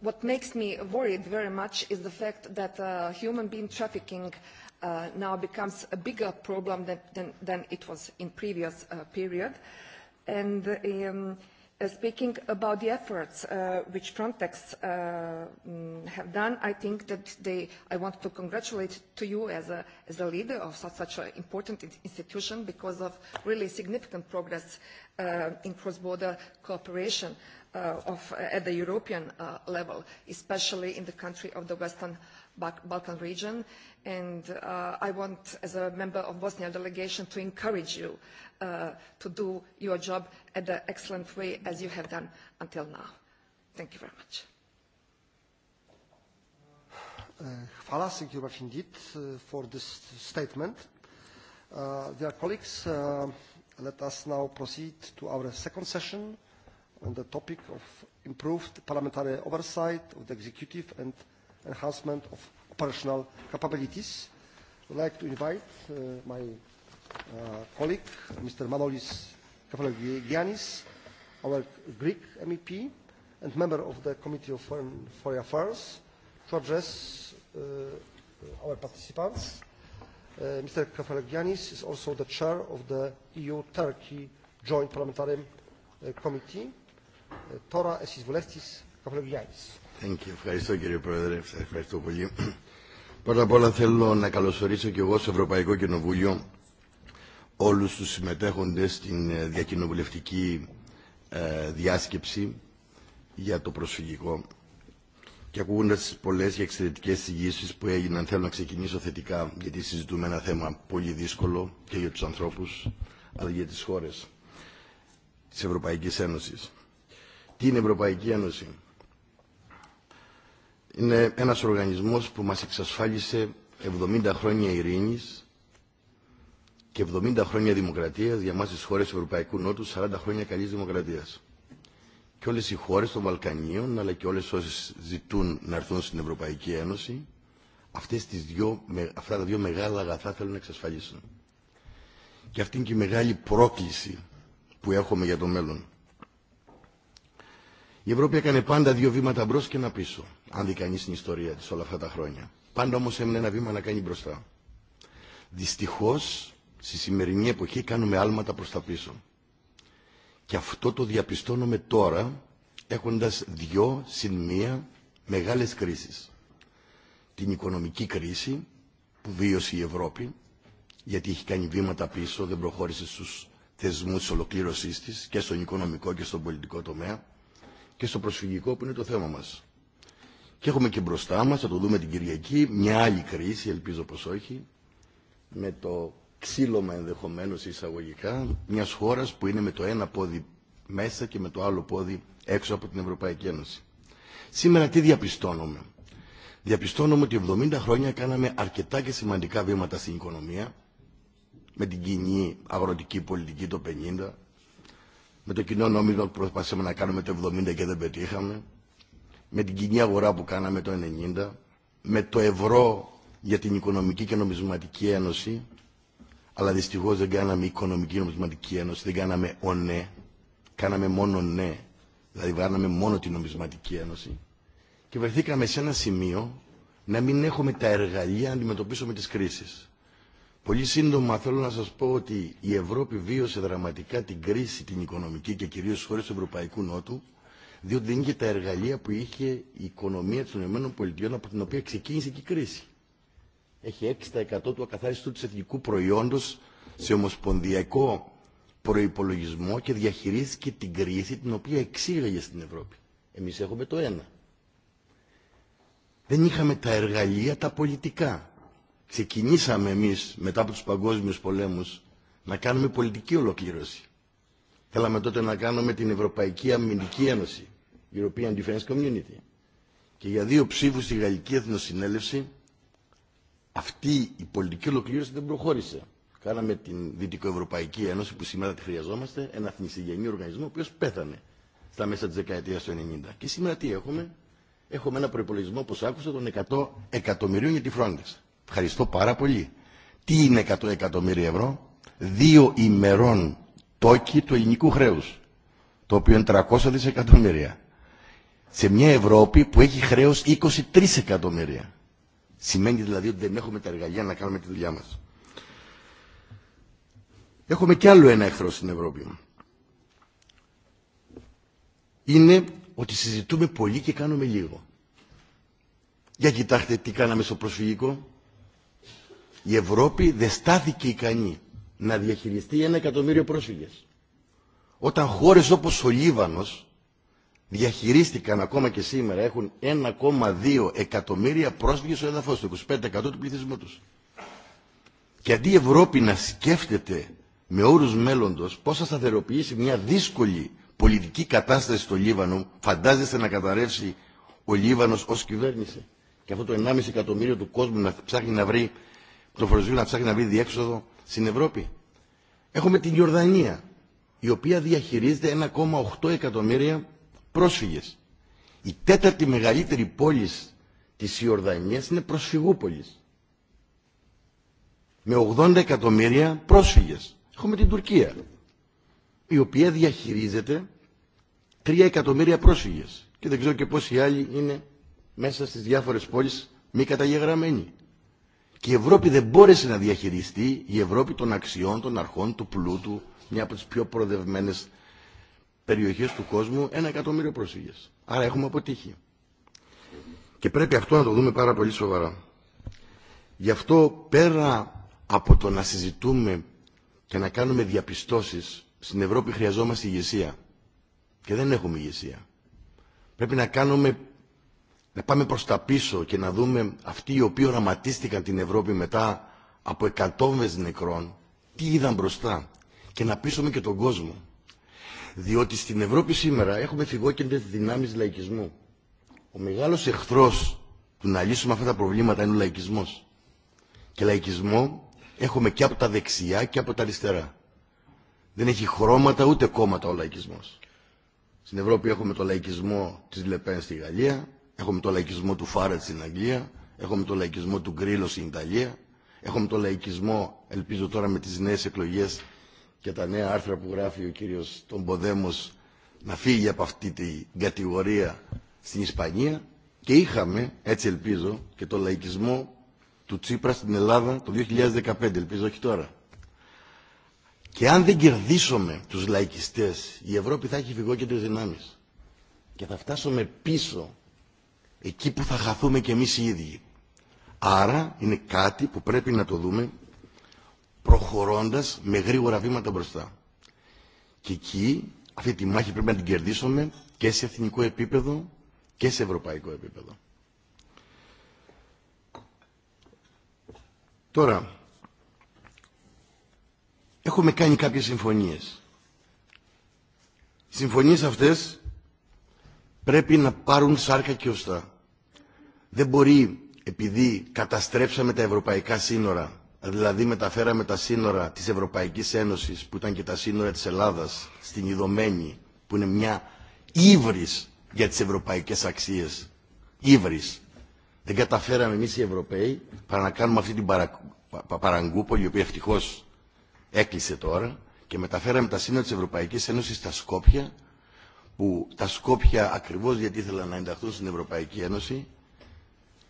what makes me worried very much is the fact that uh, human being trafficking uh, now becomes a bigger problem than, than, than it was in previous period. And um, Uh, speaking about the efforts uh, which Frontex uh, mm, have done, I think that they, I want to congratulate to you as a, as a leader of such, such an important institution because of really significant progress uh, in cross-border cooperation uh, of, at the European uh, level, especially in the country of the Western Balkan region. And uh, I want, as a member of Bosnia delegation, to encourage you uh, to do your job in the excellent way as you have done until now. Thank you very much. Uh, hvala, thank you indeed for this statement. Uh, dear colleagues, let us now proceed to our second session on the topic of improved parliamentary oversight of the executive and enhancement of operational capabilities. I would like to invite uh, my uh, colleague, Mr. Manolis Kefalogiannis, our Greek MEP and member of the Committee of Foreign, Foreign Affairs, to address uh, our participants. Uh, Mr. Kefalogiannis is also the chair of the EU-Turkey Joint Parliamentary uh, Committee. Uh, Tora Esis Volestis Thank you. Ευχαριστώ κύριε Πρόεδρε. ευχαριστώ πολύ. Πρώτα απ' όλα θέλω να καλωσορίσω και εγώ στο Ευρωπαϊκό Κοινοβούλιο όλους τους συμμετέχοντες στην διακοινοβουλευτική διάσκεψη για το προσφυγικό. Και ακούγοντα τι πολλέ και εξαιρετικέ συγγύσει που έγιναν, θέλω να ξεκινήσω θετικά, γιατί συζητούμε ένα θέμα πολύ δύσκολο και για του ανθρώπου, αλλά και για τι χώρε τη Ευρωπαϊκή Ένωση. Τι είναι η Ευρωπαϊκή Ένωση, Είναι ένας οργανισμός που μας εξασφάλισε 70 χρόνια ειρήνης και 70 χρόνια δημοκρατίας για μας τις χώρες Ευρωπαϊκού Νότου, 40 χρόνια καλής δημοκρατίας. Και όλες οι χώρες των Βαλκανίων, αλλά και όλες όσες ζητούν να έρθουν στην Ευρωπαϊκή Ένωση, αυτές τις δυο, αυτά τα δύο μεγάλα αγαθά θέλουν να εξασφαλίσουν. Και αυτή είναι και η μεγάλη πρόκληση που έχουμε για το μέλλον. Η Ευρώπη έκανε πάντα δύο βήματα μπρο και ένα πίσω, αν δει κανεί την ιστορία τη όλα αυτά τα χρόνια. Πάντα όμω έμεινε ένα βήμα να κάνει μπροστά. Δυστυχώ, στη σημερινή εποχή κάνουμε άλματα προ τα πίσω. Και αυτό το διαπιστώνουμε τώρα, έχοντα δυο συν μία μεγάλε κρίσει. Την οικονομική κρίση που βίωσε η Ευρώπη, γιατί έχει κάνει βήματα πίσω, δεν προχώρησε στου θεσμού τη ολοκλήρωσή τη και στον οικονομικό και στον πολιτικό τομέα και στο προσφυγικό που είναι το θέμα μας. Και έχουμε και μπροστά μας, θα το δούμε την Κυριακή, μια άλλη κρίση, ελπίζω πως όχι, με το ξύλωμα ενδεχομένω εισαγωγικά μια χώρα που είναι με το ένα πόδι μέσα και με το άλλο πόδι έξω από την Ευρωπαϊκή Ένωση. Σήμερα τι διαπιστώνουμε. Διαπιστώνουμε ότι 70 χρόνια κάναμε αρκετά και σημαντικά βήματα στην οικονομία, με την κοινή αγροτική πολιτική το 50, με το κοινό νόμισμα που προσπαθήσαμε να κάνουμε το 70 και δεν πετύχαμε, με την κοινή αγορά που κάναμε το 90, με το ευρώ για την Οικονομική και Νομισματική Ένωση, αλλά δυστυχώς δεν κάναμε Οικονομική και Νομισματική Ένωση, δεν κάναμε ο ναι, κάναμε μόνο ναι, δηλαδή κάναμε μόνο την Νομισματική Ένωση και βρεθήκαμε σε ένα σημείο να μην έχουμε τα εργαλεία να αντιμετωπίσουμε τις κρίσεις. Πολύ σύντομα θέλω να σας πω ότι η Ευρώπη βίωσε δραματικά την κρίση την οικονομική και κυρίως χώρες του Ευρωπαϊκού Νότου, διότι δεν είχε τα εργαλεία που είχε η οικονομία των ΗΠΑ από την οποία ξεκίνησε και η κρίση. Έχει 6% του ακαθάριστου του εθνικού προϊόντος σε ομοσπονδιακό προϋπολογισμό και διαχειρίστηκε την κρίση την οποία εξήγαγε στην Ευρώπη. Εμείς έχουμε το ένα. Δεν είχαμε τα εργαλεία τα πολιτικά ξεκινήσαμε εμείς μετά από τους παγκόσμιους πολέμους να κάνουμε πολιτική ολοκλήρωση. Θέλαμε τότε να κάνουμε την Ευρωπαϊκή Αμυντική Ένωση, European Defense Community. Και για δύο ψήφους στη Γαλλική Εθνοσυνέλευση αυτή η πολιτική ολοκλήρωση δεν προχώρησε. Κάναμε την Δυτικοευρωπαϊκή Ένωση που σήμερα τη χρειαζόμαστε, ένα θνησιγενή οργανισμό ο οποίο πέθανε στα μέσα τη δεκαετία του 90. Και σήμερα τι έχουμε, έχουμε ένα προπολογισμό, όπω άκουσα, των 100 εκατομμυρίων για τη Frontex. Ευχαριστώ πάρα πολύ. Τι είναι 100 εκατομμύρια ευρώ? Δύο ημερών τόκι του ελληνικού χρέου, το οποίο είναι 300 δισεκατομμύρια. Σε μια Ευρώπη που έχει χρέο 23 εκατομμύρια. Σημαίνει δηλαδή ότι δεν έχουμε τα εργαλεία να κάνουμε τη δουλειά μα. Έχουμε κι άλλο ένα εχθρό στην Ευρώπη. Είναι ότι συζητούμε πολύ και κάνουμε λίγο. Για κοιτάξτε τι κάναμε στο προσφυγικό η Ευρώπη δεν στάθηκε ικανή να διαχειριστεί ένα εκατομμύριο πρόσφυγες. Όταν χώρες όπως ο Λίβανος διαχειρίστηκαν ακόμα και σήμερα έχουν 1,2 εκατομμύρια πρόσφυγες στο έδαφος, το 25% του πληθυσμού τους. Και αντί η Ευρώπη να σκέφτεται με όρους μέλλοντος πώς θα σταθεροποιήσει μια δύσκολη πολιτική κατάσταση στο Λίβανο, φαντάζεστε να καταρρεύσει ο Λίβανος ως κυβέρνηση. Και αυτό το 1,5 εκατομμύριο του κόσμου να ψάχνει να βρει το φορεσβείο να ψάχνει να βρει διέξοδο στην Ευρώπη. Έχουμε την Ιορδανία, η οποία διαχειρίζεται 1,8 εκατομμύρια πρόσφυγες. Η τέταρτη μεγαλύτερη πόλη της Ιορδανίας είναι προσφυγούπολης. Με 80 εκατομμύρια πρόσφυγες. Έχουμε την Τουρκία, η οποία διαχειρίζεται 3 εκατομμύρια πρόσφυγες. Και δεν ξέρω και πόσοι άλλοι είναι μέσα στις διάφορες πόλεις μη καταγεγραμμένοι. Και η Ευρώπη δεν μπόρεσε να διαχειριστεί η Ευρώπη των αξιών, των αρχών, του πλούτου, μια από τι πιο προοδευμένε περιοχέ του κόσμου, ένα εκατομμύριο προσφύγε. Άρα έχουμε αποτύχει. Και πρέπει αυτό να το δούμε πάρα πολύ σοβαρά. Γι' αυτό πέρα από το να συζητούμε και να κάνουμε διαπιστώσει στην Ευρώπη χρειαζόμαστε ηγεσία. Και δεν έχουμε ηγεσία. Πρέπει να κάνουμε να πάμε προς τα πίσω και να δούμε αυτοί οι οποίοι οραματίστηκαν την Ευρώπη μετά από εκατόμβες νεκρών, τι είδαν μπροστά και να πείσουμε και τον κόσμο. Διότι στην Ευρώπη σήμερα έχουμε φυγόκεντες δυνάμεις λαϊκισμού. Ο μεγάλος εχθρός του να λύσουμε αυτά τα προβλήματα είναι ο λαϊκισμός. Και λαϊκισμό έχουμε και από τα δεξιά και από τα αριστερά. Δεν έχει χρώματα ούτε κόμματα ο λαϊκισμός. Στην Ευρώπη έχουμε το λαϊκισμό της Λεπέν στη Γαλλία, Έχουμε το λαϊκισμό του Φάρετ στην Αγγλία, έχουμε το λαϊκισμό του Γκρίλο στην Ιταλία, έχουμε το λαϊκισμό, ελπίζω τώρα με τι νέε εκλογέ και τα νέα άρθρα που γράφει ο κύριο τον Ποδέμο να φύγει από αυτή την κατηγορία στην Ισπανία και είχαμε, έτσι ελπίζω, και το λαϊκισμό του Τσίπρα στην Ελλάδα το 2015, ελπίζω όχι τώρα. Και αν δεν κερδίσουμε τους λαϊκιστές, η Ευρώπη θα έχει τι δυνάμεις. Και θα φτάσουμε πίσω εκεί που θα χαθούμε κι εμείς οι ίδιοι. Άρα είναι κάτι που πρέπει να το δούμε προχωρώντας με γρήγορα βήματα μπροστά. Και εκεί αυτή τη μάχη πρέπει να την κερδίσουμε και σε εθνικό επίπεδο και σε ευρωπαϊκό επίπεδο. Τώρα, έχουμε κάνει κάποιες συμφωνίες. Οι συμφωνίες αυτές πρέπει να πάρουν σάρκα και οστά. Δεν μπορεί επειδή καταστρέψαμε τα ευρωπαϊκά σύνορα, δηλαδή μεταφέραμε τα σύνορα της Ευρωπαϊκής Ένωσης που ήταν και τα σύνορα της Ελλάδας στην Ιδωμένη, που είναι μια ύβρις για τις ευρωπαϊκές αξίες. Ήβρις. Δεν καταφέραμε εμείς οι Ευρωπαίοι παρά να κάνουμε αυτή την παραγκούπολη, η οποία ευτυχώ έκλεισε τώρα, και μεταφέραμε τα σύνορα της Ευρωπαϊκής Ένωσης στα Σκόπια, που τα Σκόπια ακριβώς γιατί ήθελαν να ενταχθούν στην Ευρωπαϊκή Ένωση,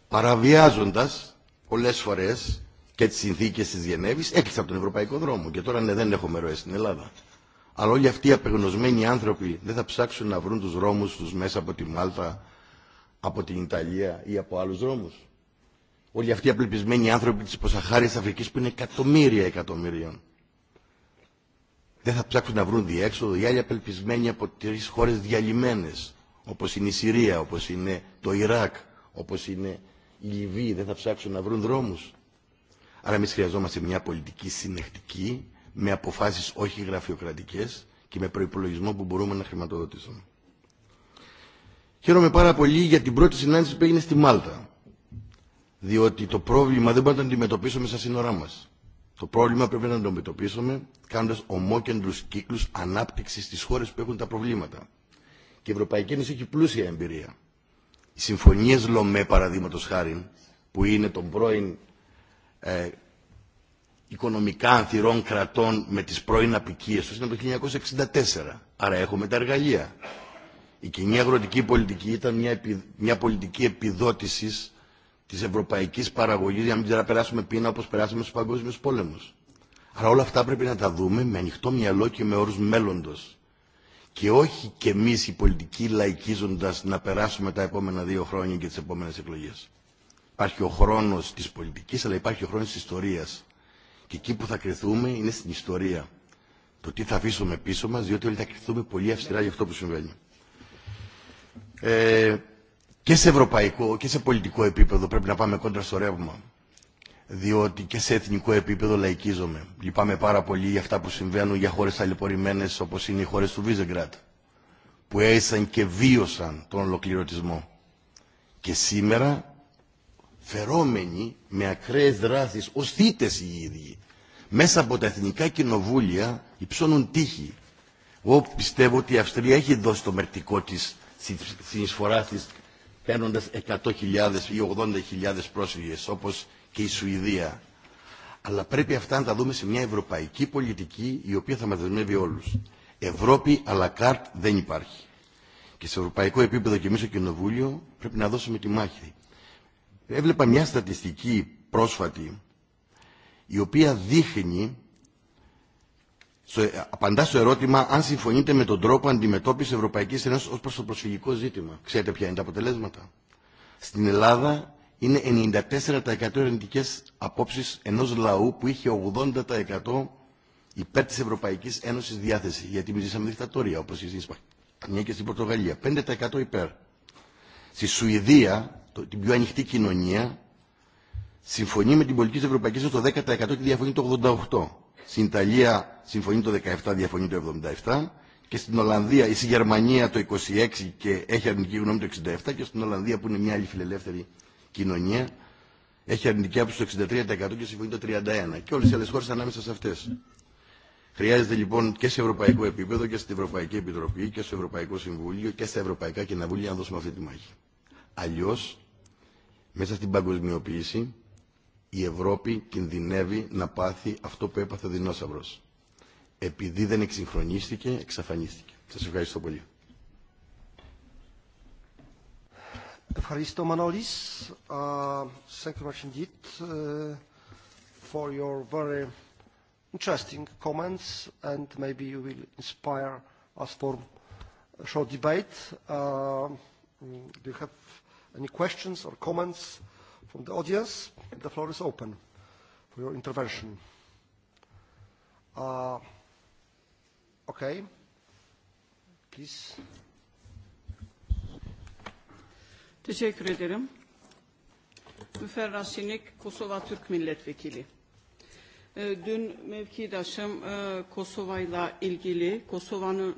παραβιάζοντας πολλές φορές και τις συνθήκες της Γενέβης, έκλεισα από τον ευρωπαϊκό δρόμο και τώρα ναι, δεν έχουμε ροές στην Ελλάδα. Αλλά όλοι αυτοί οι απεγνωσμένοι άνθρωποι δεν θα ψάξουν να βρουν τους δρόμους τους μέσα από τη Μάλτα, από την Ιταλία ή από άλλους δρόμους. Όλοι αυτοί οι απελπισμένοι άνθρωποι της Ποσαχάριας Αφρικής που είναι εκατομμύρια εκατομμύριων. Δεν θα ψάξουν να βρουν διέξοδο οι άλλοι απελπισμένοι από τρεις χώρες διαλυμένες, όπως είναι η Συρία, όπως είναι το Ιράκ, όπως είναι οι Λιβύοι δεν θα ψάξουν να βρουν δρόμους. Άρα εμεί χρειαζόμαστε μια πολιτική συνεχτική, με αποφάσεις όχι γραφειοκρατικές και με προϋπολογισμό που μπορούμε να χρηματοδοτήσουμε. Χαίρομαι πάρα πολύ για την πρώτη συνάντηση που έγινε στη Μάλτα. Διότι το πρόβλημα δεν μπορούμε να το αντιμετωπίσουμε στα σύνορά μας. Το πρόβλημα πρέπει να το αντιμετωπίσουμε κάνοντας ομόκεντρους κύκλους ανάπτυξης στις χώρες που έχουν τα προβλήματα. Και η Ευρωπαϊκή Ένωση έχει πλούσια εμπειρία Οι συμφωνίες ΛΟΜΕ παραδείγματος χάρη που είναι των πρώην ε, οικονομικά ανθυρών κρατών με τις πρώην απικίες τους ήταν το 1964. Άρα έχουμε τα εργαλεία. Η κοινή αγροτική πολιτική ήταν μια, επι, μια πολιτική επιδότησης της ευρωπαϊκής παραγωγής για να μην ξαναπεράσουμε πείνα όπως περάσαμε στους παγκόσμιους πόλεμους. Άρα όλα αυτά πρέπει να τα δούμε με ανοιχτό μυαλό και με όρους μέλλοντος και όχι και εμεί, οι πολιτικοί λαϊκίζοντα να περάσουμε τα επόμενα δύο χρόνια και τι επόμενε εκλογέ. Υπάρχει ο χρόνο τη πολιτική, αλλά υπάρχει ο χρόνο τη ιστορία. Και εκεί που θα κρυθούμε είναι στην ιστορία. Το τι θα αφήσουμε πίσω μα, διότι όλοι θα κρυθούμε πολύ αυστηρά για αυτό που συμβαίνει. Ε, και σε ευρωπαϊκό και σε πολιτικό επίπεδο πρέπει να πάμε κόντρα στο ρεύμα διότι και σε εθνικό επίπεδο λαϊκίζομαι. Λυπάμαι πάρα πολύ για αυτά που συμβαίνουν για χώρες αλληλεπορημένες όπως είναι οι χώρες του Βίζεγκρατ, που έζησαν και βίωσαν τον ολοκληρωτισμό. Και σήμερα φερόμενοι με ακραίες δράσεις ως θύτες οι ίδιοι, μέσα από τα εθνικά κοινοβούλια υψώνουν τύχη. Εγώ πιστεύω ότι η Αυστρία έχει δώσει το μερτικό της συνεισφορά της παίρνοντας 100.000 ή 80.000 πρόσφυγες, όπως και η Σουηδία. Αλλά πρέπει αυτά να τα δούμε σε μια ευρωπαϊκή πολιτική η οποία θα μα δεσμεύει όλου. Ευρώπη αλλά καρτ δεν υπάρχει. Και σε ευρωπαϊκό επίπεδο και εμεί στο Κοινοβούλιο πρέπει να δώσουμε τη μάχη. Έβλεπα μια στατιστική πρόσφατη η οποία δείχνει στο, απαντά στο ερώτημα αν συμφωνείτε με τον τρόπο αντιμετώπιση Ευρωπαϊκή Ένωση ω προ το προσφυγικό ζήτημα. Ξέρετε ποια είναι τα αποτελέσματα. Στην Ελλάδα είναι 94% ερευνητικέ απόψει ενό λαού που είχε 80% υπέρ τη Ευρωπαϊκή Ένωση διάθεση. Γιατί μιλήσαμε δικτατορία, όπω στην Ισπανία και στην Πορτογαλία. 5% υπέρ. Στη Σουηδία, το, την πιο ανοιχτή κοινωνία, συμφωνεί με την πολιτική τη Ευρωπαϊκή Ένωση το 10% και διαφωνεί το 88%. Στην Ιταλία συμφωνεί το 17%, διαφωνεί το 77% και στην Ολλανδία ή στη Γερμανία το 26% και έχει αρνητική γνώμη το 67% και στην Ολλανδία που είναι μια άλλη φιλελεύθερη κοινωνία έχει αρνητικά άποψη το 63% και συμφωνεί το 31%. Και όλες οι άλλες χώρες ανάμεσα σε αυτές. Χρειάζεται λοιπόν και σε ευρωπαϊκό επίπεδο και στην Ευρωπαϊκή Επιτροπή και στο Ευρωπαϊκό Συμβούλιο και στα Ευρωπαϊκά Κοινοβούλια να δώσουμε αυτή τη μάχη. Αλλιώς, μέσα στην παγκοσμιοποίηση, η Ευρώπη κινδυνεύει να πάθει αυτό που έπαθε ο δεινόσαυρος. Επειδή δεν εξυγχρονίστηκε, εξαφανίστηκε. Σας ευχαριστώ πολύ. Evharisto Manolis, uh, thank you much indeed for your very interesting comments and maybe you will inspire us for a short debate. Uh, mm, do you have any questions or comments from the audience? The floor is open for your intervention. Uh, okay. Please. Teşekkür ederim. Müferra Sinik, Kosova Türk Milletvekili. Dün mevkidaşım e, Kosova'yla ilgili Kosova'nın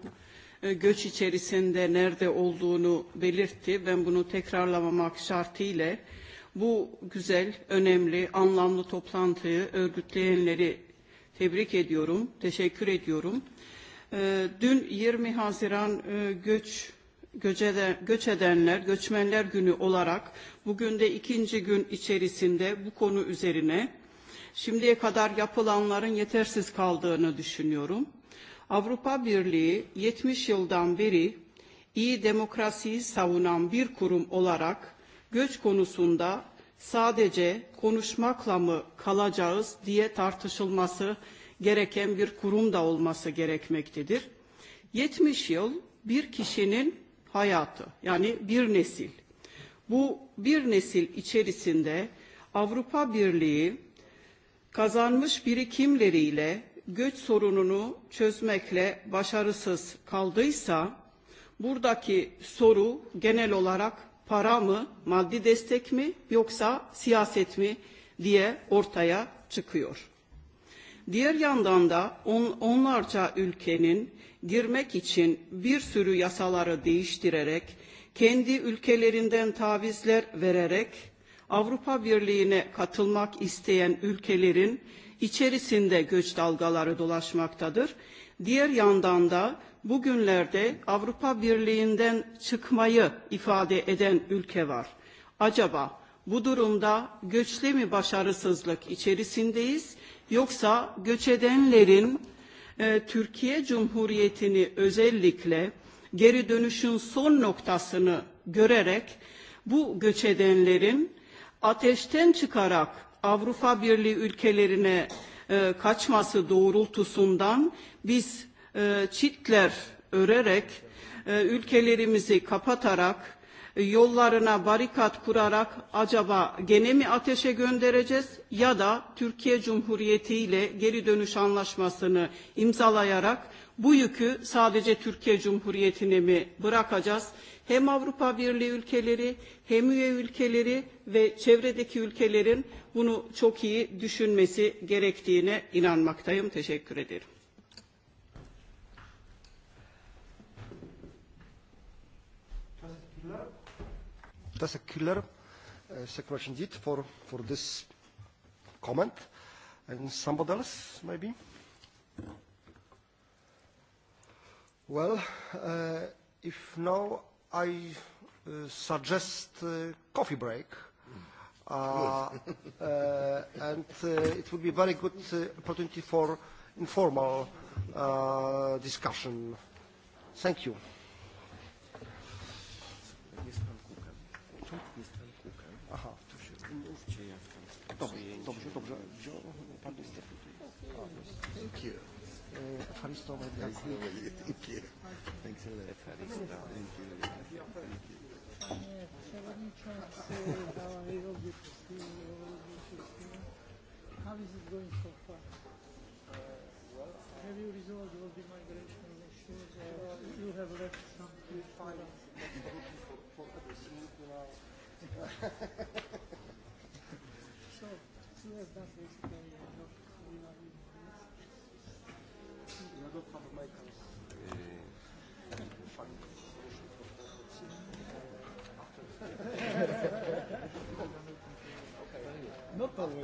e, göç içerisinde nerede olduğunu belirtti. Ben bunu tekrarlamamak şartıyla bu güzel, önemli, anlamlı toplantıyı örgütleyenleri tebrik ediyorum, teşekkür ediyorum. Dün 20 Haziran e, göç göç, edenler göçmenler günü olarak bugün de ikinci gün içerisinde bu konu üzerine şimdiye kadar yapılanların yetersiz kaldığını düşünüyorum. Avrupa Birliği 70 yıldan beri iyi demokrasiyi savunan bir kurum olarak göç konusunda sadece konuşmakla mı kalacağız diye tartışılması gereken bir kurum da olması gerekmektedir. 70 yıl bir kişinin hayatı yani bir nesil. Bu bir nesil içerisinde Avrupa Birliği kazanmış birikimleriyle göç sorununu çözmekle başarısız kaldıysa buradaki soru genel olarak para mı, maddi destek mi yoksa siyaset mi diye ortaya çıkıyor. Diğer yandan da onlarca ülkenin girmek için bir sürü yasaları değiştirerek, kendi ülkelerinden tavizler vererek Avrupa Birliği'ne katılmak isteyen ülkelerin içerisinde göç dalgaları dolaşmaktadır. Diğer yandan da bugünlerde Avrupa Birliği'nden çıkmayı ifade eden ülke var. Acaba bu durumda göçle mi başarısızlık içerisindeyiz yoksa göç edenlerin E, Türkiye Cumhuriyeti'ni özellikle geri dönüşün son noktasını görerek bu göç edenlerin ateşten çıkarak Avrupa Birliği ülkelerine e, kaçması doğrultusundan biz e, çitler örerek ülkelerimizi kapatarak yollarına barikat kurarak acaba gene mi ateşe göndereceğiz ya da Türkiye Cumhuriyeti ile geri dönüş anlaşmasını imzalayarak bu yükü sadece Türkiye Cumhuriyeti'ne mi bırakacağız? Hem Avrupa Birliği ülkeleri hem üye ülkeleri ve çevredeki ülkelerin bunu çok iyi düşünmesi gerektiğine inanmaktayım. Teşekkür ederim. Professor killer, uh, äh, indeed for, for this comment. And somebody else, maybe? Well, uh, if now I äh, suggest uh, coffee break, uh, mm. uh and uh, it would be a very good uh, opportunity for informal uh, discussion. Thank you. Dobrze, dobrze, dobrze. Pan jest Thank you. Eh, ovaj ovaj the migration you have left some files? for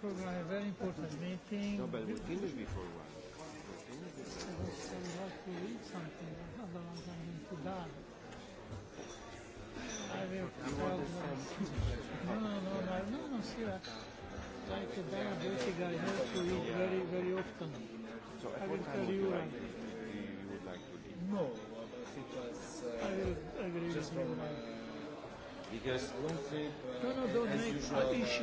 program a very important meeting. No, but before one. would eat I will No, no, no, no, no, very, very often. So to No, Because Winfrey, uh, no, no, don't I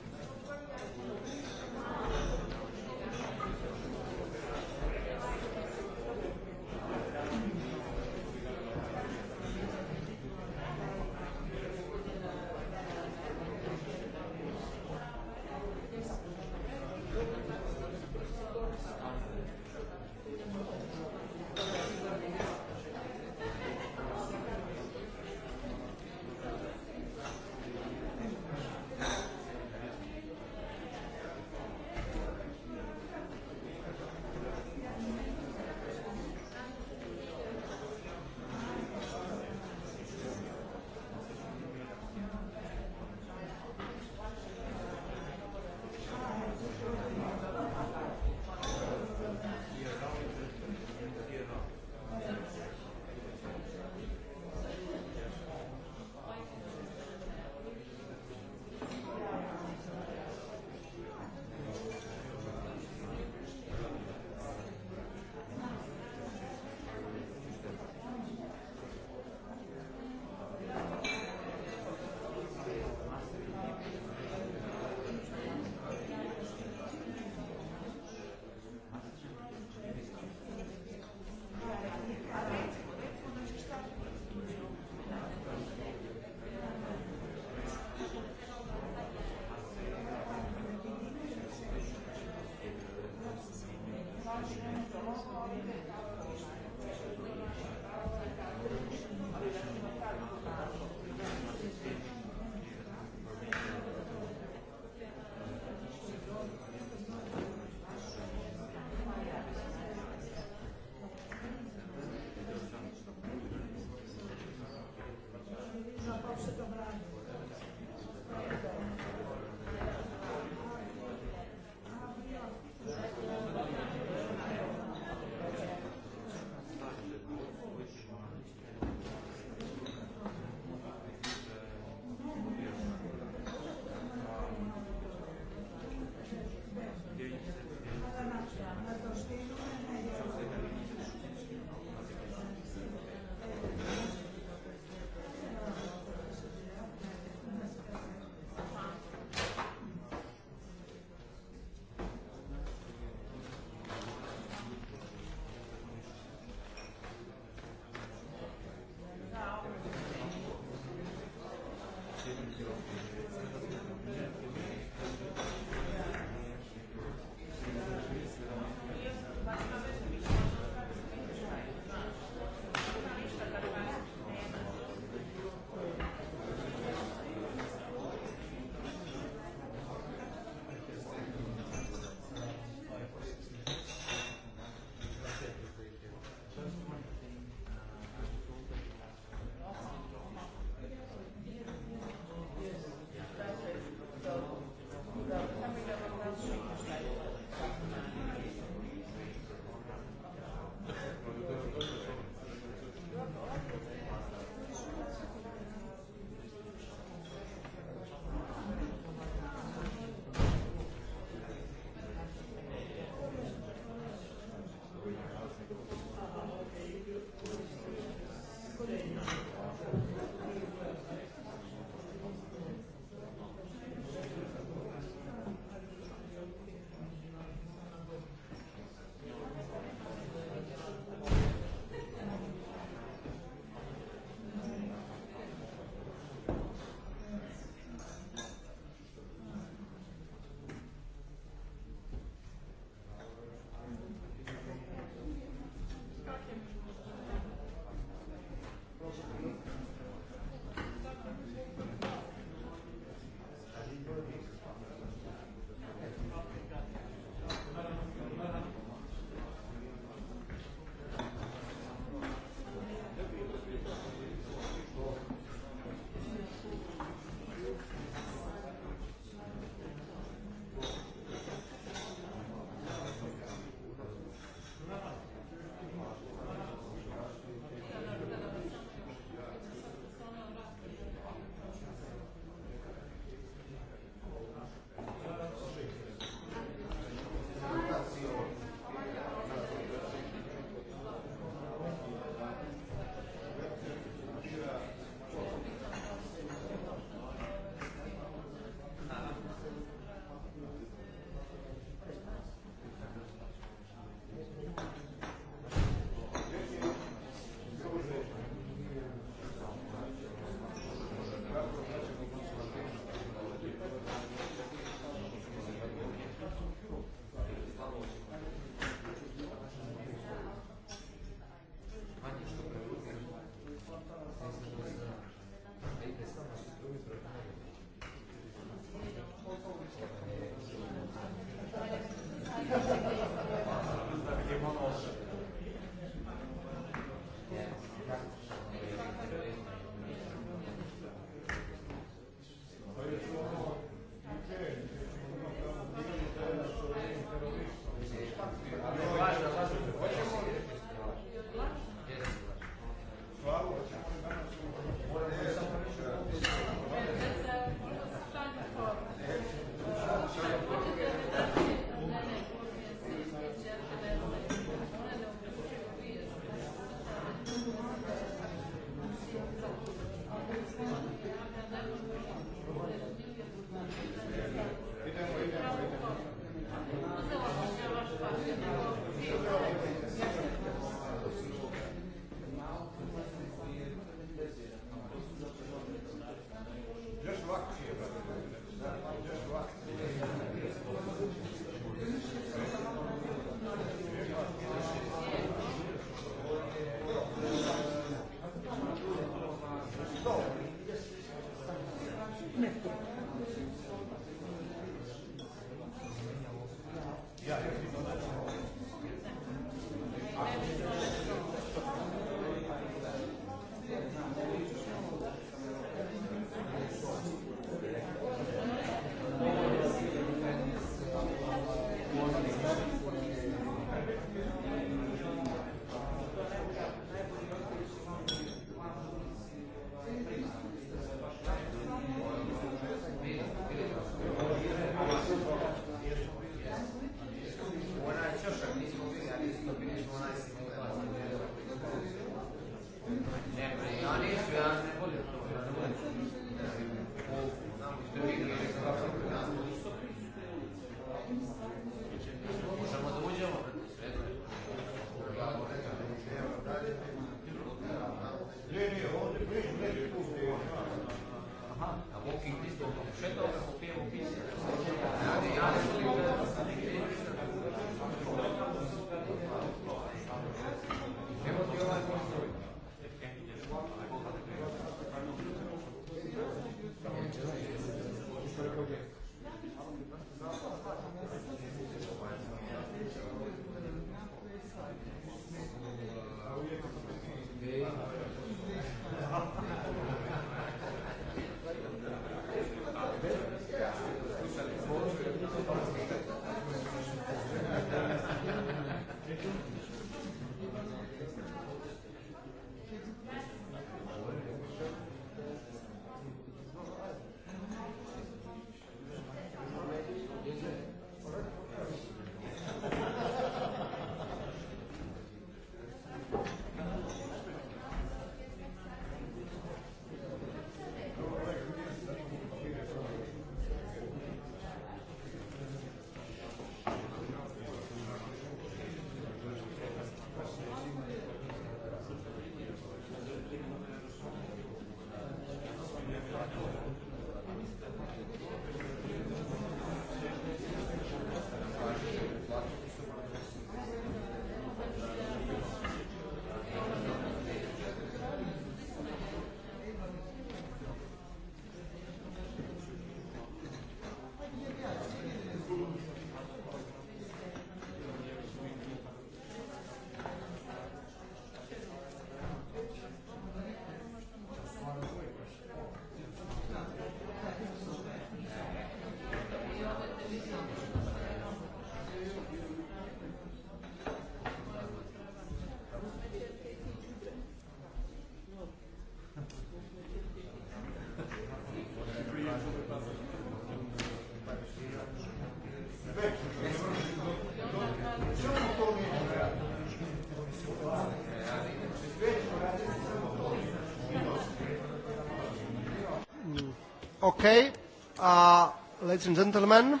Okay, uh, ladies and gentlemen,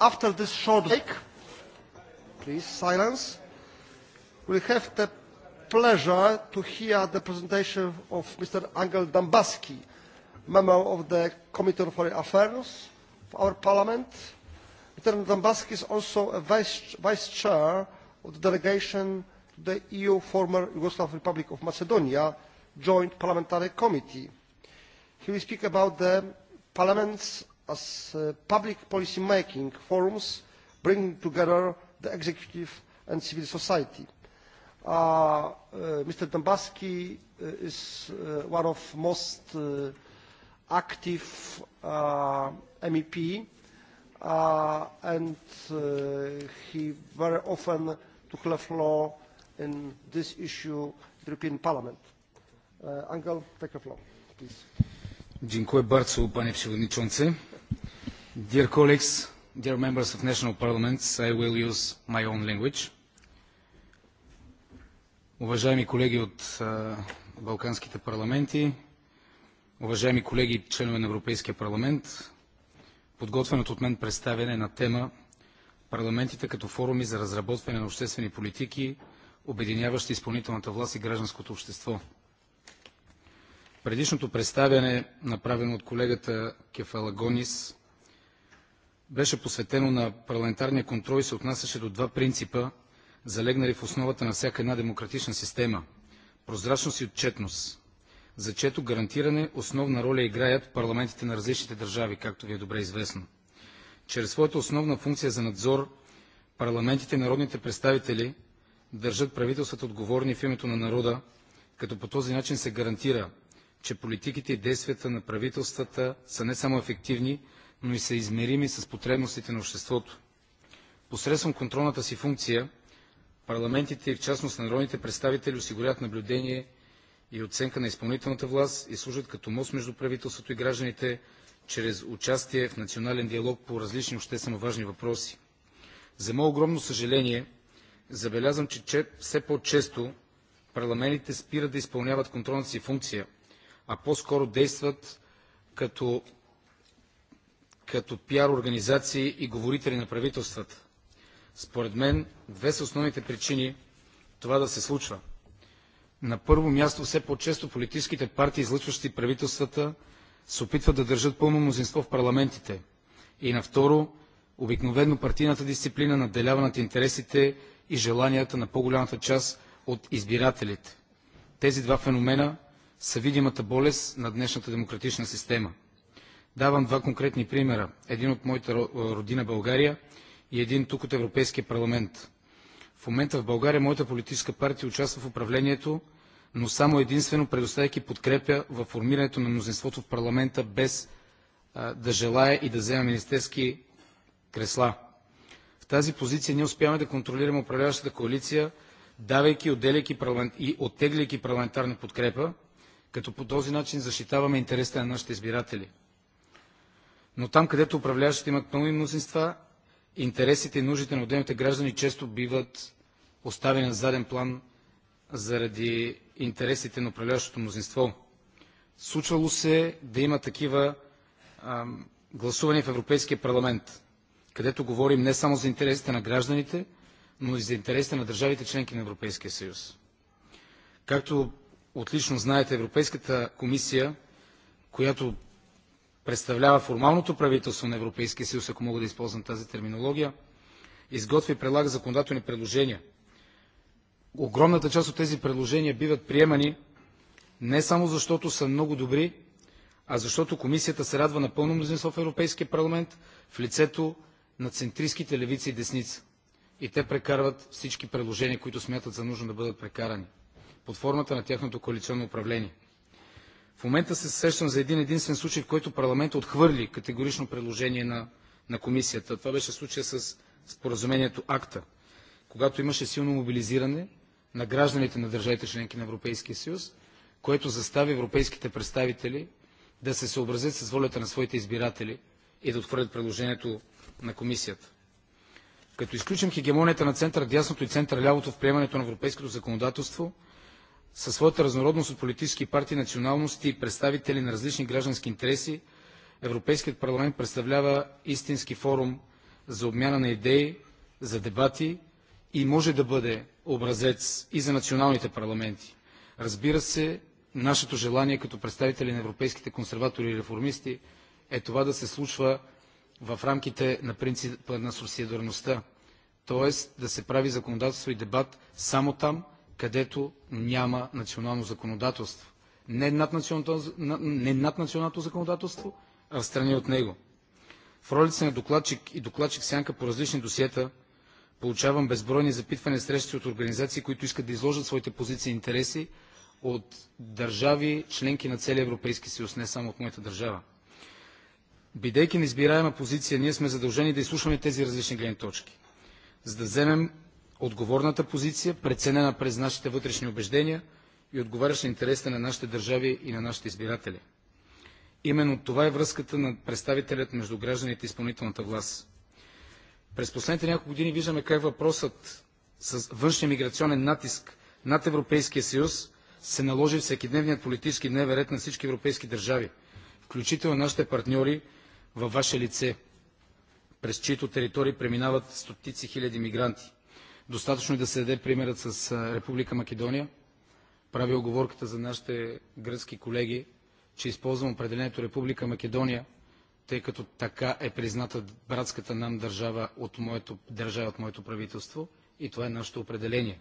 after this short break, please silence, we have the pleasure to hear the presentation of Mr. Angel Dambaski, member of the Committee on Foreign Affairs of our Parliament. Mr. Dambaski is also a vice, vice chair of the delegation to the EU former Yugoslav Republic of Macedonia Joint Parliamentary Committee He will speak about the Parliament's as uh, public policy making forums bringing together the executive and civil society. Uh, uh, Mr. Dombaski is one of most active MEP and he very often took the floor in this issue in the European Parliament. Angel, take the floor, please. Dziękuję bardzo, panie przewodniczący. Dear colleagues, dear members of national parliaments, I will use my own language. Уважаеми колеги от Балканските парламенти, уважаеми колеги членове на Европейския парламент, подготвеното от мен представяне на тема парламентите като форуми за разработване на обществени политики, обединяващи изпълнителната власт и гражданското общество – предишното представяне, направено от колегата Кефалагонис, беше посветено на парламентарния контрол и се отнасяше до два принципа, залегнали в основата на всяка една демократична система – прозрачност и отчетност, за чето гарантиране основна роля играят парламентите на различните държави, както ви е добре известно. Чрез своята основна функция за надзор, парламентите и народните представители държат правителствата отговорни в името на народа, като по този начин се гарантира че политиките и действията на правителствата са не само ефективни, но и са измерими с потребностите на обществото. Посредством контролната си функция, парламентите и в частност народните представители осигуряват наблюдение и оценка на изпълнителната власт и служат като мост между правителството и гражданите чрез участие в национален диалог по различни обществено важни въпроси. За мое огромно съжаление, забелязвам, че все по-често парламентите спират да изпълняват контролната си функция – а по-скоро действат като, като пиар организации и говорители на правителствата. Според мен, две са основните причини това да се случва. На първо място, все по-често политическите партии, излъчващи правителствата, се опитват да държат пълно мнозинство в парламентите. И на второ, обикновено партийната дисциплина надделява над интересите и желанията на по-голямата част от избирателите. Тези два феномена са видимата болест на днешната демократична система. Давам два конкретни примера. Един от моята родина България и един тук от Европейския парламент. В момента в България моята политическа партия участва в управлението, но само единствено предоставяйки подкрепя в формирането на мнозинството в парламента без да желая и да взема министерски кресла. В тази позиция ние успяваме да контролираме управляващата коалиция, давайки и, отделяйки и оттегляйки парламентарна подкрепа, като по този начин защитаваме интересите на нашите избиратели. Но там, където управляващите имат пълни мнозинства, интересите и нуждите на отделните граждани често биват оставени на заден план заради интересите на управляващото мнозинство. Случвало се да има такива гласувания в Европейския парламент, където говорим не само за интересите на гражданите, но и за интересите на държавите членки на Европейския съюз. Както отлично знаете, Европейската комисия, която представлява формалното правителство на Европейския съюз, ако мога да използвам тази терминология, изготви и предлага законодателни предложения. Огромната част от тези предложения биват приемани не само защото са много добри, а защото комисията се радва на пълно мнозинство в Европейския парламент в лицето на центристските левици и десница. И те прекарват всички предложения, които смятат за нужно да бъдат прекарани под формата на тяхното коалиционно управление. В момента се сещам за един единствен случай, в който парламент отхвърли категорично предложение на, на комисията. Това беше случая с споразумението АКТА, когато имаше силно мобилизиране на гражданите на държавите членки на Европейския съюз, което застави европейските представители да се съобразят с волята на своите избиратели и да отхвърлят предложението на комисията. Като изключим хегемонията на център дясното и център лявото в приемането на европейското законодателство – със своята разнородност от политически партии, националности и представители на различни граждански интереси, Европейският парламент представлява истински форум за обмяна на идеи, за дебати и може да бъде образец и за националните парламенти. Разбира се, нашето желание като представители на европейските консерватори и реформисти е това да се случва в рамките на принципа на субсидиарността, т.е. да се прави законодателство и дебат само там, където няма национално законодателство. Не над не законодателство, а в страни от него. В ролица на докладчик и докладчик сянка по различни досиета получавам безбройни запитвания срещи от организации, които искат да изложат своите позиции и интереси от държави, членки на целия Европейски съюз, не само от моята държава. Бидейки на избираема позиция, ние сме задължени да изслушваме тези различни гледни точки, за да вземем отговорната позиция, преценена през нашите вътрешни убеждения и отговаряща на интересите на нашите държави и на нашите избиратели. Именно това е връзката на представителят между гражданите и изпълнителната власт. През последните няколко години виждаме как въпросът с външния миграционен натиск над Европейския съюз се наложи всекидневният политически дневен ред на всички европейски държави, включително нашите партньори във ваше лице, през чието територии преминават стотици хиляди мигранти. Достатъчно е да се даде примерът с Република Македония. прави оговорката за нашите гръцки колеги, че използвам определението Република Македония, тъй като така е призната братската нам държава от моето, държава от моето правителство и това е нашето определение.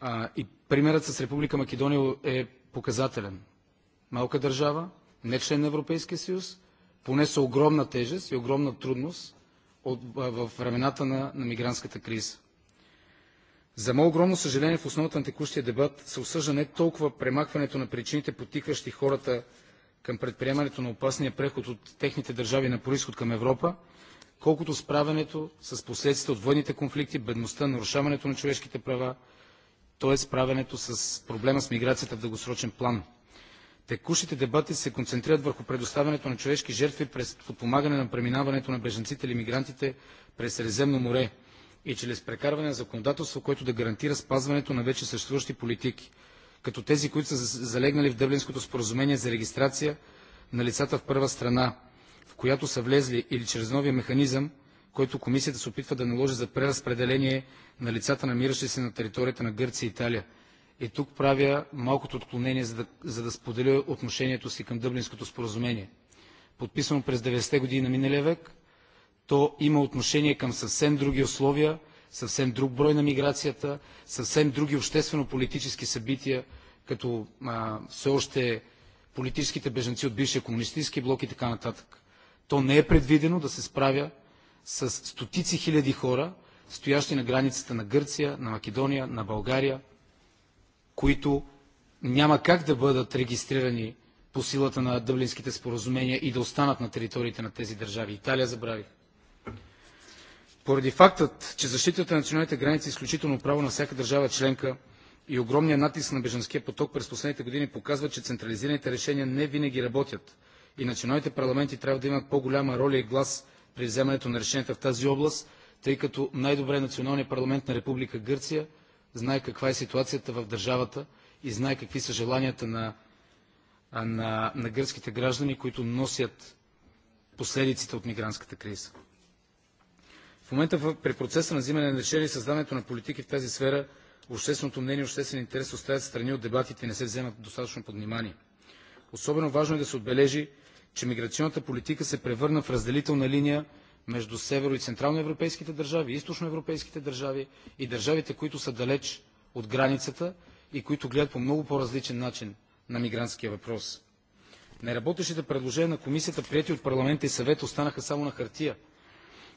А, и примерът с Република Македония е показателен. Малка държава, не член на Европейския съюз, понесе огромна тежест и огромна трудност от, в времената на, на мигрантската криза. За мое огромно съжаление в основата на текущия дебат се осъжда не толкова премахването на причините, потикващи хората към предприемането на опасния преход от техните държави на происход към Европа, колкото справянето с последствията от военните конфликти, бедността, нарушаването на човешките права, т.е. справянето с проблема с миграцията в дългосрочен план – Текущите дебати се концентрират върху предоставянето на човешки жертви през подпомагане на преминаването на бежанците или мигрантите през Средиземно море и чрез прекарване на законодателство, което да гарантира спазването на вече съществуващи политики, като тези, които са залегнали в Дъблинското споразумение за регистрация на лицата в първа страна, в която са влезли или чрез новия механизъм, който комисията се опитва да наложи за преразпределение на лицата, намиращи се на територията на Гърция и Италия, И тук правя малкото отклонение, за да, за да споделя отношението си към Дъблинското споразумение. Подписано през 90-те години на миналия век, то има отношение към съвсем други условия, съвсем друг брой на миграцията, съвсем други обществено-политически събития, като а, все още политическите беженци от бившия комунистически блок и така нататък. То не е предвидено да се справя с стотици хиляди хора, стоящи на границата на Гърция, на Македония, на България, които няма как да бъдат регистрирани по силата на дъблинските споразумения и да останат на териториите на тези държави. Италия забравих. Поради фактът, че защитата на националните граници е изключително право на всяка държава членка и огромният натиск на беженския поток през последните години показва, че централизираните решения не винаги работят и националните парламенти трябва да имат по-голяма роля и глас при вземането на решенията в тази област, тъй като най-добре националният парламент на Република Гърция – знае каква е ситуацията в държавата и знае какви са желанията на, на, на гръцките граждани, които носят последиците от мигрантската криза. В момента при процеса на взимане на решение и създаването на политики в тази сфера, общественото мнение и обществен интерес оставят страни от дебатите и не се вземат достатъчно под внимание. Особено важно е да се отбележи, че миграционната политика се превърна в разделителна линия между северо- и централноевропейските държави, източноевропейските държави и държавите, които са далеч от границата и които гледат по много по-различен начин на мигрантския въпрос. Неработещите предложения на комисията, прияти от парламента и съвет, останаха само на хартия,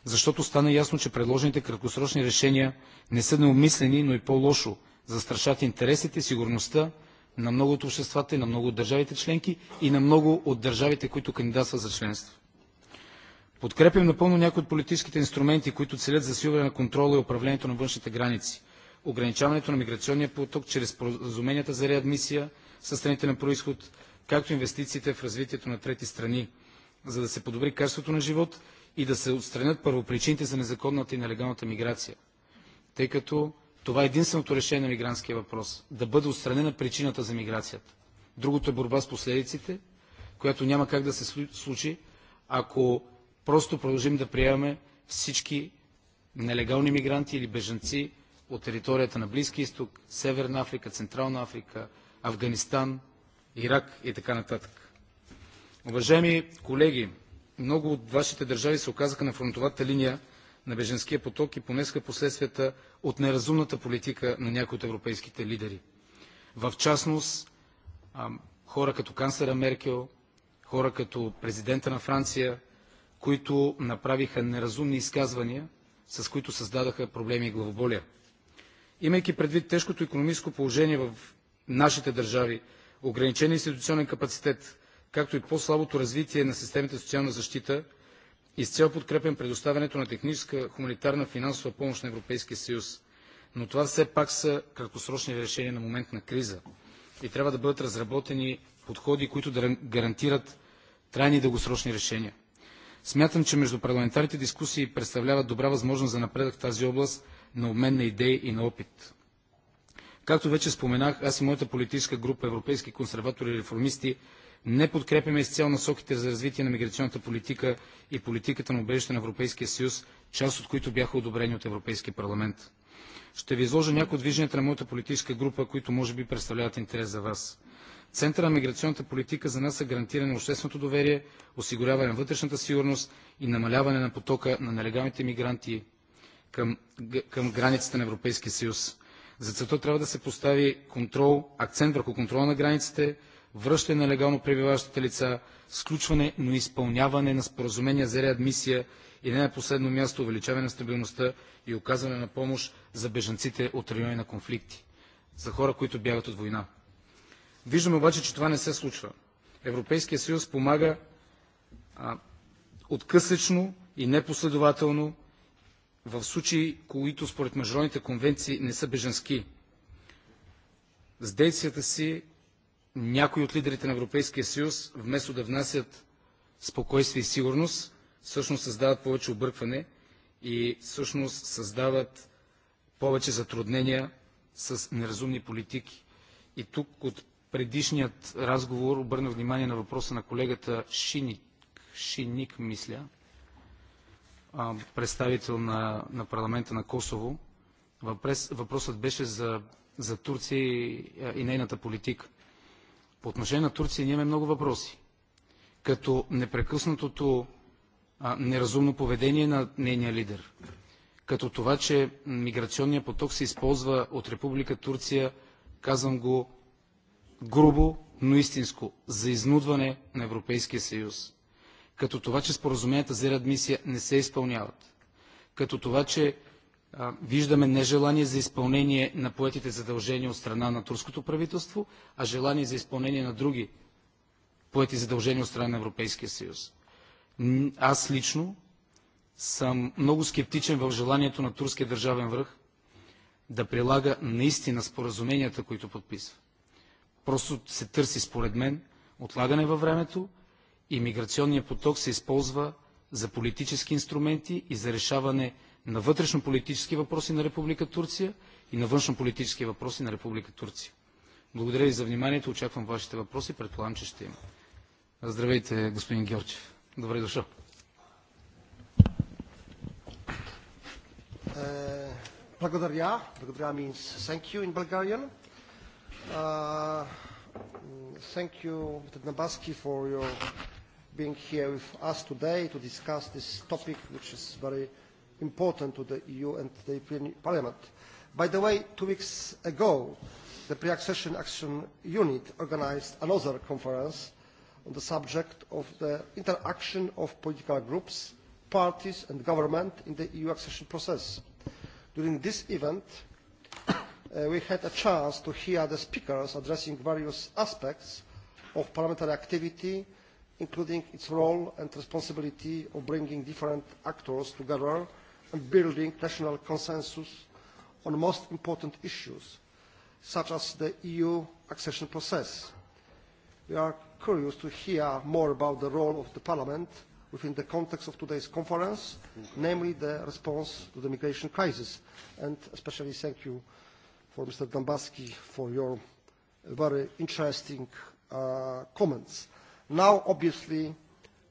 защото стана ясно, че предложените краткосрочни решения не са неумислени, но и по-лошо застрашат интересите, и сигурността на много от обществата и на много от държавите членки и на много от държавите, които кандидатстват за членство. Подкрепям напълно някои от политическите инструменти, които целят засилване на контрола и управлението на външните граници, ограничаването на миграционния поток чрез споразуменията за реадмисия със страните на происход, както инвестициите в развитието на трети страни, за да се подобри качеството на живот и да се отстранят първопричините за незаконната и нелегалната миграция. Тъй като това е единственото решение на мигрантския въпрос – да бъде отстранена причината за миграцията. Другото е борба с последиците, която няма как да се случи, ако просто продължим да приемаме всички нелегални мигранти или бежанци от територията на Близки изток, Северна Африка, Централна Африка, Афганистан, Ирак и така нататък. Уважаеми колеги, много от вашите държави се оказаха на фронтовата линия на беженския поток и понесха последствията от неразумната политика на някои от европейските лидери. В частност, хора като канцлера Меркел, хора като президента на Франция, които направиха неразумни изказвания, с които създадаха проблеми и главоболия. Имайки предвид тежкото економическо положение в нашите държави, ограничен институционен капацитет, както и по-слабото развитие на системите социална защита, изцяло подкрепен предоставянето на техническа, хуманитарна, финансова помощ на Европейския съюз. Но това все пак са краткосрочни решения на момент на криза и трябва да бъдат разработени подходи, които да гарантират трайни и дългосрочни решения. Смятам, че междупарламентарните дискусии представляват добра възможност за напредък в тази област на обмен на идеи и на опит. Както вече споменах, аз и моята политическа група Европейски консерватори и реформисти не подкрепяме изцяло насоките за развитие на миграционната политика и политиката на убежище на Европейския съюз, част от които бяха одобрени от Европейския парламент. Ще ви изложа някои от вижданията на моята политическа група, които може би представляват интерес за вас. Центъра на миграционната политика за нас е гарантиране на общественото доверие, осигуряване на вътрешната сигурност и намаляване на потока на нелегалните мигранти към, към границите на Европейския съюз. За целта трябва да се постави контрол, акцент върху контрола на границите, връщане на легално пребиваващите лица, сключване, но изпълняване на споразумения за реадмисия и не на последно място увеличаване на стабилността и оказване на помощ за бежанците от райони на конфликти, за хора, които бягат от война. Виждаме обаче, че това не се случва. Европейския съюз помага а, откъсъчно и непоследователно в случаи, които според международните конвенции не са беженски. С действията си някои от лидерите на Европейския съюз, вместо да внасят спокойствие и сигурност, всъщност създават повече объркване и всъщност създават повече затруднения с неразумни политики. И тук от предишният разговор обърна внимание на въпроса на колегата Шиник, Шиник мисля, представител на, на парламента на Косово. въпросът беше за, за Турция и, нейната политика. По отношение на Турция ние имаме много въпроси. Като непрекъснатото неразумно поведение на нейния лидер. Като това, че миграционният поток се използва от Република Турция, казвам го грубо, но истинско, за изнудване на Европейския съюз. Като това, че споразуменията за реадмисия не се изпълняват. Като това, че виждаме нежелание за изпълнение на поетите задължения от страна на турското правителство, а желание за изпълнение на други поети задължения от страна на Европейския съюз. Аз лично съм много скептичен в желанието на турския държавен връх да прилага наистина споразуменията, които подписва. Просто се търси, според мен, отлагане във времето и миграционният поток се използва за политически инструменти и за решаване на вътрешно-политически въпроси на Република Турция и на външно-политически въпроси на Република Турция. Благодаря ви за вниманието. Очаквам вашите въпроси. Предполагам, че ще има. Здравейте, господин Георгиев. Добре дошъл. Благодаря. Благодаря means thank you in Bulgarian. Uh, thank you, Mr. Nabaski, for your being here with us today to discuss this topic, which is very important to the EU and the European Parliament. By the way, two weeks ago, the Pre-Accession Action Unit organized another conference on the subject of the interaction of political groups, parties and government in the EU accession process. During this event, Uh, we had a chance to hear the speakers addressing various aspects of parliamentary activity, including its role and responsibility of bringing different actors together and building national consensus on the most important issues, such as the EU accession process. We are curious to hear more about the role of the Parliament within the context of today's conference, namely the response to the migration crisis. And especially thank you for Mr. Dombaski, for your very interesting uh, comments. Now, obviously,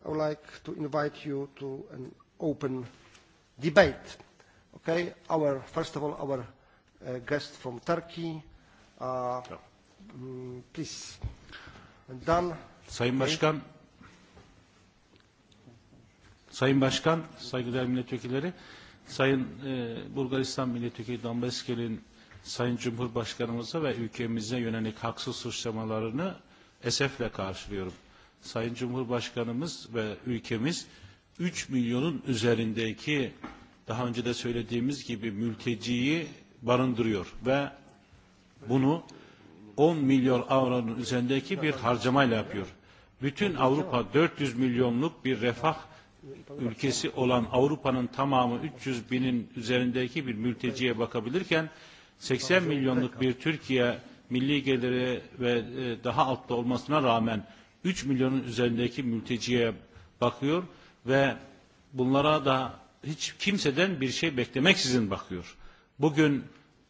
I would like to invite you to an open debate. Okay, our, first of all, our uh, guest from Turkey, uh, yeah. um, please. And then, Sayın okay. Başkan, Sayın Başkan, saygıdeğer milletvekilleri, Sayın e, Bulgaristan Milletvekili Dambaski'nin Sayın Cumhurbaşkanımıza ve ülkemize yönelik haksız suçlamalarını esefle karşılıyorum. Sayın Cumhurbaşkanımız ve ülkemiz 3 milyonun üzerindeki daha önce de söylediğimiz gibi mülteciyi barındırıyor ve bunu 10 milyon avronun üzerindeki bir harcamayla yapıyor. Bütün Avrupa 400 milyonluk bir refah ülkesi olan Avrupa'nın tamamı 300 binin üzerindeki bir mülteciye bakabilirken 80 milyonluk bir Türkiye milli geliri ve e, daha altta olmasına rağmen 3 milyonun üzerindeki mülteciye bakıyor ve bunlara da hiç kimseden bir şey beklemeksizin bakıyor. Bugün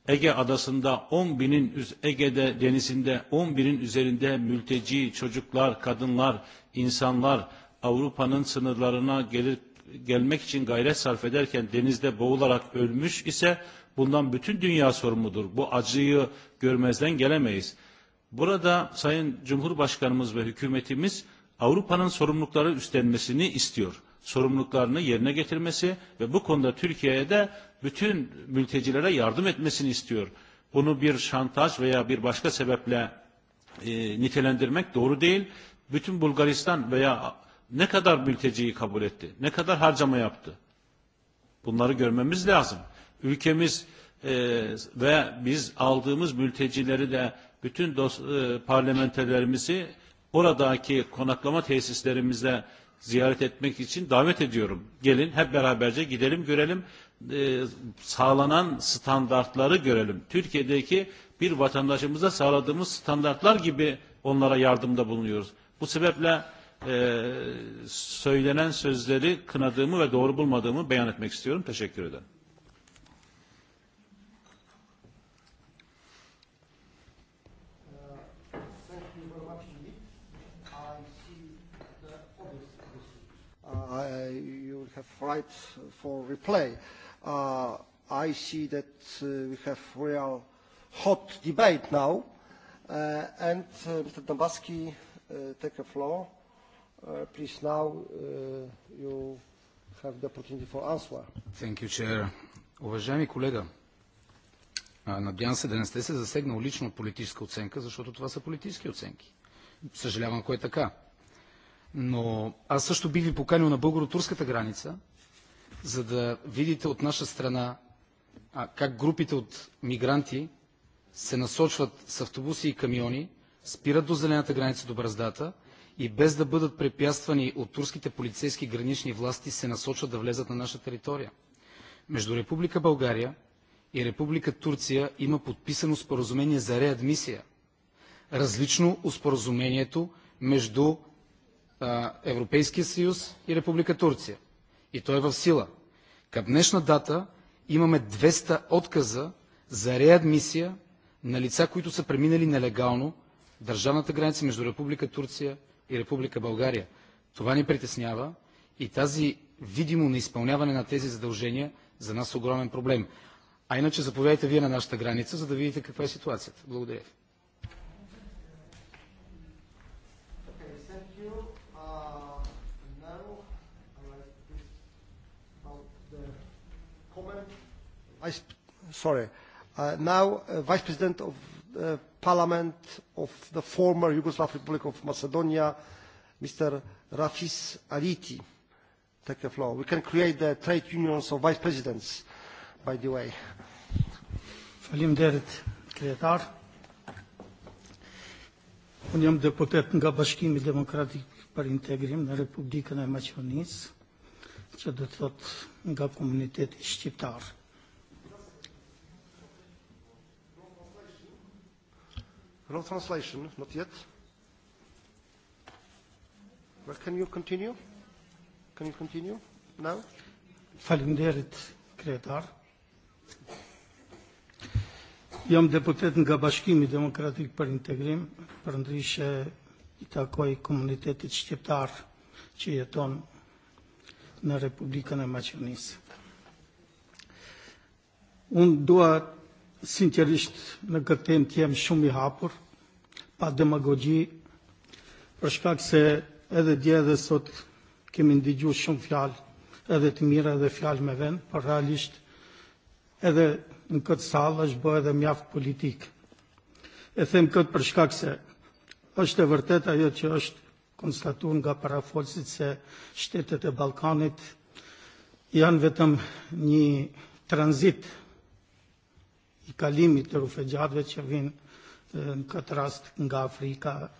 Ege adasında 10 binin Ege'de denizinde 10 binin üzerinde mülteci çocuklar, kadınlar, insanlar Avrupa'nın sınırlarına gelir, gelmek için gayret sarf ederken denizde boğularak ölmüş ise Bundan bütün dünya sorumludur. Bu acıyı görmezden gelemeyiz. Burada Sayın Cumhurbaşkanımız ve hükümetimiz Avrupa'nın sorumlulukları üstlenmesini istiyor. Sorumluluklarını yerine getirmesi ve bu konuda Türkiye'ye de bütün mültecilere yardım etmesini istiyor. Bunu bir şantaj veya bir başka sebeple e, nitelendirmek doğru değil. Bütün Bulgaristan veya ne kadar mülteciyi kabul etti, ne kadar harcama yaptı? Bunları görmemiz lazım ülkemiz e, ve biz aldığımız mültecileri de bütün dost, e, parlamenterlerimizi oradaki konaklama tesislerimizde ziyaret etmek için davet ediyorum. Gelin hep beraberce gidelim görelim e, sağlanan standartları görelim. Türkiye'deki bir vatandaşımıza sağladığımız standartlar gibi onlara yardımda bulunuyoruz. Bu sebeple e, söylenen sözleri kınadığımı ve doğru bulmadığımı beyan etmek istiyorum. Teşekkür ederim. Uh, you have right for reply. Uh, I see that uh, we have real hot debate now. Uh, and uh, Mr. Dombaski, uh, take the floor. Uh, Please now uh, you have the opportunity for answer. Thank you, Chair. Уважаеми колега, надявам се да не сте се засегнал лично от политическа оценка, защото това са политически оценки. Съжалявам, ако е така. Но аз също бих ви поканил на българо-турската граница, за да видите от наша страна как групите от мигранти се насочват с автобуси и камиони, спират до зелената граница до браздата и без да бъдат препятствани от турските полицейски гранични власти се насочват да влезат на наша територия. Между Република България и Република Турция има подписано споразумение за реадмисия, различно от споразумението между Европейския съюз и Република Турция. И той е в сила. Към днешна дата имаме 200 отказа за реадмисия на лица, които са преминали нелегално държавната граница между Република Турция и Република България. Това ни притеснява и тази видимо неизпълняване на тези задължения за нас огромен проблем. А иначе заповядайте вие на нашата граница, за да видите каква е ситуацията. Благодаря ви. sorry, uh, now uh, Vice President of the uh, Parliament of the former Yugoslav Republic of Macedonia, Mr. Rafis Aliti, take the floor. We can create the trade unions of vice presidents, by the way. derit, kretar. Unë jam deputet nga Bashkimi Demokratik per Integrim në Republikën e Maqedonisë, që do të nga komuniteti shqiptarë. No translation, not yet. Well, can you continue? Can you continue now? Falimderit, kretar. Jam deputet nga bashkimi demokratik për integrim, për ndryshe i takoj komunitetit shqiptar që jeton në Republikën e Maqenisë. Unë dua sinqerisht në këtë temë të jem shumë i hapur, pa për shkak se edhe dje edhe sot kemi ndigju shumë fjalë edhe të mira edhe fjalë me vend, por realisht edhe në këtë sallë është bërë edhe mjaft politikë. E them këtë për shkak se është e vërtet ajo që është konstatuar nga parafolësit se shtetet e Ballkanit janë vetëm një tranzit i kalimit të rufegjatëve që vinë rast nga Afrika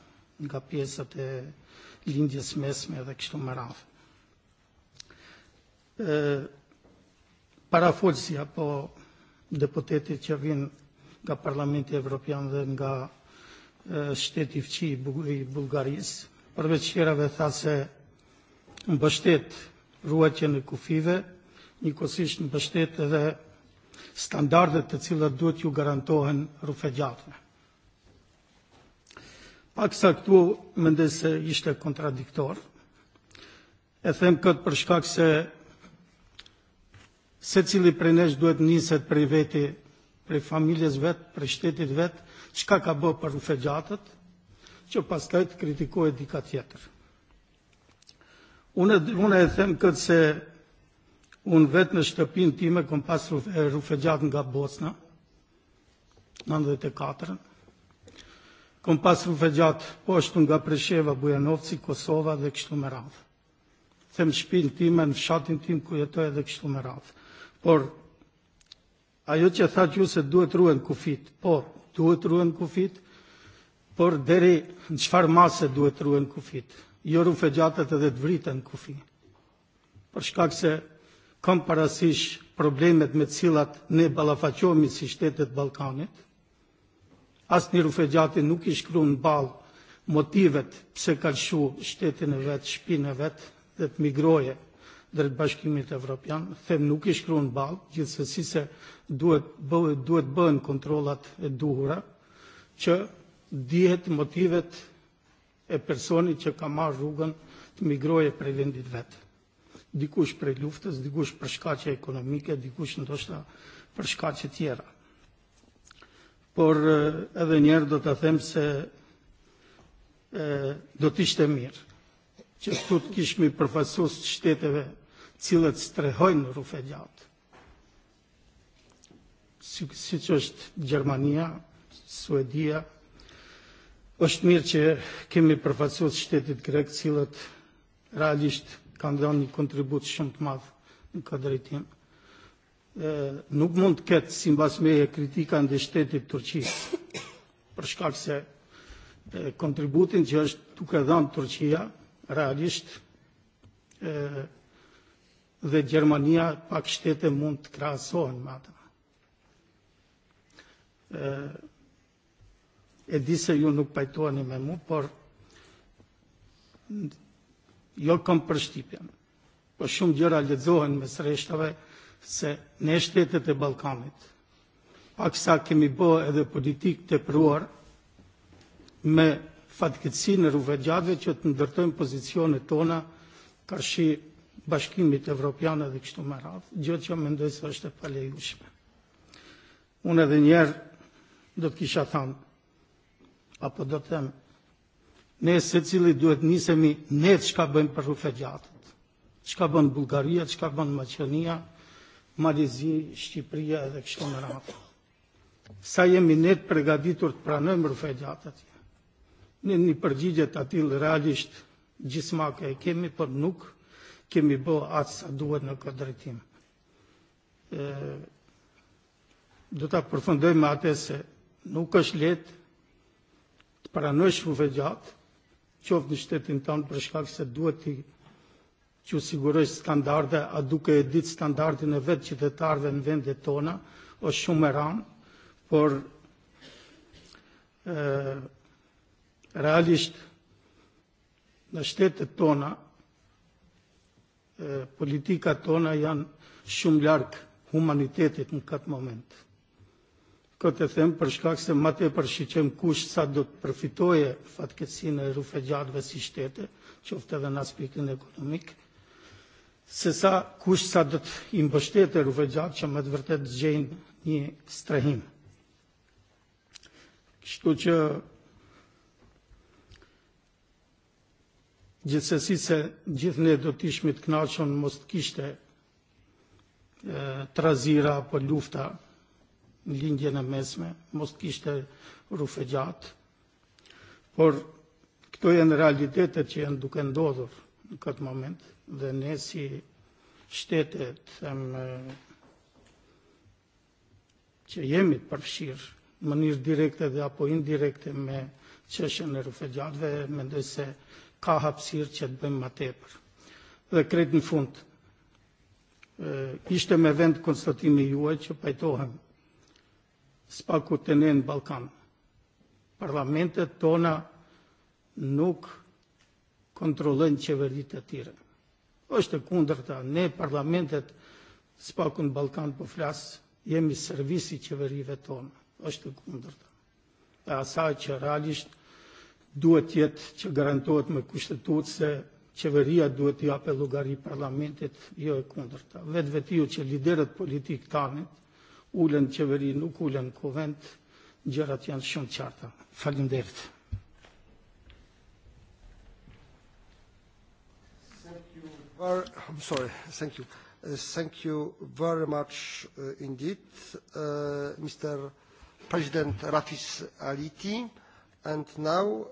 nga pjesët e lindjes mesme dhe kështu më radhë. Parafolësja po deputetit që vinë nga Parlamenti Evropian dhe nga shteti fqi i Bulgarisë, përveç qërave tha se mbështet ruajtjen e kufive, në mbështet edhe standardet të cilat duhet ju garantohen gjatëme paksak tu mendoj se ishte kontradiktor. E them këtë për shkak se secili cili prej nesh duhet niset prej veti, prej familjes vet, prej shtetit vet, çka ka bë për fegjatët, që pastaj të kritikohet dika tjetër. Unë unë e them këtë se unë vet në shtëpinë time kam pasur e rufegjat nga Bosna 94 Kompas введят поштунга Прешева, Bujanovci, Kosova dhe Kosova ме рав. timen шпин тимен, në тим, tim ku jetoj edhe kështu Por, ajo që tha që se duhet ruen kufit, po, duhet ruen kufit, por deri në qfar mase duhet ruen kufit. Jo rufe gjatët edhe të vritën kufi. Por shkak se kam parasysh problemet me cilat ne balafacomi si shtetet Balkanit, asnjë rufegjati nuk i shkru në motivet pse ka lëshu shtetin e vetë, shpinë e vetë dhe të migroje drejt bashkimit evropian, them nuk i shkru në gjithsesi se duhet, bëhet, duhet bëhen kontrolat e duhura, që dihet motivet e personi që ka marrë rrugën të migroje prej vendit vetë. Dikush prej luftës, dikush për shkaqe ekonomike, dikush ndoshta për shkaqe tjera por edhe eh, njerë do të them se eh, do të ishte mirë që këtu të kishmi përfasus të shteteve cilët strehojnë rrufe gjatë. Si, si që është Gjermania, Suedia, është mirë që kemi përfasus shtetit grek cilët realisht kanë dhënë një kontribut shumë të madh në këtë drejtim. E, nuk mund të ketë si mbas e kritika ndë shtetit Turqis për shkak se e, kontributin që është duke dhanë Turqia realisht e, dhe Gjermania pak shtete mund të krahasohen me ata. E di se ju nuk pajtoheni me mu, por jo kam përshtypjen. Po shumë gjëra lexohen me sreštave se ne shtetet e Balkanit. Paksa kemi bë edhe politik të pruar me në e rrugëgjatëve që të ndërtojmë pozicionet tona karshi bashkimit evropian edhe kështu më radhë, gjë që mendoj se është e palejushme. Unë edhe njerë do të kisha thënë apo do të them ne cili duhet nisemi ne çka bëjmë për rrugëgjatët. Çka bën Bullgaria, çka bën Maqedonia, Maleziei dhe kështu më ratë. Sa jemi të pranojmë pranem atje. Ne ni përgjigje atil realisht gjismake e kemi, për nuk kemi bë atë sa duhet në këtë drejtim. E, do të përfundoj me atë se nuk është letë të pranojsh rrugë qoftë në shtetin tonë për se duhet të që siguroj standarde, a duke e ditë standardin e vetë qytetarve në vendet tona, o shumë e por e, realisht në shtetet tona, e, politika tona janë shumë larkë humanitetit në këtë moment. Këtë e them për shkak se ma të përshqyqem kush sa do të përfitoje fatkesin e gjatëve si shtete, ofte dhe në aspektin ekonomikë, se sa kush sa do të imbështetur rrugë gjatë që më të vërtet gjejnë një strehim. Kështu që gjithsesi se gjithë ne do të ishme të kënaqur mos të kishte e, trazira apo lufta në lindjen e mesme, mos të kishte rufe gjatë, por këto janë realitetet që janë duke ndodhur në këtë moment the NESI stated am uh, që jemi të përfshirë në mënyrë direkte dhe apo indirekte me qëshën e rëfegjatve, mendoj se ka hapsirë që të bëjmë ma tepër. Dhe kretë në fund, uh, ishte me vend konstatimi juaj që pajtohem spaku të ne në Balkan. Parlamentet tona nuk kontrolën qeveritë e tire është e kundërta. Ne parlamentet s'pakun Balkan po flas, jemi servisi qeverive tona. Është e kundërta. E asaj që realisht duhet jetë që garantohet me kushtetut se qeveria duhet t'i japë llogari parlamentit, jo e kundërta. Vetvetiu që liderët politik tanë ulen qeveri, nuk ulen kuvent, gjërat janë shumë qarta. derit. Well, I'm sorry. Thank you. Uh, thank you very much uh, indeed, uh, Mr. President Rafis Aliti. And now,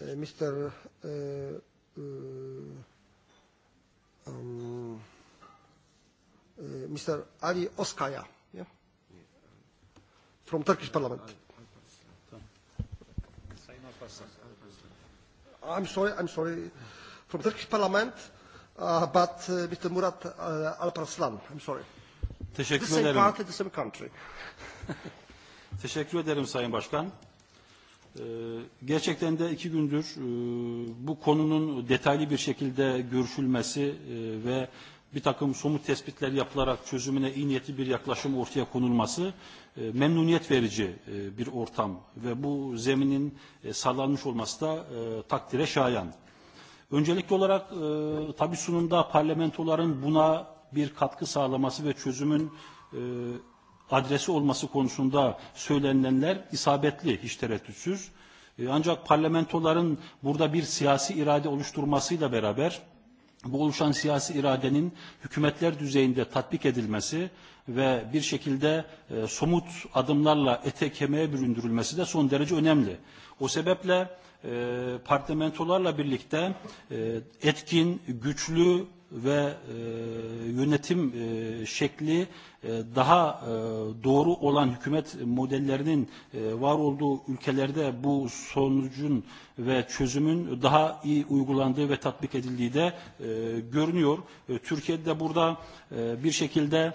Mr. Um, Mr. Ali Oskaya, yeah? from Turkish Parliament. I'm sorry, I'm sorry from Turkish Parliament, uh, but uh, Mr. Murat uh, Alparslan. I'm sorry. Teşekkür the same ederim. Party, the same country. Teşekkür ederim Sayın Başkan. gerçekten de iki gündür e, bu konunun detaylı bir şekilde görüşülmesi e, ve bir takım somut tespitler yapılarak çözümüne iyi niyetli bir yaklaşım ortaya konulması e, memnuniyet verici bir ortam ve bu zeminin sağlanmış olması da takdire şayan. Öncelikli olarak e, tabi sunumda parlamentoların buna bir katkı sağlaması ve çözümün e, adresi olması konusunda söylenenler isabetli hiç tereddütsüz. E, ancak parlamentoların burada bir siyasi irade oluşturmasıyla beraber bu oluşan siyasi iradenin hükümetler düzeyinde tatbik edilmesi ve bir şekilde e, somut adımlarla ete kemiğe büründürülmesi de son derece önemli. O sebeple parlamentolarla birlikte e, etkin, güçlü ve e, yönetim e, şekli E, daha e, doğru olan hükümet modellerinin e, var olduğu ülkelerde bu sonucun ve çözümün daha iyi uygulandığı ve tatbik edildiği de görünüyor. Türkiye'de burada bir şekilde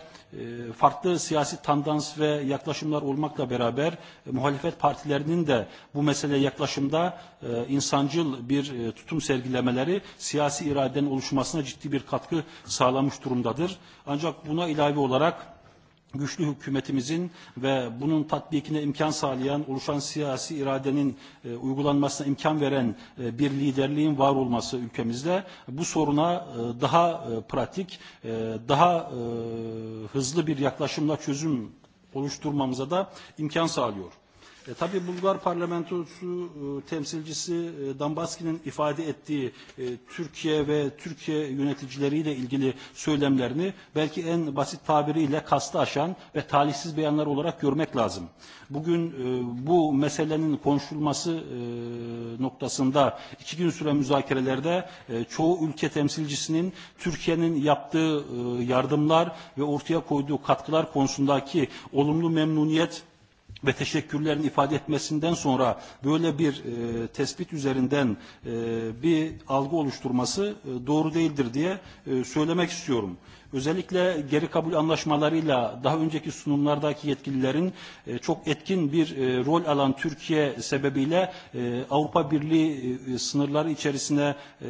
farklı siyasi tandans ve yaklaşımlar olmakla beraber muhalefet partilerinin de bu mesele yaklaşımda insancıl bir tutum sergilemeleri siyasi iradenin oluşmasına ciddi bir katkı sağlamış durumdadır. Ancak buna ilave olarak güçlü hükümetimizin ve bunun tatbikine imkan sağlayan, oluşan siyasi iradenin e, uygulanmasına imkan veren e, bir liderliğin var olması ülkemizde bu soruna e, daha e, pratik, e, daha hızlı bir yaklaşımla çözüm oluşturmamıza da imkan sağlıyor. E, tabii Bulgar parlamentosu e, temsilcisi e, Dambaski'nin ifade ettiği e, Türkiye ve Türkiye yöneticileriyle ilgili söylemlerini belki en basit tabiriyle kastı aşan ve talihsiz beyanlar olarak görmek lazım. Bugün e, bu meselenin konuşulması e, noktasında iki gün süren müzakerelerde e, çoğu ülke temsilcisinin Türkiye'nin yaptığı e, yardımlar ve ortaya koyduğu katkılar konusundaki olumlu memnuniyet ve teşekkürlerini ifade etmesinden sonra böyle bir e, tespit üzerinden e, bir algı oluşturması e, doğru değildir diye e, söylemek istiyorum. Özellikle geri kabul anlaşmalarıyla daha önceki sunumlardaki yetkililerin e, çok etkin bir e, rol alan Türkiye sebebiyle e, Avrupa Birliği e, sınırları içerisine e,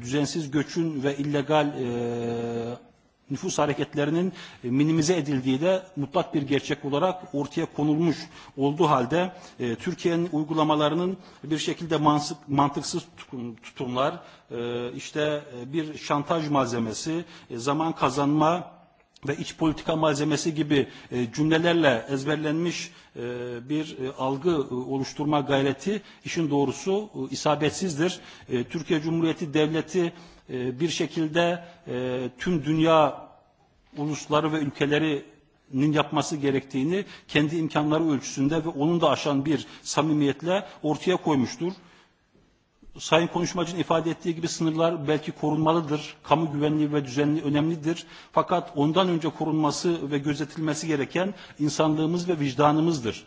düzensiz göçün ve illegal e, nüfus hareketlerinin e, minimize edildiği de mutlak bir gerçek olarak ortaya konulmuş olduğu halde e, Türkiye'nin uygulamalarının bir şekilde mantıksız tutumlar, e, işte bir şantaj malzemesi, zaman kazanma ve iç politika malzemesi gibi cümlelerle ezberlenmiş bir algı oluşturma gayreti işin doğrusu isabetsizdir. Türkiye Cumhuriyeti Devleti E, bir şekilde e, tüm dünya ulusları ve ülkeleri yapması gerektiğini kendi imkanları ölçüsünde ve onun da aşan bir samimiyetle ortaya koymuştur. Sayın konuşmacının ifade ettiği gibi sınırlar belki korunmalıdır. Kamu güvenliği ve düzenliği önemlidir. Fakat ondan önce korunması ve gözetilmesi gereken insanlığımız ve vicdanımızdır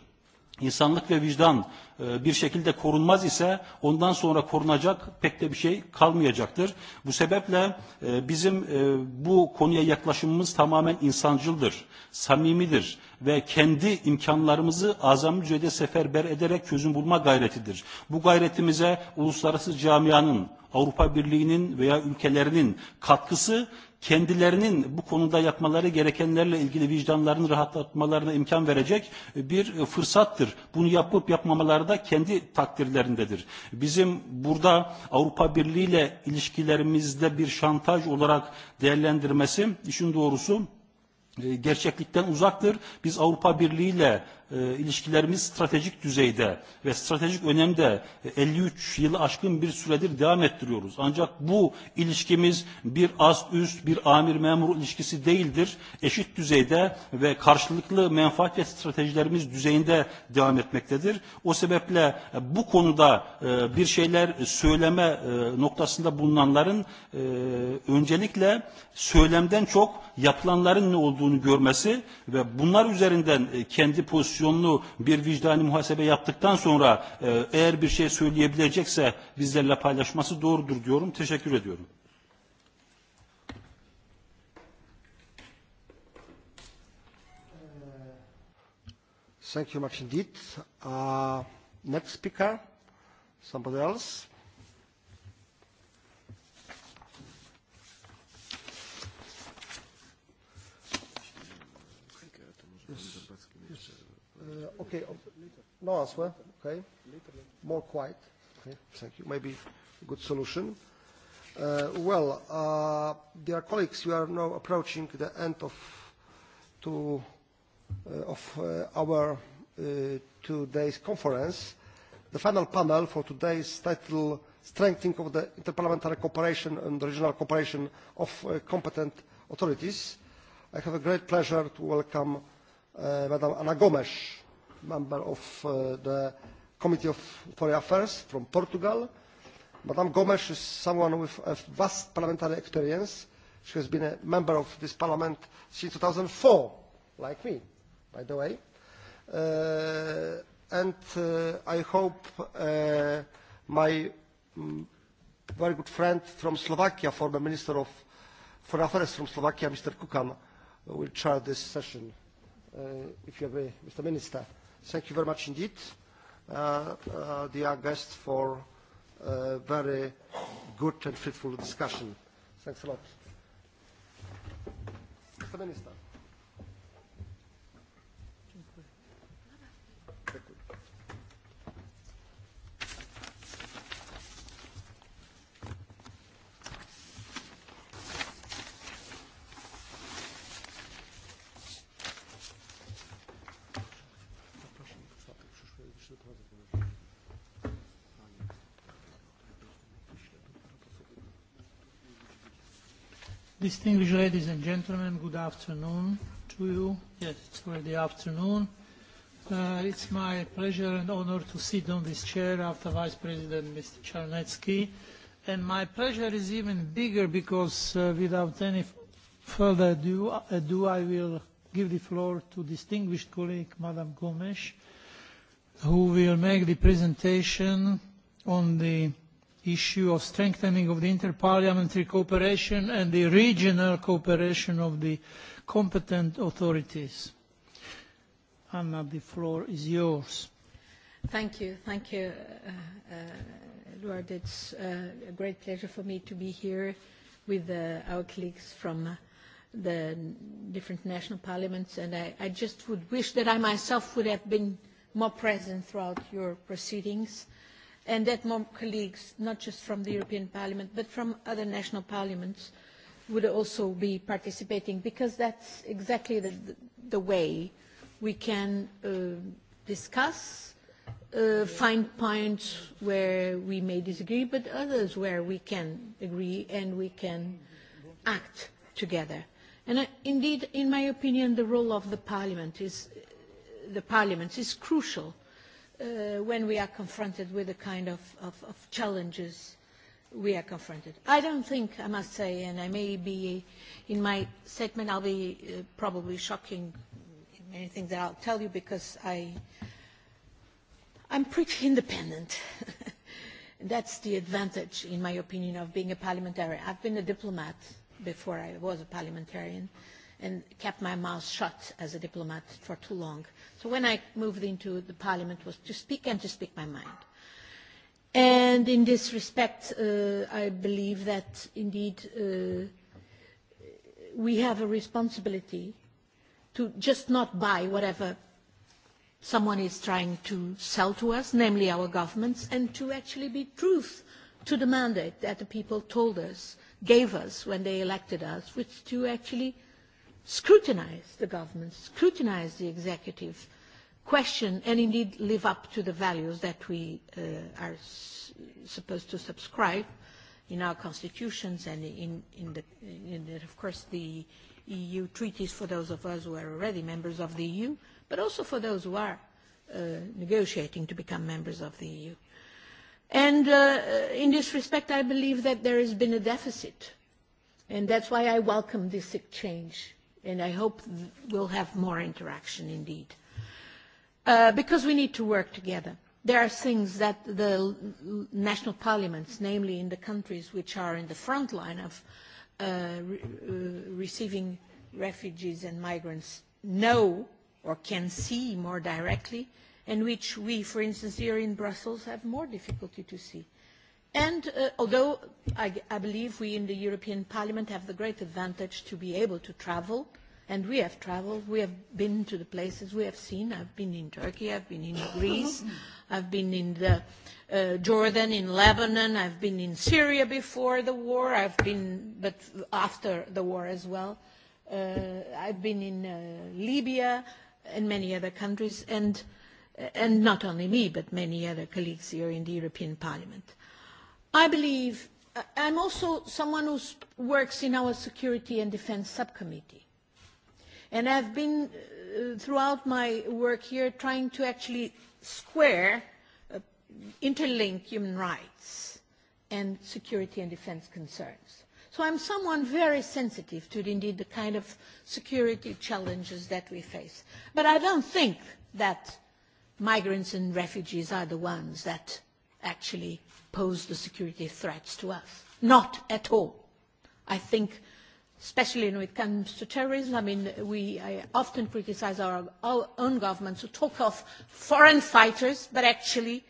insanlık ve vicdan e, bir şekilde korunmaz ise ondan sonra korunacak pek de bir şey kalmayacaktır. Bu sebeple e, bizim e, bu konuya yaklaşımımız tamamen insancıldır, samimidir ve kendi imkanlarımızı azami cüde seferber ederek çözüm bulma gayretidir. Bu gayretimize uluslararası camianın, Avrupa Birliği'nin veya ülkelerinin katkısı kendilerinin bu konuda yapmaları gerekenlerle ilgili vicdanlarını rahatlatmalarına imkan verecek bir e, fırsattır. Bunu yapıp yapmamaları da kendi takdirlerindedir. Bizim burada Avrupa Birliği ile ilişkilerimizde bir şantaj olarak değerlendirmesi işin doğrusu e, gerçeklikten uzaktır. Biz Avrupa Birliği ile E, ilişkilerimiz stratejik düzeyde ve stratejik önemde 53 yılı aşkın bir süredir devam ettiriyoruz. Ancak bu ilişkimiz bir az üst bir amir memur ilişkisi değildir. Eşit düzeyde ve karşılıklı menfaat ve stratejilerimiz düzeyinde devam etmektedir. O sebeple bu konuda e, bir şeyler söyleme e, noktasında bulunanların öncelikle söylemden çok yapılanların ne olduğunu görmesi ve bunlar üzerinden kendi pozisyonu pozisyonlu bir vicdani muhasebe yaptıktan sonra e, eğer bir şey söyleyebilecekse bizlerle paylaşması doğrudur diyorum. Teşekkür ediyorum. Thank you much indeed. Uh, next speaker, somebody else. Okay. No answer. Okay. More quiet. Okay. Thank you. Maybe a good solution. Uh, well, uh, dear colleagues, we are now approaching the end of to uh, of uh, our today's conference. The final panel for today's title Strengthening of the Interparliamentary Cooperation and Regional Cooperation of Competent Authorities. I have a great pleasure to welcome Madam Ana Gomes member of uh, the Committee of Foreign Affairs from Portugal. Madame Gomes is someone with a vast parliamentary experience. She has been a member of this parliament since 2004, like me, by the way. Uh, and uh, I hope my mm, very good friend from Slovakia, former Minister of Foreign Affairs from Slovakia, Mr. Kukan, will chair this session, if you agree, Mr. Minister. Thank you very much indeed, uh, uh, dear guests, for a uh, very good and fruitful discussion. Thanks a lot. Mr. Minister. Distinguished ladies and gentlemen, good afternoon to you. Yes, it's already afternoon. Uh, it's my pleasure and honor to sit on this chair after Vice President Mr. Czarnecki, And my pleasure is even bigger because uh, without any further ado, uh, ado, I will give the floor to distinguished colleague Madam Gomes, who will make the presentation on the issue of strengthening of the interparliamentary cooperation and the regional cooperation of the competent authorities. Anna, the floor is yours. Thank you. Thank you, uh, uh, Lord. It's uh, a great pleasure for me to be here with uh, our colleagues from uh, the different national parliaments, and I, I just would wish that I myself would have been more present throughout your proceedings and that more colleagues, not just from the European Parliament, but from other national parliaments, would also be participating, because that's exactly the, way we can uh, discuss, uh, find points where we may disagree, but others where we can agree and we can act together. And uh, indeed, in my opinion, the role of the Parliament is, the parliaments is crucial uh, when we are confronted with the kind of, of, challenges we are confronted. I don't think, I must say, and I may be, in my statement I'll be uh, probably shocking in many things that I'll tell you because I, I'm pretty independent. That's the advantage, in my opinion, of being a parliamentarian. I've been a diplomat before I was a parliamentarian and kept my mouth shut as a diplomat for too long. So when I moved into the parliament was to speak and to speak my mind. And in this respect, uh, I believe that indeed uh, we have a responsibility to just not buy whatever someone is trying to sell to us, namely our governments, and to actually be truth to the mandate that the people told us, gave us when they elected us, which to actually scrutinize the government, scrutinize the executive, question and indeed live up to the values that we uh, are supposed to subscribe in our constitutions and in, in, the, in the, of course, the EU treaties for those of us who are already members of the EU, but also for those who are uh, negotiating to become members of the EU. And uh, in this respect, I believe that there has been a deficit. And that's why I welcome this exchange and I hope we'll have more interaction indeed. Uh, because we need to work together. There are things that the national parliaments, namely in the countries which are in the front line of uh, re uh, receiving refugees and migrants, know or can see more directly, and which we, for instance, here in Brussels have more difficulty to see. And uh, although I, I believe we in the European Parliament have the great advantage to be able to travel, and we have travelled, we have been to the places we have seen. I've been in Turkey, I've been in Greece, I've been in uh, Jordan, in Lebanon, I've been in Syria before the war, I've been, but after the war as well. I uh, I've been in Libya and many other countries, and, and not only me, but many other colleagues here in the European Parliament. I believe uh, I'm also someone who works in our Security and defence Subcommittee. And I've been, uh, throughout my work here, trying to actually square, uh, interlink human rights and security and defence concerns. So I'm someone very sensitive to, indeed, the kind of security challenges that we face. But I don't think that migrants and refugees are the ones that actually pose the security threats to us. Not at all. I think, especially when it comes to terrorism, I mean, we often criticize our, own governments who talk of foreign fighters, but actually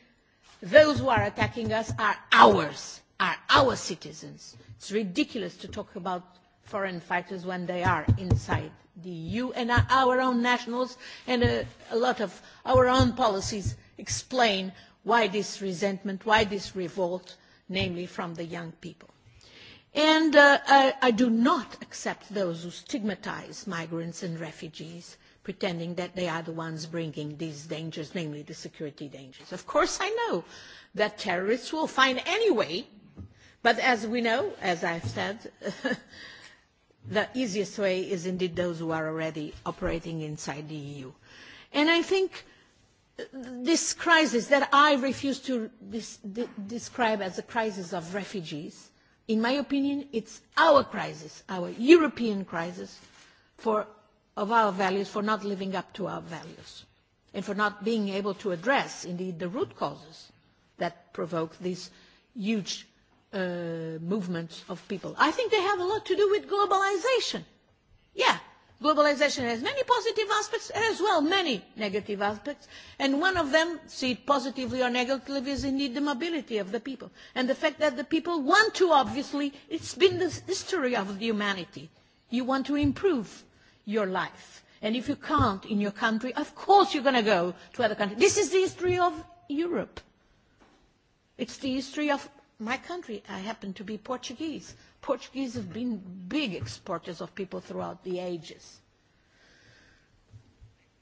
those who are attacking us are ours, are our citizens. It's ridiculous to talk about foreign fighters when they are inside the EU and our own nationals and a, uh, a lot of our own policies explain why this resentment, why this revolt, namely from the young people. And uh, I, I do not accept those who stigmatize migrants and refugees, pretending that they are the ones bringing these dangers, namely the security dangers. Of course, I know that terrorists will find any way, but as we know, as I've said, the easiest way is indeed those who are already operating inside the EU. And I think this crisis that I refuse to dis describe as a crisis of refugees, in my opinion, it's our crisis, our European crisis for, of our values for not living up to our values and for not being able to address, indeed, the root causes that provoke these huge uh, movements of people. I think they have a lot to do with globalization. Yeah, Globalization has many positive aspects as well, many negative aspects. And one of them, see it positively or negatively, is indeed the mobility of the people. And the fact that the people want to, obviously, it's been the history of the humanity. You want to improve your life. And if you can't in your country, of course you're going to go to other countries. This is the history of Europe. It's the history of my country. I happen to be Portuguese. Portuguese have been big exporters of people throughout the ages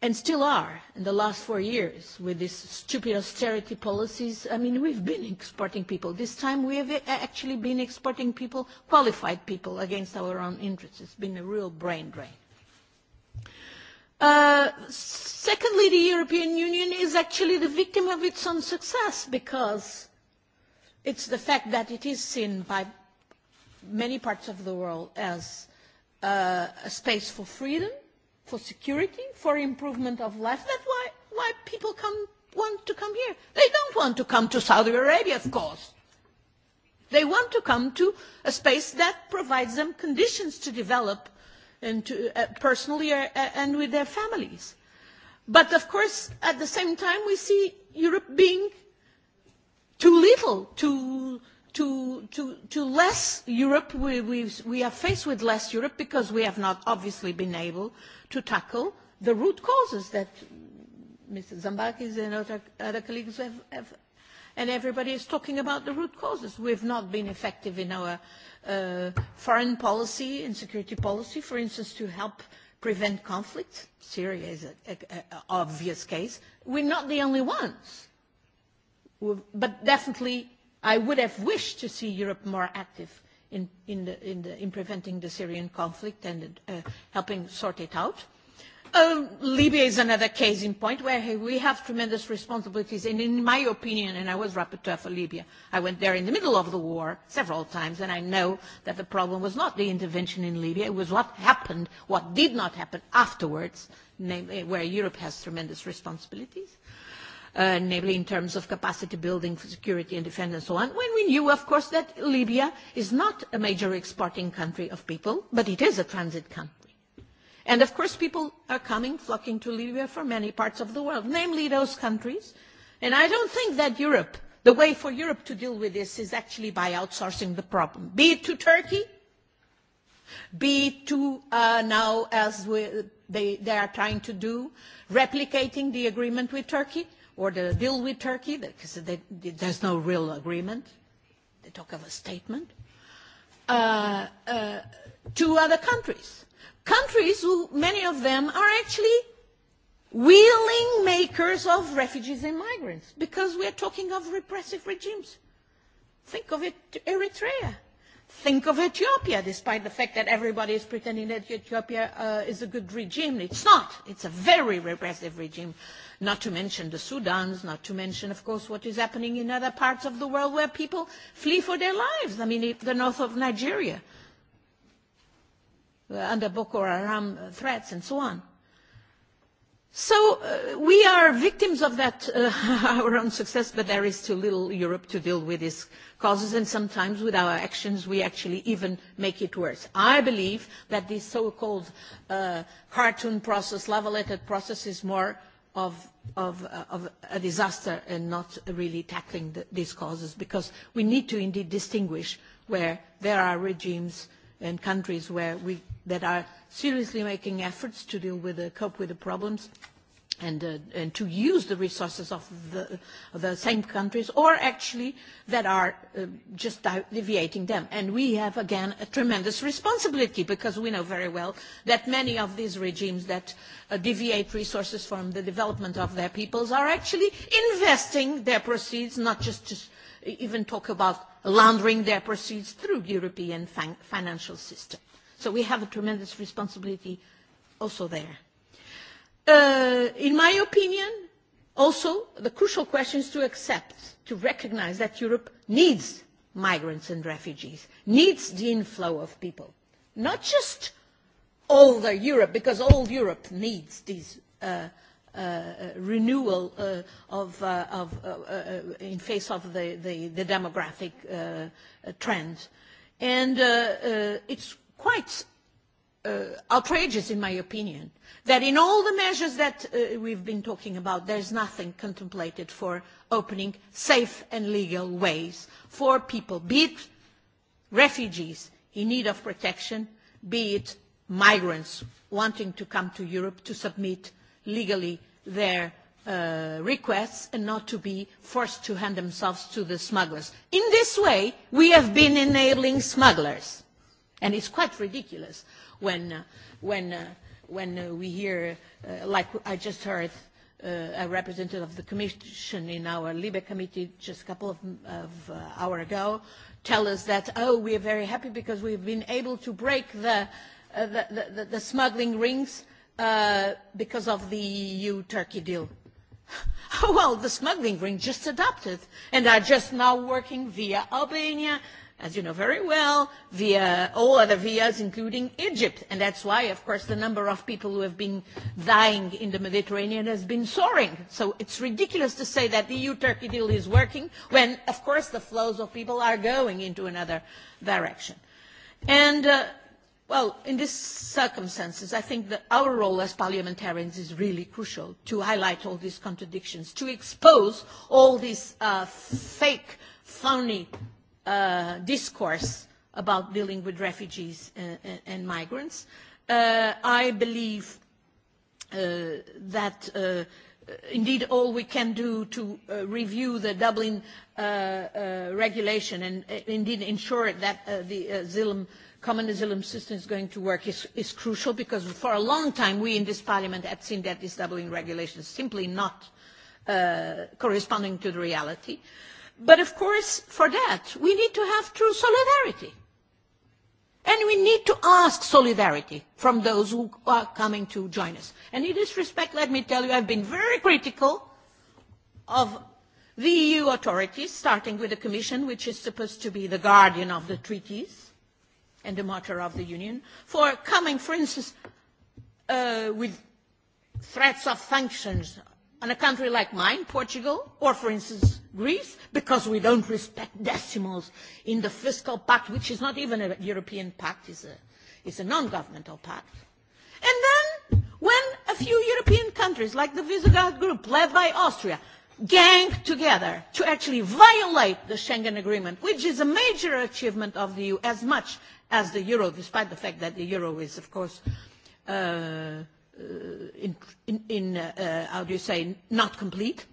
and still are in the last four years with these stupid austerity policies. I mean, we've been exporting people. This time we have actually been exporting people, qualified people, against our own interests. It's been a real brain drain. Uh, secondly, the European Union is actually the victim of its own success because it's the fact that it is seen by many parts of the world as uh, a space for freedom, for security, for improvement of life. That's why, why people come, want to come here. They don't want to come to Saudi Arabia, of course. They want to come to a space that provides them conditions to develop and to, uh, personally uh, and with their families. But of course, at the same time, we see Europe being too little, too to, to, less Europe. We, we are faced with less Europe because we have not obviously been able to tackle the root causes that Mr. Zambakis and other, colleagues have, have and everybody is talking about the root causes. We have not been effective in our uh, foreign policy and security policy, for instance, to help prevent conflict. Syria is an obvious case. We're not the only ones, but definitely i would have wished to see Europe more active in, in, in, preventing the Syrian conflict and uh, helping sort it out. Um, Libya is another case in point where we have tremendous responsibilities and in my opinion, and I was rapporteur for Libya, I went there in the middle of the war several times and I know that the problem was not the intervention in Libya, it was what happened, what did not happen afterwards, where Europe has tremendous responsibilities. Uh, namely in terms of capacity building for security and defence and so on, when we knew, of course, that Libya is not a major exporting country of people, but it is a transit country. And of course, people are coming, flocking to Libya from many parts of the world, namely those countries. And I don't think that Europe, the way for Europe to deal with this is actually by outsourcing the problem, be it to Turkey, be it to uh, now, as we, they, they are trying to do, replicating the agreement with Turkey, or the deal with Turkey, because they, there's no real agreement. They talk of a statement. Uh, uh, to other countries. Countries who, many of them, are actually willing makers of refugees and migrants, because we are talking of repressive regimes. Think of it, Eritrea. Think of Ethiopia, despite the fact that everybody is pretending that Ethiopia uh, is a good regime. It's not. It's a very repressive regime not to mention the Sudans, not to mention, of course, what is happening in other parts of the world where people flee for their lives. I mean, the north of Nigeria, uh, under Boko Haram threats and so on. So uh, we are victims of that, uh, our own success, but there is too little Europe to deal with these causes, and sometimes with our actions we actually even make it worse. I believe that this so-called uh, cartoon process, level-headed process, is more of, uh, of, a disaster and not really tackling the, these causes because we need to indeed distinguish where there are regimes and countries where we, that are seriously making efforts to deal with the, uh, cope with the problems and, uh, and to use the resources of the, of same countries or actually that are um, just deviating them. And we have, again, a tremendous responsibility because we know very well that many of these regimes that uh, deviate resources from the development of their peoples are actually investing their proceeds, not just to even talk about laundering their proceeds through European financial system. So we have a tremendous responsibility also there. Uh, in my opinion, also the crucial question is to accept, to recognize that Europe needs migrants and refugees, needs the inflow of people, not just older Europe, because all Europe needs this uh, Uh, renewal uh, of, uh, of uh, uh, in face of the, the, the demographic uh, trends. And it's quite Uh, outrageous in my opinion that in all the measures that we uh, we've been talking about there is nothing contemplated for opening safe and legal ways for people be it refugees in need of protection be it migrants wanting to come to Europe to submit legally their uh, requests and not to be forced to hand themselves to the smugglers in this way we have been enabling smugglers And it's quite ridiculous when, uh, when, uh, when uh, we hear, like I just heard a representative of the Commission in our LIBE committee just a couple of, of ago, tell us that, oh, we are very happy because we have been able to break the, uh, the, the, smuggling rings uh, because of the EU-Turkey deal. well, the smuggling ring just adopted and are just now working via Albania, as you know very well, via all other vias, including Egypt. And that's why, of course, the number of people who have been dying in the Mediterranean has been soaring. So it's ridiculous to say that the EU-Turkey deal is working when, of course, the flows of people are going into another direction. And, uh, well, in these circumstances, I think that our role as parliamentarians is really crucial to highlight all these contradictions, to expose all these uh, fake, phony Uh, discourse about dealing with refugees and, migrants. Uh, I believe uh, that indeed all we can do to review the Dublin regulation and indeed ensure that the asylum common asylum system is going to work is, is crucial because for a long time we in this parliament have seen that this Dublin regulation is simply not uh, corresponding to the reality. But of course, for that, we need to have true solidarity. And we need to ask solidarity from those who are coming to join us. And in this respect, let me tell you, I've been very critical of the EU authorities, starting with the Commission, which is supposed to be the guardian of the treaties and the martyr of the Union, for coming, for instance, uh, with threats of sanctions on a country like mine, Portugal, or for instance, Greece, because we don't respect decimals in the fiscal pact, which is not even a European pact, it's a, it's a non-governmental pact. And then when a few European countries, like the Visegrad group, led by Austria, gang together to actually violate the Schengen Agreement, which is a major achievement of the EU as much as the Euro, despite the fact that the Euro is, of course, uh, Uh, in, in, in uh, uh, how do you say, not complete,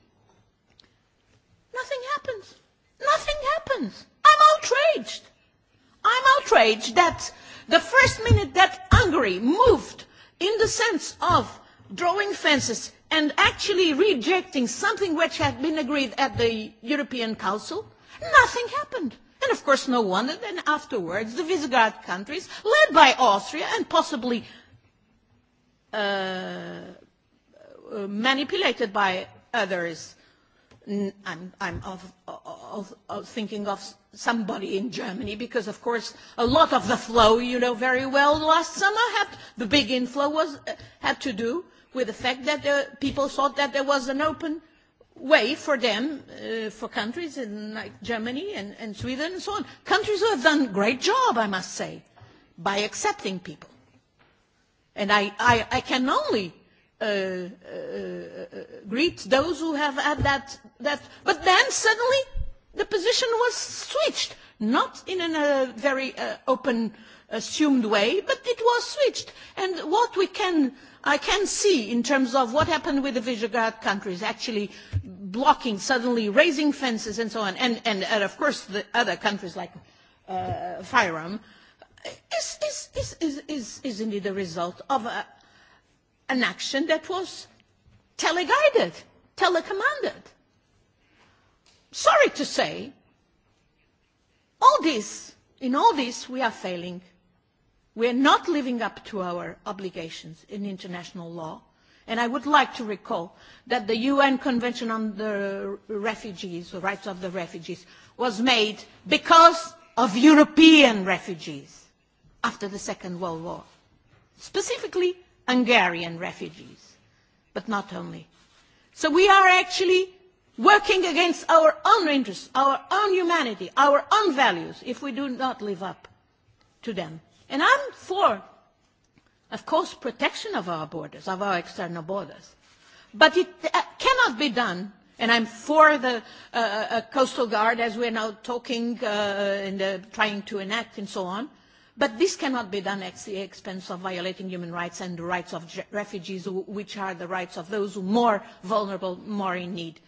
nothing happens. Nothing happens. I'm outraged. I'm outraged that the first minute that Hungary moved in the sense of drawing fences and actually rejecting something which had been agreed at the European Council, nothing happened. And of course, no wonder then afterwards the Visegrad countries, led by Austria and possibly Uh, manipulated by others. I'm, I'm of, of, thinking of somebody in Germany because, of course, a lot of the flow, you know very well, last summer had, the big inflow was, uh, had to do with the fact that the people thought that there was an open way for them, uh, for countries in, like Germany and, and Sweden and so on. Countries who have done a great job, I must say, by accepting people. And I, I, I can only uh, uh, uh, greet those who have had that, that. But then suddenly the position was switched, not in a very open, assumed way, but it was switched. And what we can i can see in terms of what happened with the Visegrad countries actually blocking, suddenly raising fences and so on, and, and, and of course the other countries like uh, Firearm, is, is, is, is, is, indeed a result of an action that was teleguided, telecommanded. Sorry to say, all this, in all this, we are failing. We are not living up to our obligations in international law. And I would like to recall that the UN Convention on the Refugees, the Rights of the Refugees, was made because of European refugees after the Second World War, specifically Hungarian refugees, but not only. So we are actually working against our own interests, our own humanity, our own values, if we do not live up to them. And I'm for, of course, protection of our borders, of our external borders. But it uh, cannot be done and I'm for the uh, uh, uh coastal guard as we are now talking uh, and uh, trying to enact and so on. But this cannot be done at the expense of violating human rights and the rights of refugees, which are the rights of those who are more vulnerable, more in need.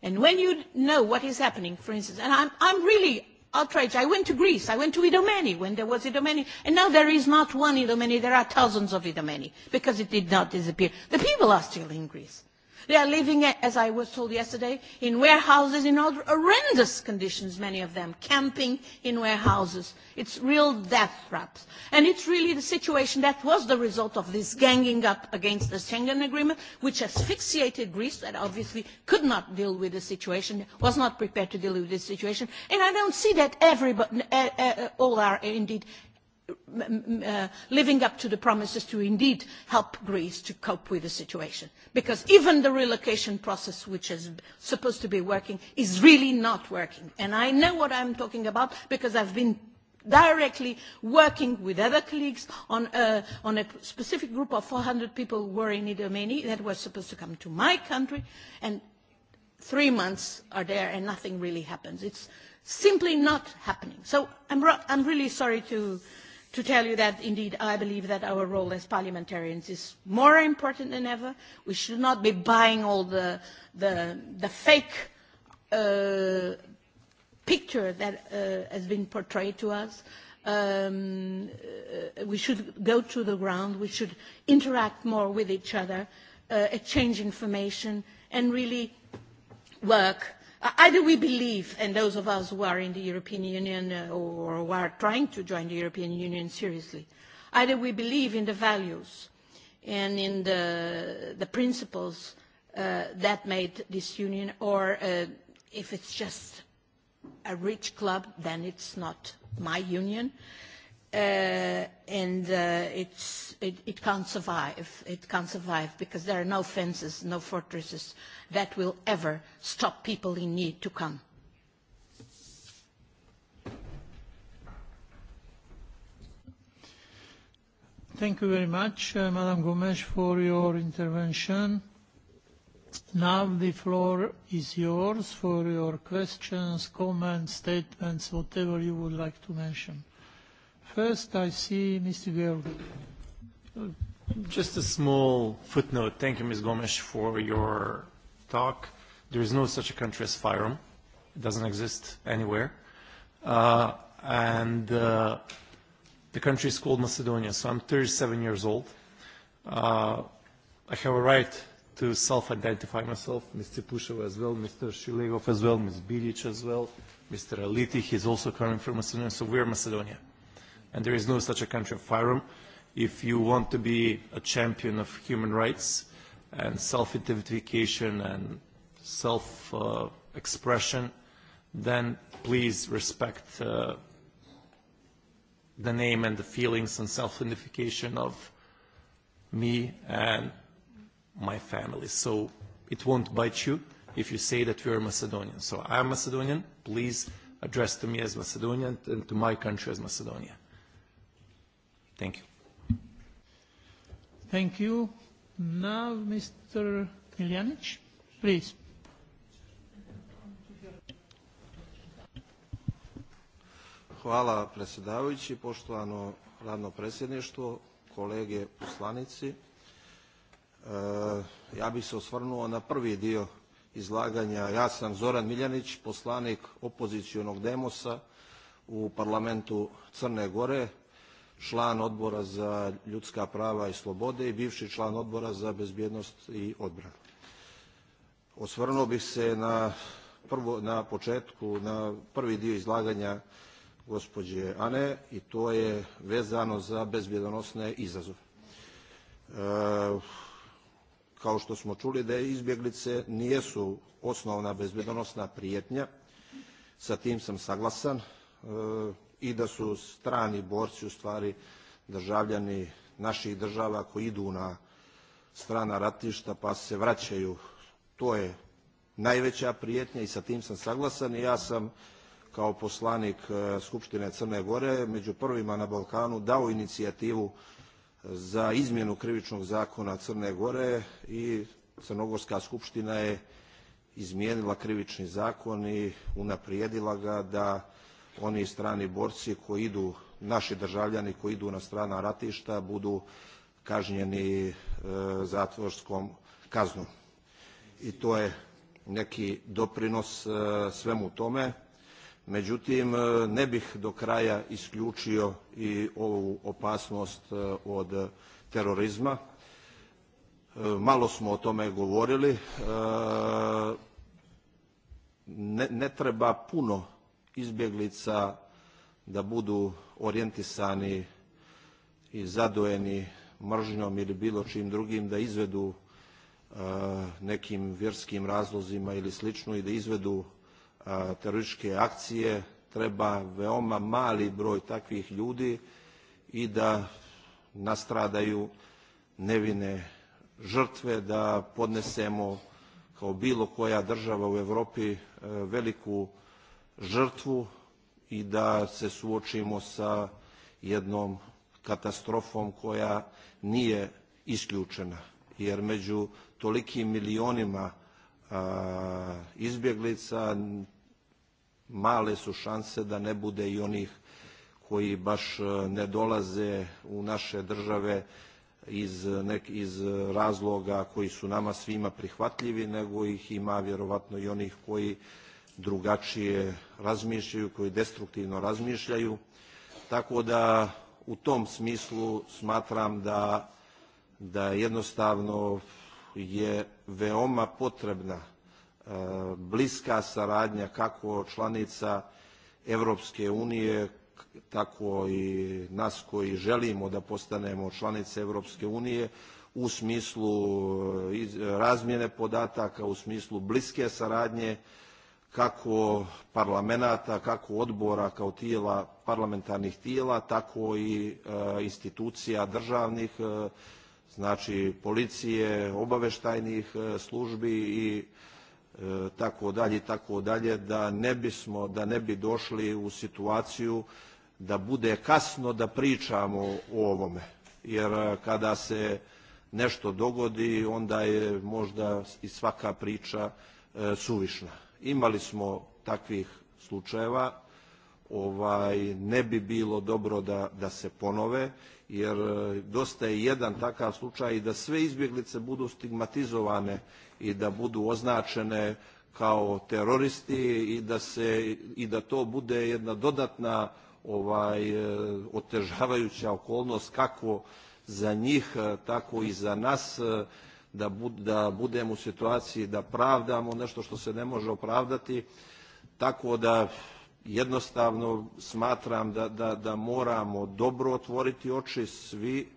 And when you know what is happening, for instance, and I'm, I'm really outraged. I went to Greece. I went to Idomeni when there was Idomeni. And now there is not one Idomeni. There are thousands of Idomeni because it did not disappear. The people are still in Greece. They are living, as I was told yesterday, in warehouses in horrendous conditions, many of them, camping in warehouses. It's real death traps. And it's really the situation that was the result of this ganging up against the Schengen Agreement, which asphyxiated Greece, that obviously could not deal with the situation, was not prepared to deal with this situation. And I don't see that everybody, uh, uh, all are indeed Uh, living up to the promises to indeed help Greece to cope with the situation. Because even the relocation process, which is supposed to be working, is really not working. And I know what I'm talking about because I've been directly working with other colleagues on uh, a, specific group of 400 people who were in Idomeni that were supposed to come to my country, and three months are there and nothing really happens. It's simply not happening. So I'm, I'm really sorry to, to tell you that indeed I believe that our role as parliamentarians is more important than ever. We should not be buying all the, the, the fake uh, picture that uh, has been portrayed to us. Um, uh, we should go to the ground. We should interact more with each other, uh, exchange information, and really work Uh, either we believe, and those of us who are in the European Union uh, or who are trying to join the European Union seriously, either we believe in the values and in the, the principles uh, that made this union, or uh, if it's just a rich club, then it's not my union. Uh, and uh, it, it can't survive. It can't survive because there are no fences, no fortresses that will ever stop people in need to come. Thank you very much, uh, Madam Gomes, for your intervention. Now the floor is yours for your questions, comments, statements, whatever you would like to mention. First, I see Mr. Georg. Just a small footnote. Thank you, Ms. Gomes, for your talk. There is no such a country as FIROM. It doesn't exist anywhere. Uh, and uh, the country is called Macedonia, so I'm 37 years old. Uh, I have a right to self-identify myself, Mr. Pushev as well, Mr. Shilegov as well, Ms. Bilic as well, Mr. Aliti, he's also coming from Macedonia, so we're Macedonia and there is no such a country of firearm. If you want to be a champion of human rights and self-identification and self-expression, uh, then please respect uh, the name and the feelings and self-identification of me and my family. So it won't bite you if you say that you are Macedonian. So I am Macedonian. Please address to me as Macedonian and to my country as Macedonia. Thank you. Thank you. Now, Mr. please. Hvala predsjedavajući, poštovano radno predsjedništvo, kolege poslanici. E, ja bih se osvrnuo na prvi dio izlaganja. Ja sam Zoran Miljanić, poslanik opozicionog demosa u parlamentu Crne Gore, član odbora za ljudska prava i slobode i bivši član odbora za bezbjednost i odbranu. Osvrnuo bih se na, početku, na prvi dio izlaganja gospođe Ane i to je vezano za bezbjedonosne izazove. E, kao što smo čuli da izbjeglice nijesu osnovna bezbjedonosna prijetnja, sa tim sam saglasan. E, i da su strani borci u stvari državljani naših država koji idu na strana ratišta pa se vraćaju. To je najveća prijetnja i sa tim sam saglasan i ja sam kao poslanik e, Skupštine Crne Gore među prvima na Balkanu dao inicijativu e, za izmjenu krivičnog zakona Crne Gore i Crnogorska skupština je izmijenila krivični zakon i unaprijedila ga da oni strani borci koji idu, naši državljani koji idu na strana ratišta budu kažnjeni e, zatvorskom kaznom. I to je neki doprinos e, svemu tome. Međutim, e, ne bih do kraja isključio i ovu opasnost od terorizma. Malo smo o tome govorili. Ne, treba puno izbjeglica da budu orijentisani i zadojeni mržnjom ili bilo čim drugim da izvedu e, nekim vjerskim razlozima ili slično i da izvedu e, terorističke akcije treba veoma mali broj takvih ljudi i da nastradaju nevine žrtve da podnesemo kao bilo koja država u Europi e, veliku žrtvu i da se suočimo sa jednom katastrofom koja nije isključena. Jer među tolikim milionima izbjeglica male su šanse da ne bude i onih koji baš e, ne dolaze u naše države iz, nek, iz razloga koji su nama svima prihvatljivi, nego ih ima vjerovatno i onih koji drugačije razmišljaju, koji destruktivno razmišljaju. Tako da u tom smislu smatram da, da jednostavno je veoma potrebna e, bliska saradnja kako članica Evropske unije, tako i nas koji želimo da postanemo članice Evropske unije u smislu e, razmjene podataka, u smislu bliske saradnje kako parlamenata, kako odbora kao tijela parlamentarnih tijela, tako i e, institucija državnih, e, znači policije, obaveštajnih e, službi i tako dalje i tako dalje, da ne bismo, da ne bi došli u situaciju da bude kasno da pričamo o ovome. Jer kada se nešto dogodi, onda je možda i svaka priča suvišna Imali smo takvih slučajeva, ovaj, ne bi bilo dobro da, se ponove, jer e, dosta je jedan takav slučaj i da sve izbjeglice budu stigmatizovane i da budu označene kao teroristi i da, to bude jedna dodatna ovaj, e, otežavajuća okolnost kako za njih, e, tako i za nas da, budem budemo u situaciji da pravdamo nešto što se ne može opravdati, tako da jednostavno smatram da, moramo dobro otvoriti oči svi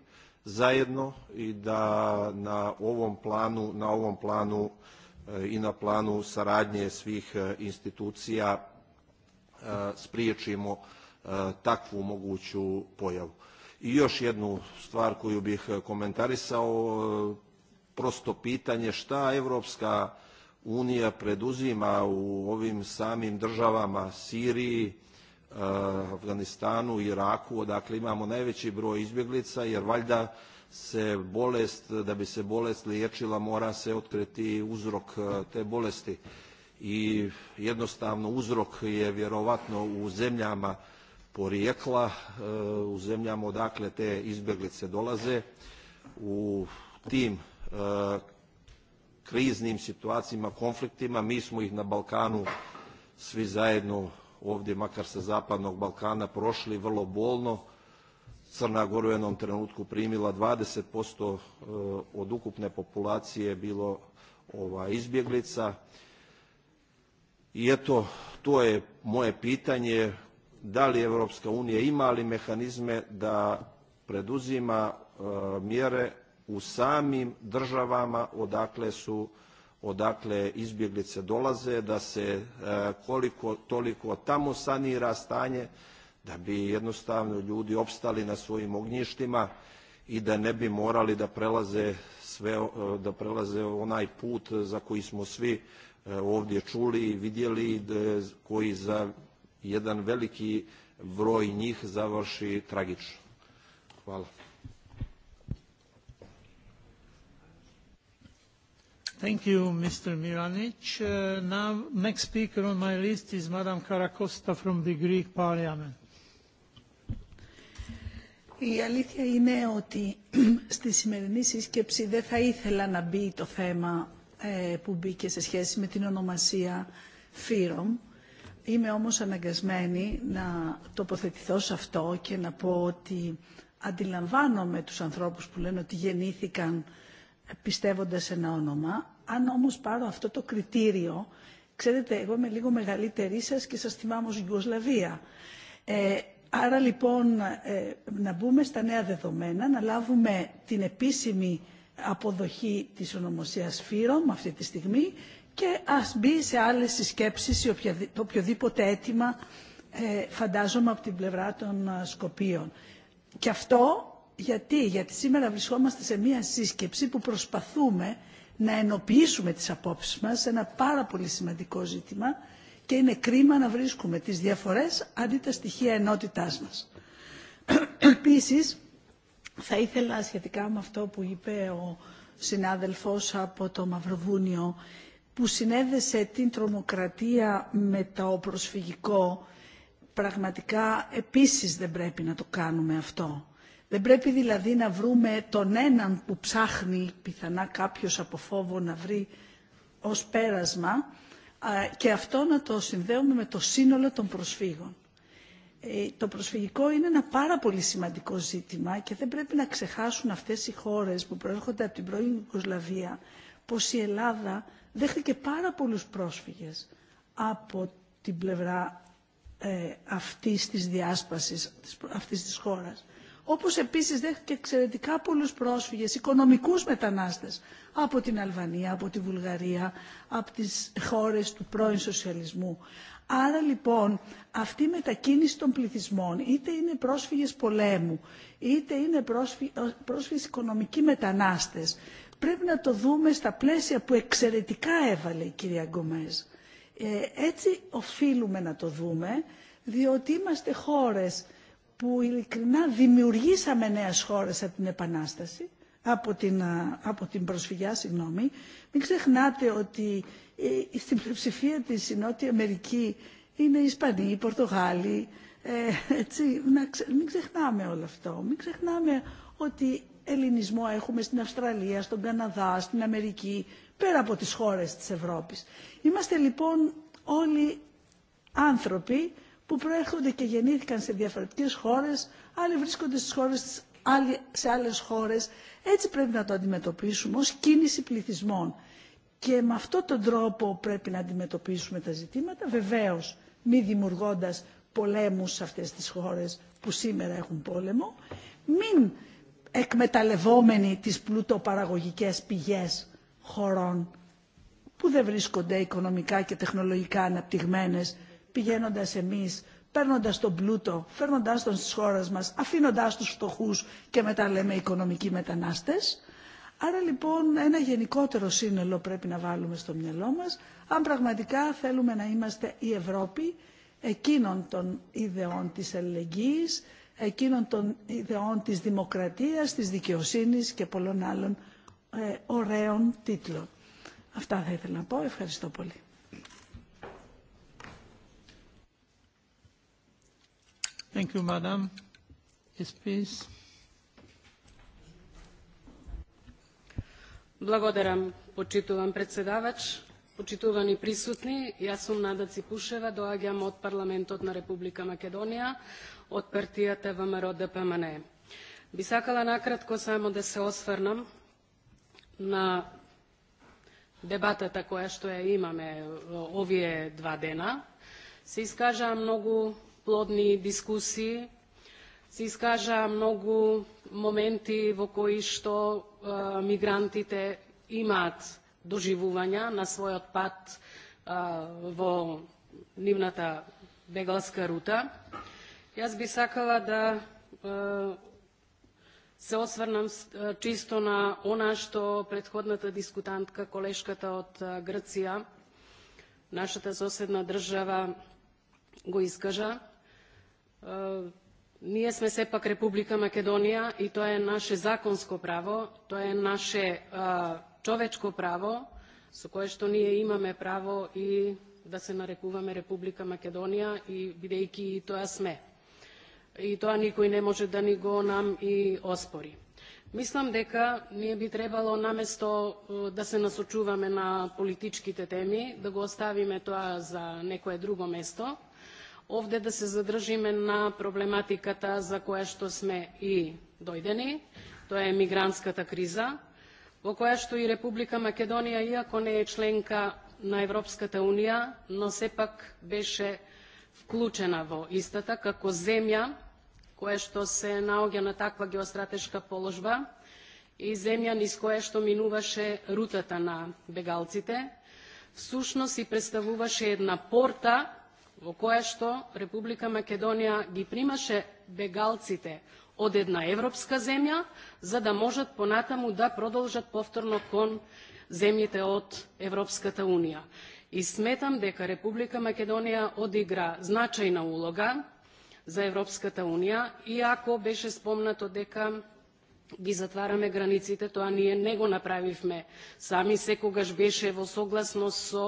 zajedno i da na ovom planu, na ovom planu e, i na planu saradnje svih e, institucija e, spriječimo takvu moguću pojavu. I još jednu stvar koju bih komentarisao, prosto pitanje šta Evropska unija preduzima u ovim samim državama Siriji, e, Afganistanu, Iraku, odakle imamo najveći broj izbjeglica, jer valjda se bolest, da bi se bolest liječila, mora se otkriti uzrok e, te bolesti. I jednostavno uzrok je vjerovatno u zemljama porijekla, e, u zemljama odakle te izbjeglice dolaze. U tim E, kriznim situacijama, konfliktima. Mi smo ih na Balkanu svi zajedno ovdje, makar sa Zapadnog Balkana, prošli vrlo bolno. Crna Gora u jednom trenutku primila 20% e, od ukupne populacije bilo izbjeglica. I eto, to je moje pitanje, da li Europska unija ima li mehanizme da preduzima e, mjere u samim državama odakle su odakle izbjeglice dolaze, da se e, koliko toliko tamo sanira stanje, da bi jednostavno ljudi opstali na svojim ognjištima i da ne bi morali da prelaze, sve, e, da prelaze onaj put za koji smo svi e, ovdje čuli i vidjeli, koji za jedan veliki broj njih završi tragično. Hvala. Thank you, Mr. Uh, now, next speaker on my list is Karakosta from the Greek Parliament. Η αλήθεια είναι ότι στη σημερινή σύσκεψη δεν θα ήθελα να μπει το θέμα ε, που μπήκε σε σχέση με την ονομασία Φύρομ. Είμαι όμως αναγκασμένη να τοποθετηθώ σε αυτό και να πω ότι αντιλαμβάνομαι τους ανθρώπους που λένε ότι γεννήθηκαν πιστεύοντας ένα όνομα. Αν όμως πάρω αυτό το κριτήριο, ξέρετε, εγώ είμαι λίγο μεγαλύτερη σας και σας θυμάμαι ως Ιγκοσλαβία. Ε, άρα λοιπόν ε, να μπούμε στα νέα δεδομένα, να λάβουμε την επίσημη αποδοχή της ονομοσίας με αυτή τη στιγμή και ας μπει σε άλλες συσκέψεις ή οποιοδήποτε αίτημα ε, φαντάζομαι από την πλευρά των Σκοπίων. Και αυτό Γιατί, γιατί σήμερα βρισκόμαστε σε μια σύσκεψη που προσπαθούμε να ενοποιήσουμε τις απόψεις μας σε ένα πάρα πολύ σημαντικό ζήτημα και είναι κρίμα να βρίσκουμε τις διαφορές αντί τα στοιχεία ενότητάς μας. Επίσης, θα ήθελα σχετικά με αυτό που είπε ο συνάδελφος από το Μαυροβούνιο που συνέδεσε την τρομοκρατία με το προσφυγικό πραγματικά επίσης δεν πρέπει να το κάνουμε αυτό Δεν πρέπει δηλαδή να βρούμε τον έναν που ψάχνει πιθανά κάποιος από φόβο να βρει ως πέρασμα και αυτό να το συνδέουμε με το σύνολο των προσφύγων. Το προσφυγικό είναι ένα πάρα πολύ σημαντικό ζήτημα και δεν πρέπει να ξεχάσουν αυτές οι χώρες που προέρχονται από την πρώην Ιουγκοσλαβία πως η Ελλάδα δέχτηκε πάρα πολλούς πρόσφυγες από την πλευρά ε, αυτής της διάσπασης αυτής της χώρας όπως επίσης δέχτηκε εξαιρετικά πολλούς πρόσφυγες, οικονομικούς μετανάστες από την Αλβανία, από τη Βουλγαρία, από τις χώρες του πρώην σοσιαλισμού. Άρα λοιπόν αυτή η μετακίνηση των πληθυσμών είτε είναι πρόσφυγες πολέμου είτε είναι πρόσφυγες οικονομικοί μετανάστες πρέπει να το δούμε στα πλαίσια που εξαιρετικά έβαλε η κυρία Γκομέζ. έτσι οφείλουμε να το δούμε διότι είμαστε χώρες που ειλικρινά δημιουργήσαμε νέες χώρες από την Επανάσταση, από την, από την προσφυγιά, συγγνώμη. Μην ξεχνάτε ότι στην πλειοψηφία της Νότια Αμερική είναι οι Ισπανοί, οι Πορτογάλοι. Ε, έτσι, να ξε, μην ξεχνάμε όλο αυτό. Μην ξεχνάμε ότι ελληνισμό έχουμε στην Αυστραλία, στον Καναδά, στην Αμερική, πέρα από τις χώρες της Ευρώπης. Είμαστε λοιπόν όλοι άνθρωποι που προέρχονται και γεννήθηκαν σε διαφορετικές χώρες, άλλοι βρίσκονται στις χώρες, άλλοι σε άλλες χώρες. Έτσι πρέπει να το αντιμετωπίσουμε ως κίνηση πληθυσμών. Και με αυτόν τον τρόπο πρέπει να αντιμετωπίσουμε τα ζητήματα, βεβαίως μη δημιουργώντας πολέμους σε αυτές τις χώρες που σήμερα έχουν πόλεμο, μην εκμεταλλευόμενοι τις πλουτοπαραγωγικές πηγές χωρών που δεν βρίσκονται οικονομικά και τεχνολογικά αναπτυγμένες πηγαίνοντας εμείς παίρνοντας τον πλούτο, φέρνοντάς τον στις χώρες μας, αφήνοντάς τους φτωχούς και μετά λέμε οικονομικοί μετανάστες. Άρα λοιπόν ένα γενικότερο σύνολο πρέπει να βάλουμε στο μυαλό μας, αν πραγματικά θέλουμε να είμαστε η Ευρώπη εκείνων των ιδεών της αλληλεγγύης, εκείνων των ιδεών της δημοκρατίας, της δικαιοσύνης και πολλών άλλων ε, ωραίων τίτλων. Αυτά θα ήθελα να πω. Ευχαριστώ πολύ. Thank you, madam. Yes, please. Благодарам, почитуван председавач, почитувани присутни. Јас сум Нада Ципушева, доаѓам од парламентот на Република Македонија, од партијата ВМРО ДПМНЕ. Би сакала накратко само да се осврнам на дебатата која што ја имаме овие два дена. Се искажаа многу плодни дискусии. Се искажа многу моменти во кои што а, мигрантите имаат доживувања на својот пат а, во нивната бегалска рута. Јас би сакала да а, се осврнам чисто на она што претходната дискутантка, колешката од Грција, нашата соседна држава, го искажа nije sme sepak republika makedonija i to je naše zakonsko pravo to je naše човечко право со кое што ние имаме право и да се нарекуваме Република Македонија и бидејќи и тоа сме. И тоа никој не може да ни го нам и оспори. Мислам дека ние би требало наместо да се насочуваме на политичките теми, да го оставиме тоа за некое друго место Овде да се задржиме на проблематиката за која што сме и дојдени, тоа е мигрантската криза, во која што и Република Македонија, иако не е членка на Европската Унија, но сепак беше вклучена во истата како земја која што се наоѓа на таква геостратешка положба и земја низ која што минуваше рутата на бегалците, всушност и представуваше една порта во што Република Македонија ги примаше бегалците од една европска земја, за да можат понатаму да продолжат повторно кон земјите од Европската Унија. И сметам дека Република Македонија одигра значајна улога за Европската Унија, иако беше спомнато дека ги затвараме границите, тоа ние не го направивме сами, секогаш беше во согласност со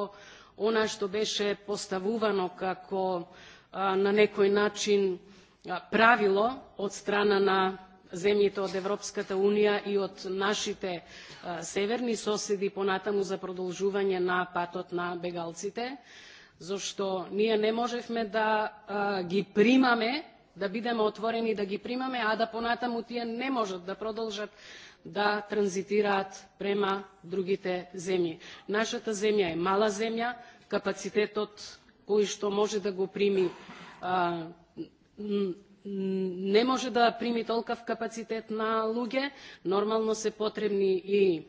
ona što beše postavuvano kako na nekoj način pravilo od strana na zemljite od Evropskata Unija i od našite severni sosedi ponatamu za produžuvanje na patot na begalcite, zašto nije ne možemo da gi primame, da budemo otvoreni da gi primame, a da ponatamu tije ne može da prodolžat da tranzitirat prema другите земји. Нашата земја е мала земја, капацитетот кој што може да го прими не може да прими толков капацитет на луѓе, нормално се потребни и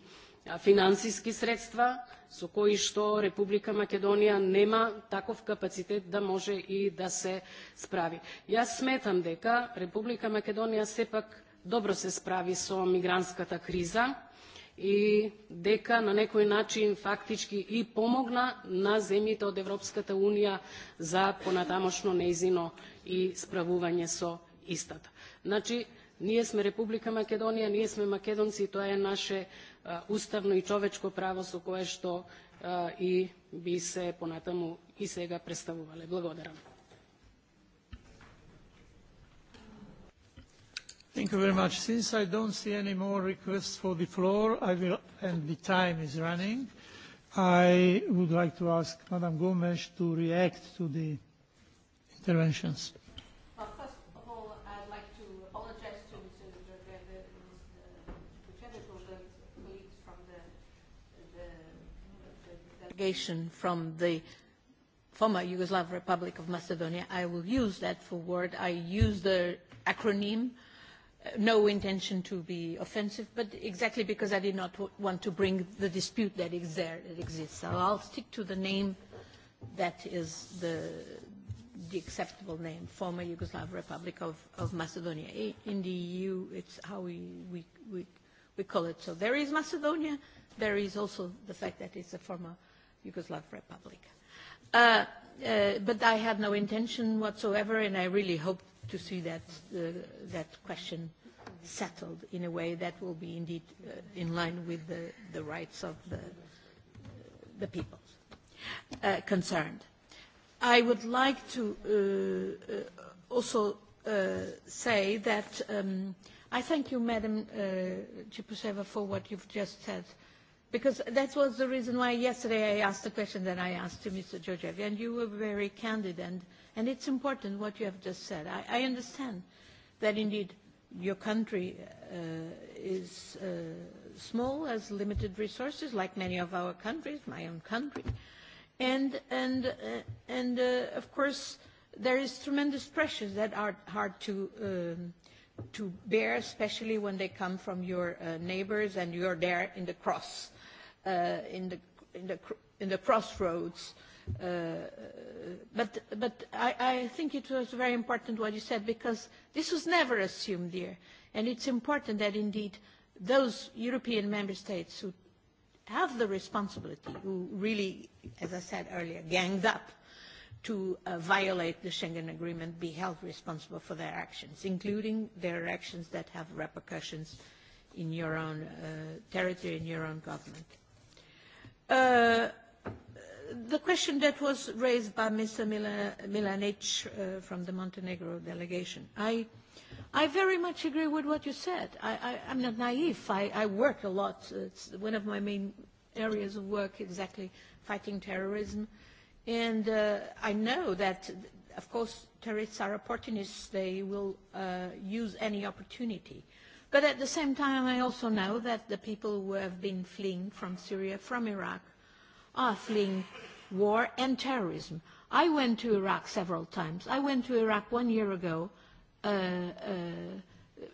финансиски средства со кои што Република Македонија нема таков капацитет да може и да се справи. Јас сметам дека Република Македонија сепак dobro se spravi so migrantskata kriza i deka na nekoj način faktički i pomogna na zemlji od Evropskata unija za ponatamošno neizino i spravuvanje so istata. Znači, nije sme Republika Makedonija, nije sme Makedonci, to je naše e, ustavno i čovečko pravo su koje što e, i bi se ponatamo i svega predstavuvale. Blagodaram. Thank you very much. Since I don't see any more requests for the floor, I will, and the time is running, I would like to ask Madam Gomes to react to the interventions. Well, first of all, I'd like to apologize to Mr. Jorge, Mr. colleagues from the, the, the delegation from the former Yugoslav Republic of Macedonia. I will use that for word. I use the acronym no intention to be offensive, but exactly because I did not want to bring the dispute that is there, that exists. So I'll stick to the name that is the, the acceptable name, former Yugoslav Republic of, of Macedonia. In the EU, it's how we, we, we, we call it. So there is Macedonia. There is also the fact that it's a former Yugoslav Republic. Uh, uh, but I had no intention whatsoever, and I really hope to see that, uh, that question settled in a way that will be indeed uh, in line with the, the rights of the, the people uh, concerned. I would like to uh, uh also uh, say that um, I thank you, Madam uh, Chipuseva, for what you've just said, because that was the reason why yesterday I asked the question that I asked to Mr. Georgiev, and you were very candid, and, and it's important what you have just said. I, I understand that indeed your country uh, is uh, small, has limited resources, like many of our countries, my own country. And, and, uh, and uh, of course, there is tremendous pressures that are hard to, um, to bear, especially when they come from your uh, neighbors and you're there in the cross, uh, in, the, in, the, in the crossroads Uh, but but I, I think it was very important what you said because this was never assumed here. And it's important that indeed those European member states who have the responsibility, who really, as I said earlier, ganged up to uh, violate the Schengen Agreement, be held responsible for their actions, including their actions that have repercussions in your own uh, territory, in your own government. Uh, the question that was raised by Mr. Milanic uh, from the Montenegro delegation, I, I very much agree with what you said. I, I, I'm not naive. I, I work a lot. It's one of my main areas of work, exactly fighting terrorism. And uh, I know that, of course, terrorists are opportunists. They will uh, use any opportunity. But at the same time, I also know that the people who have been fleeing from Syria, from Iraq, are fleeing war and terrorism. I went to Iraq several times. I went to Iraq one year ago uh, uh,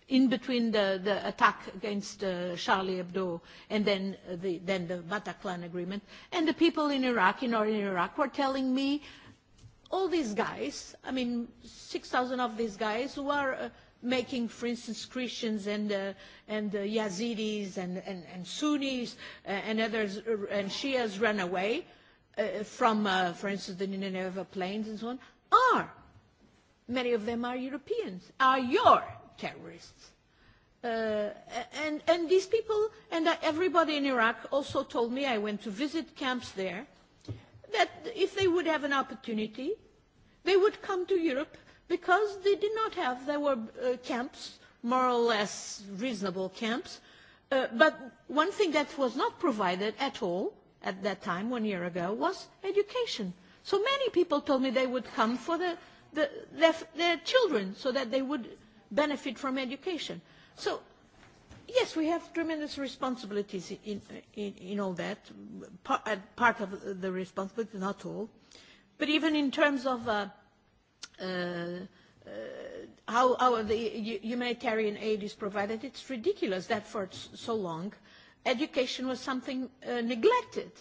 in between the, the attack against uh, Charlie Hebdo and then the, then the Bataclan agreement. And the people in Iraq, in northern Iraq, were telling me all these guys, I mean, 6,000 of these guys who are uh, making, for instance, Christians and, uh, and uh, Yazidis and, and, and Sunnis uh, and others uh, and Shias run away uh, from, uh, for instance, the Nineveh plains and so on, are, many of them are Europeans, are your terrorists. Uh, and, and these people, and everybody in Iraq also told me, I went to visit camps there, that if they would have an opportunity, they would come to Europe because they did not have, there were uh, camps, more or less reasonable camps, uh, but one thing that was not provided at all at that time, one year ago, was education. So many people told me they would come for the, the, their, their children so that they would benefit from education. So yes, we have tremendous responsibilities in, in, in all that, pa, uh, part, of the responsibility, not all. But even in terms of uh, Uh, uh, how, how the humanitarian aid is provided, it's ridiculous that for so long education was something uh, neglected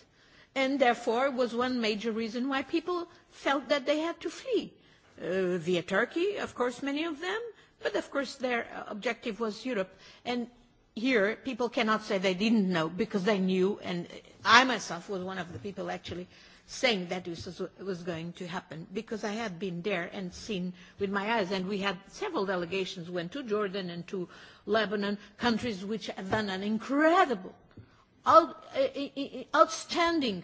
and therefore was one major reason why people felt that they had to flee uh, via Turkey, of course, many of them, but of course their objective was Europe. And here people cannot say they didn't know because they knew, and I myself was one of the people actually saying that this was, was going to happen because I had been there and seen with my eyes. And we had several delegations went to Jordan and to Lebanon, countries which have done an incredible, out, uh, uh, uh outstanding,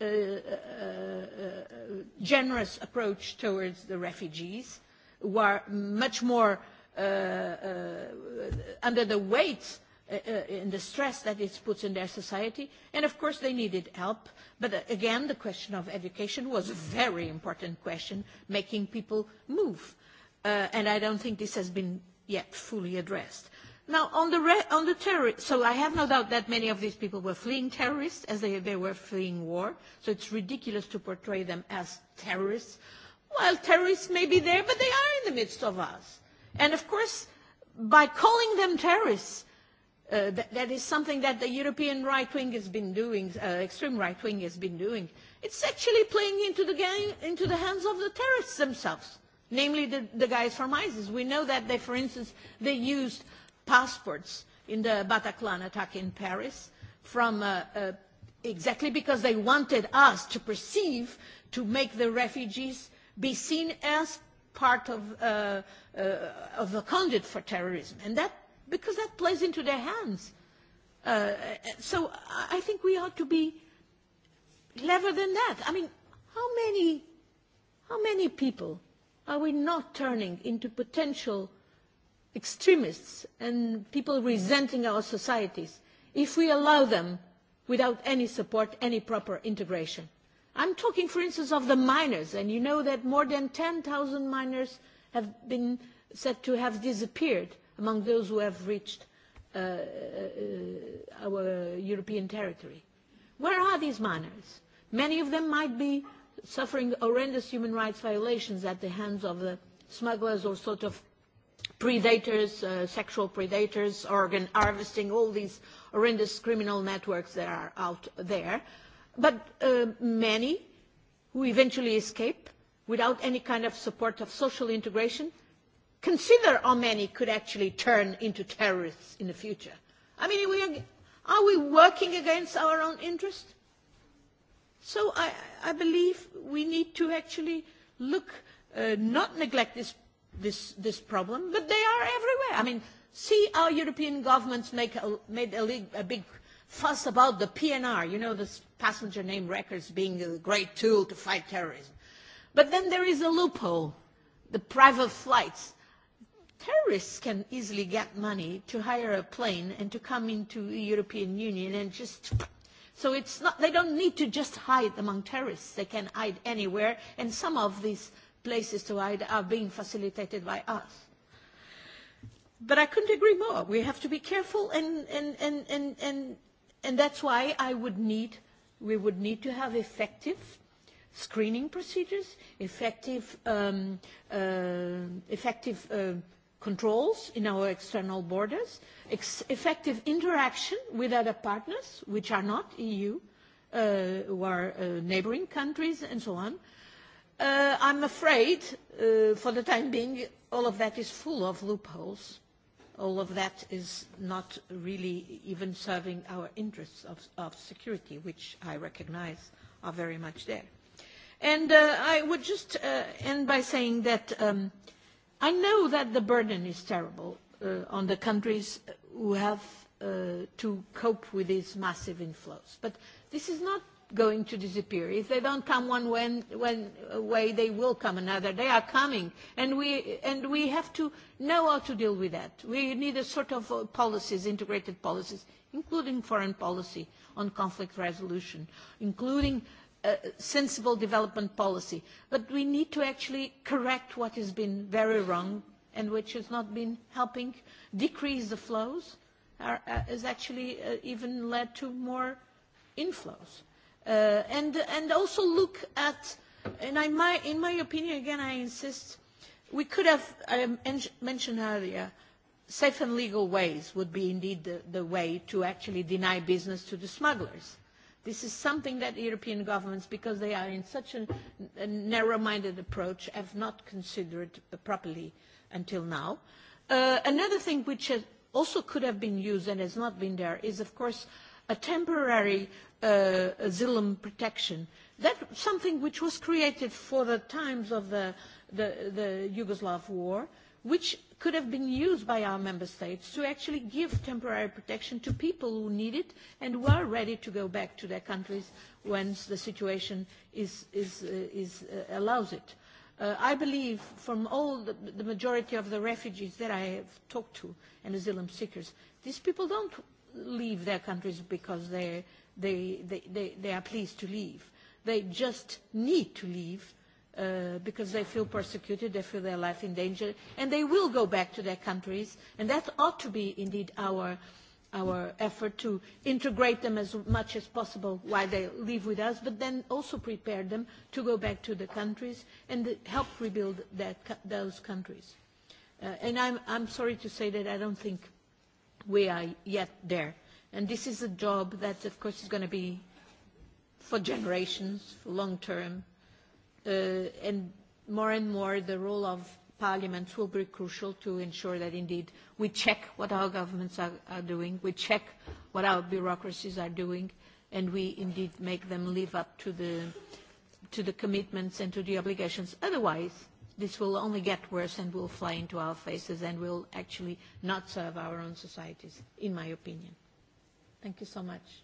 uh, uh, uh, generous approach towards the refugees who are much more under the weight Uh, uh, in the stress that it puts in their society. And of course, they needed help. But uh, again, the question of education was a very important question, making people move. Uh, and I don't think this has been yet fully addressed. Now, on the, re on the terrorists, so I have no doubt that many of these people were fleeing terrorists as they, they were fleeing war. So it's ridiculous to portray them as terrorists. Well, terrorists may be there, but they are in the midst of us. And of course, by calling them terrorists, Uh, that, is something that the European right wing has been doing, uh, extreme right wing has been doing. It's actually playing into the, game, into the hands of the terrorists themselves, namely the, guys from ISIS. We know that they, for instance, they used passports in the Bataclan attack in Paris from uh, uh, exactly because they wanted us to perceive to make the refugees be seen as part of, of a conduit for terrorism. And that because that plays into their hands. Uh, so I think we ought to be clever than that. I mean, how many, how many people are we not turning into potential extremists and people resenting our societies if we allow them without any support, any proper integration? I'm talking, for instance, of the miners, and you know that more than 10,000 miners have been said to have disappeared among those who have reached uh, uh, our European territory. Where are these minors? Many of them might be suffering horrendous human rights violations at the hands of the smugglers or sort of predators, uh, sexual predators, organ harvesting, all these horrendous criminal networks that are out there. But uh, many who eventually escape without any kind of support of social integration consider how many could actually turn into terrorists in the future. I mean, we are, are we working against our own interests? So I, I believe we need to actually look, uh, not neglect this, this, this problem, but they are everywhere. I mean, see how European governments make a, made a, a big fuss about the PNR, you know, the passenger name records being a great tool to fight terrorism. But then there is a loophole, the private flights terrorists can easily get money to hire a plane and to come into the European Union and just so it's not they don't need to just hide among terrorists. They can hide anywhere and some of these places to hide are being facilitated by us. But I couldn't agree more. We have to be careful and and and and and, and that's why I would need we would need to have effective screening procedures, effective, um, uh, effective uh, controls in our external borders, effective interaction with other partners, which are not EU, uh, who are uh, neighboring countries, and so on. Uh, I'm afraid, uh, for the time being, all of that is full of loopholes. All of that is not really even serving our interests of, security, which I recognize are very much there. And I would just end by saying that um, i know that the burden is terrible uh, on the countries who have uh, to cope with these massive inflows, but this is not going to disappear. If they don't come one when, when way, they will come another. They are coming, and we, and we have to know how to deal with that. We need a sort of uh, policies, integrated policies, including foreign policy on conflict resolution, including sensible development policy. But we need to actually correct what has been very wrong and which has not been helping decrease the flows, uh, has actually uh, even led to more inflows. Uh, and, also look at, and I, my, in my opinion, again, I insist, we could have, mentioned earlier, safe and legal ways would be indeed the, the way to actually deny business to the smugglers This is something that European governments, because they are in such a, narrow-minded approach, have not considered properly until now. Uh, another thing which has also could have been used and has not been there is, of course, a temporary uh, asylum protection. something which was created for the times of the, the, the Yugoslav war, which could have been used by our member states to actually give temporary protection to people who need it and who are ready to go back to their countries when the situation is, is, uh, is, uh, allows it. Uh, I believe from all the, the majority of the refugees that I have talked to and asylum seekers, these people don't leave their countries because they, they, they, they, they are pleased to leave. They just need to leave Uh, because they feel persecuted, they feel their life in danger, and they will go back to their countries. And that ought to be indeed our, our effort to integrate them as much as possible while they live with us, but then also prepare them to go back to the countries and help rebuild that, those countries. Uh, and I'm, I'm sorry to say that I don't think we are yet there. And this is a job that, of course, is going to be for generations, for long term, Uh, and more and more the role of parliaments will be crucial to ensure that indeed we check what our governments are, are doing, we check what our bureaucracies are doing, and we indeed make them live up to the, to the commitments and to the obligations. Otherwise, this will only get worse and will fly into our faces and will actually not serve our own societies, in my opinion. Thank you so much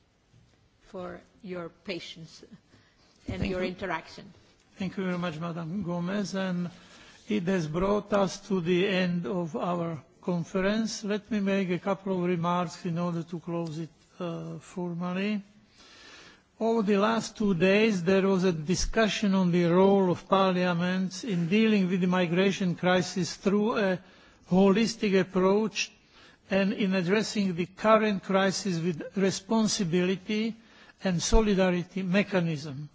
for your patience and your interaction. Thank you very much, Madam Gomez. And it has brought us to the end of our conference. Let me make a couple of remarks in order to close it uh, formally. Over the last two days, there was a discussion on the role of parliaments in dealing with the migration crisis through a holistic approach and in addressing the current crisis with responsibility and solidarity mechanism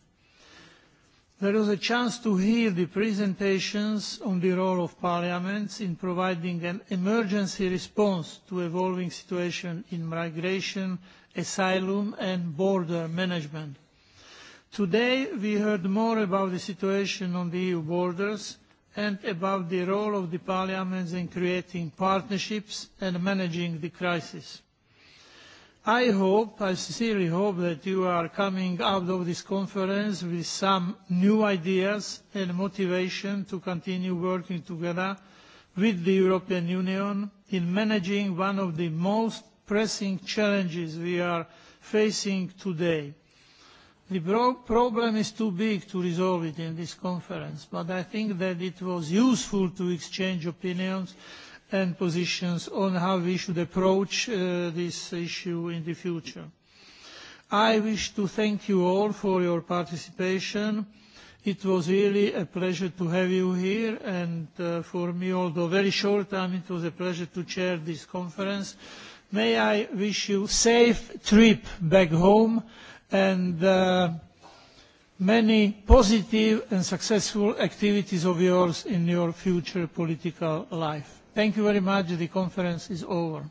There was a chance to hear the presentations on the role of parliaments in providing an emergency response to evolving situation in migration, asylum and border management. Today we heard more about the situation on the EU borders and about the role of the parliaments in creating partnerships and managing the crisis. I hope, I sincerely hope that you are coming out of this conference with some new ideas and motivation to continue working together with the European Union in managing one of the most pressing challenges we are facing today. The problem is too big to resolve it in this conference, but I think that it was useful to exchange opinions and positions on how we should approach uh, this issue in the future. I wish to thank you all for your participation. It was really a pleasure to have you here and uh, for me, although very short time, um, it was a pleasure to chair this conference. May I wish you safe trip back home and uh, many positive and successful activities of yours in your future political life. Thank you very much. The conference is over.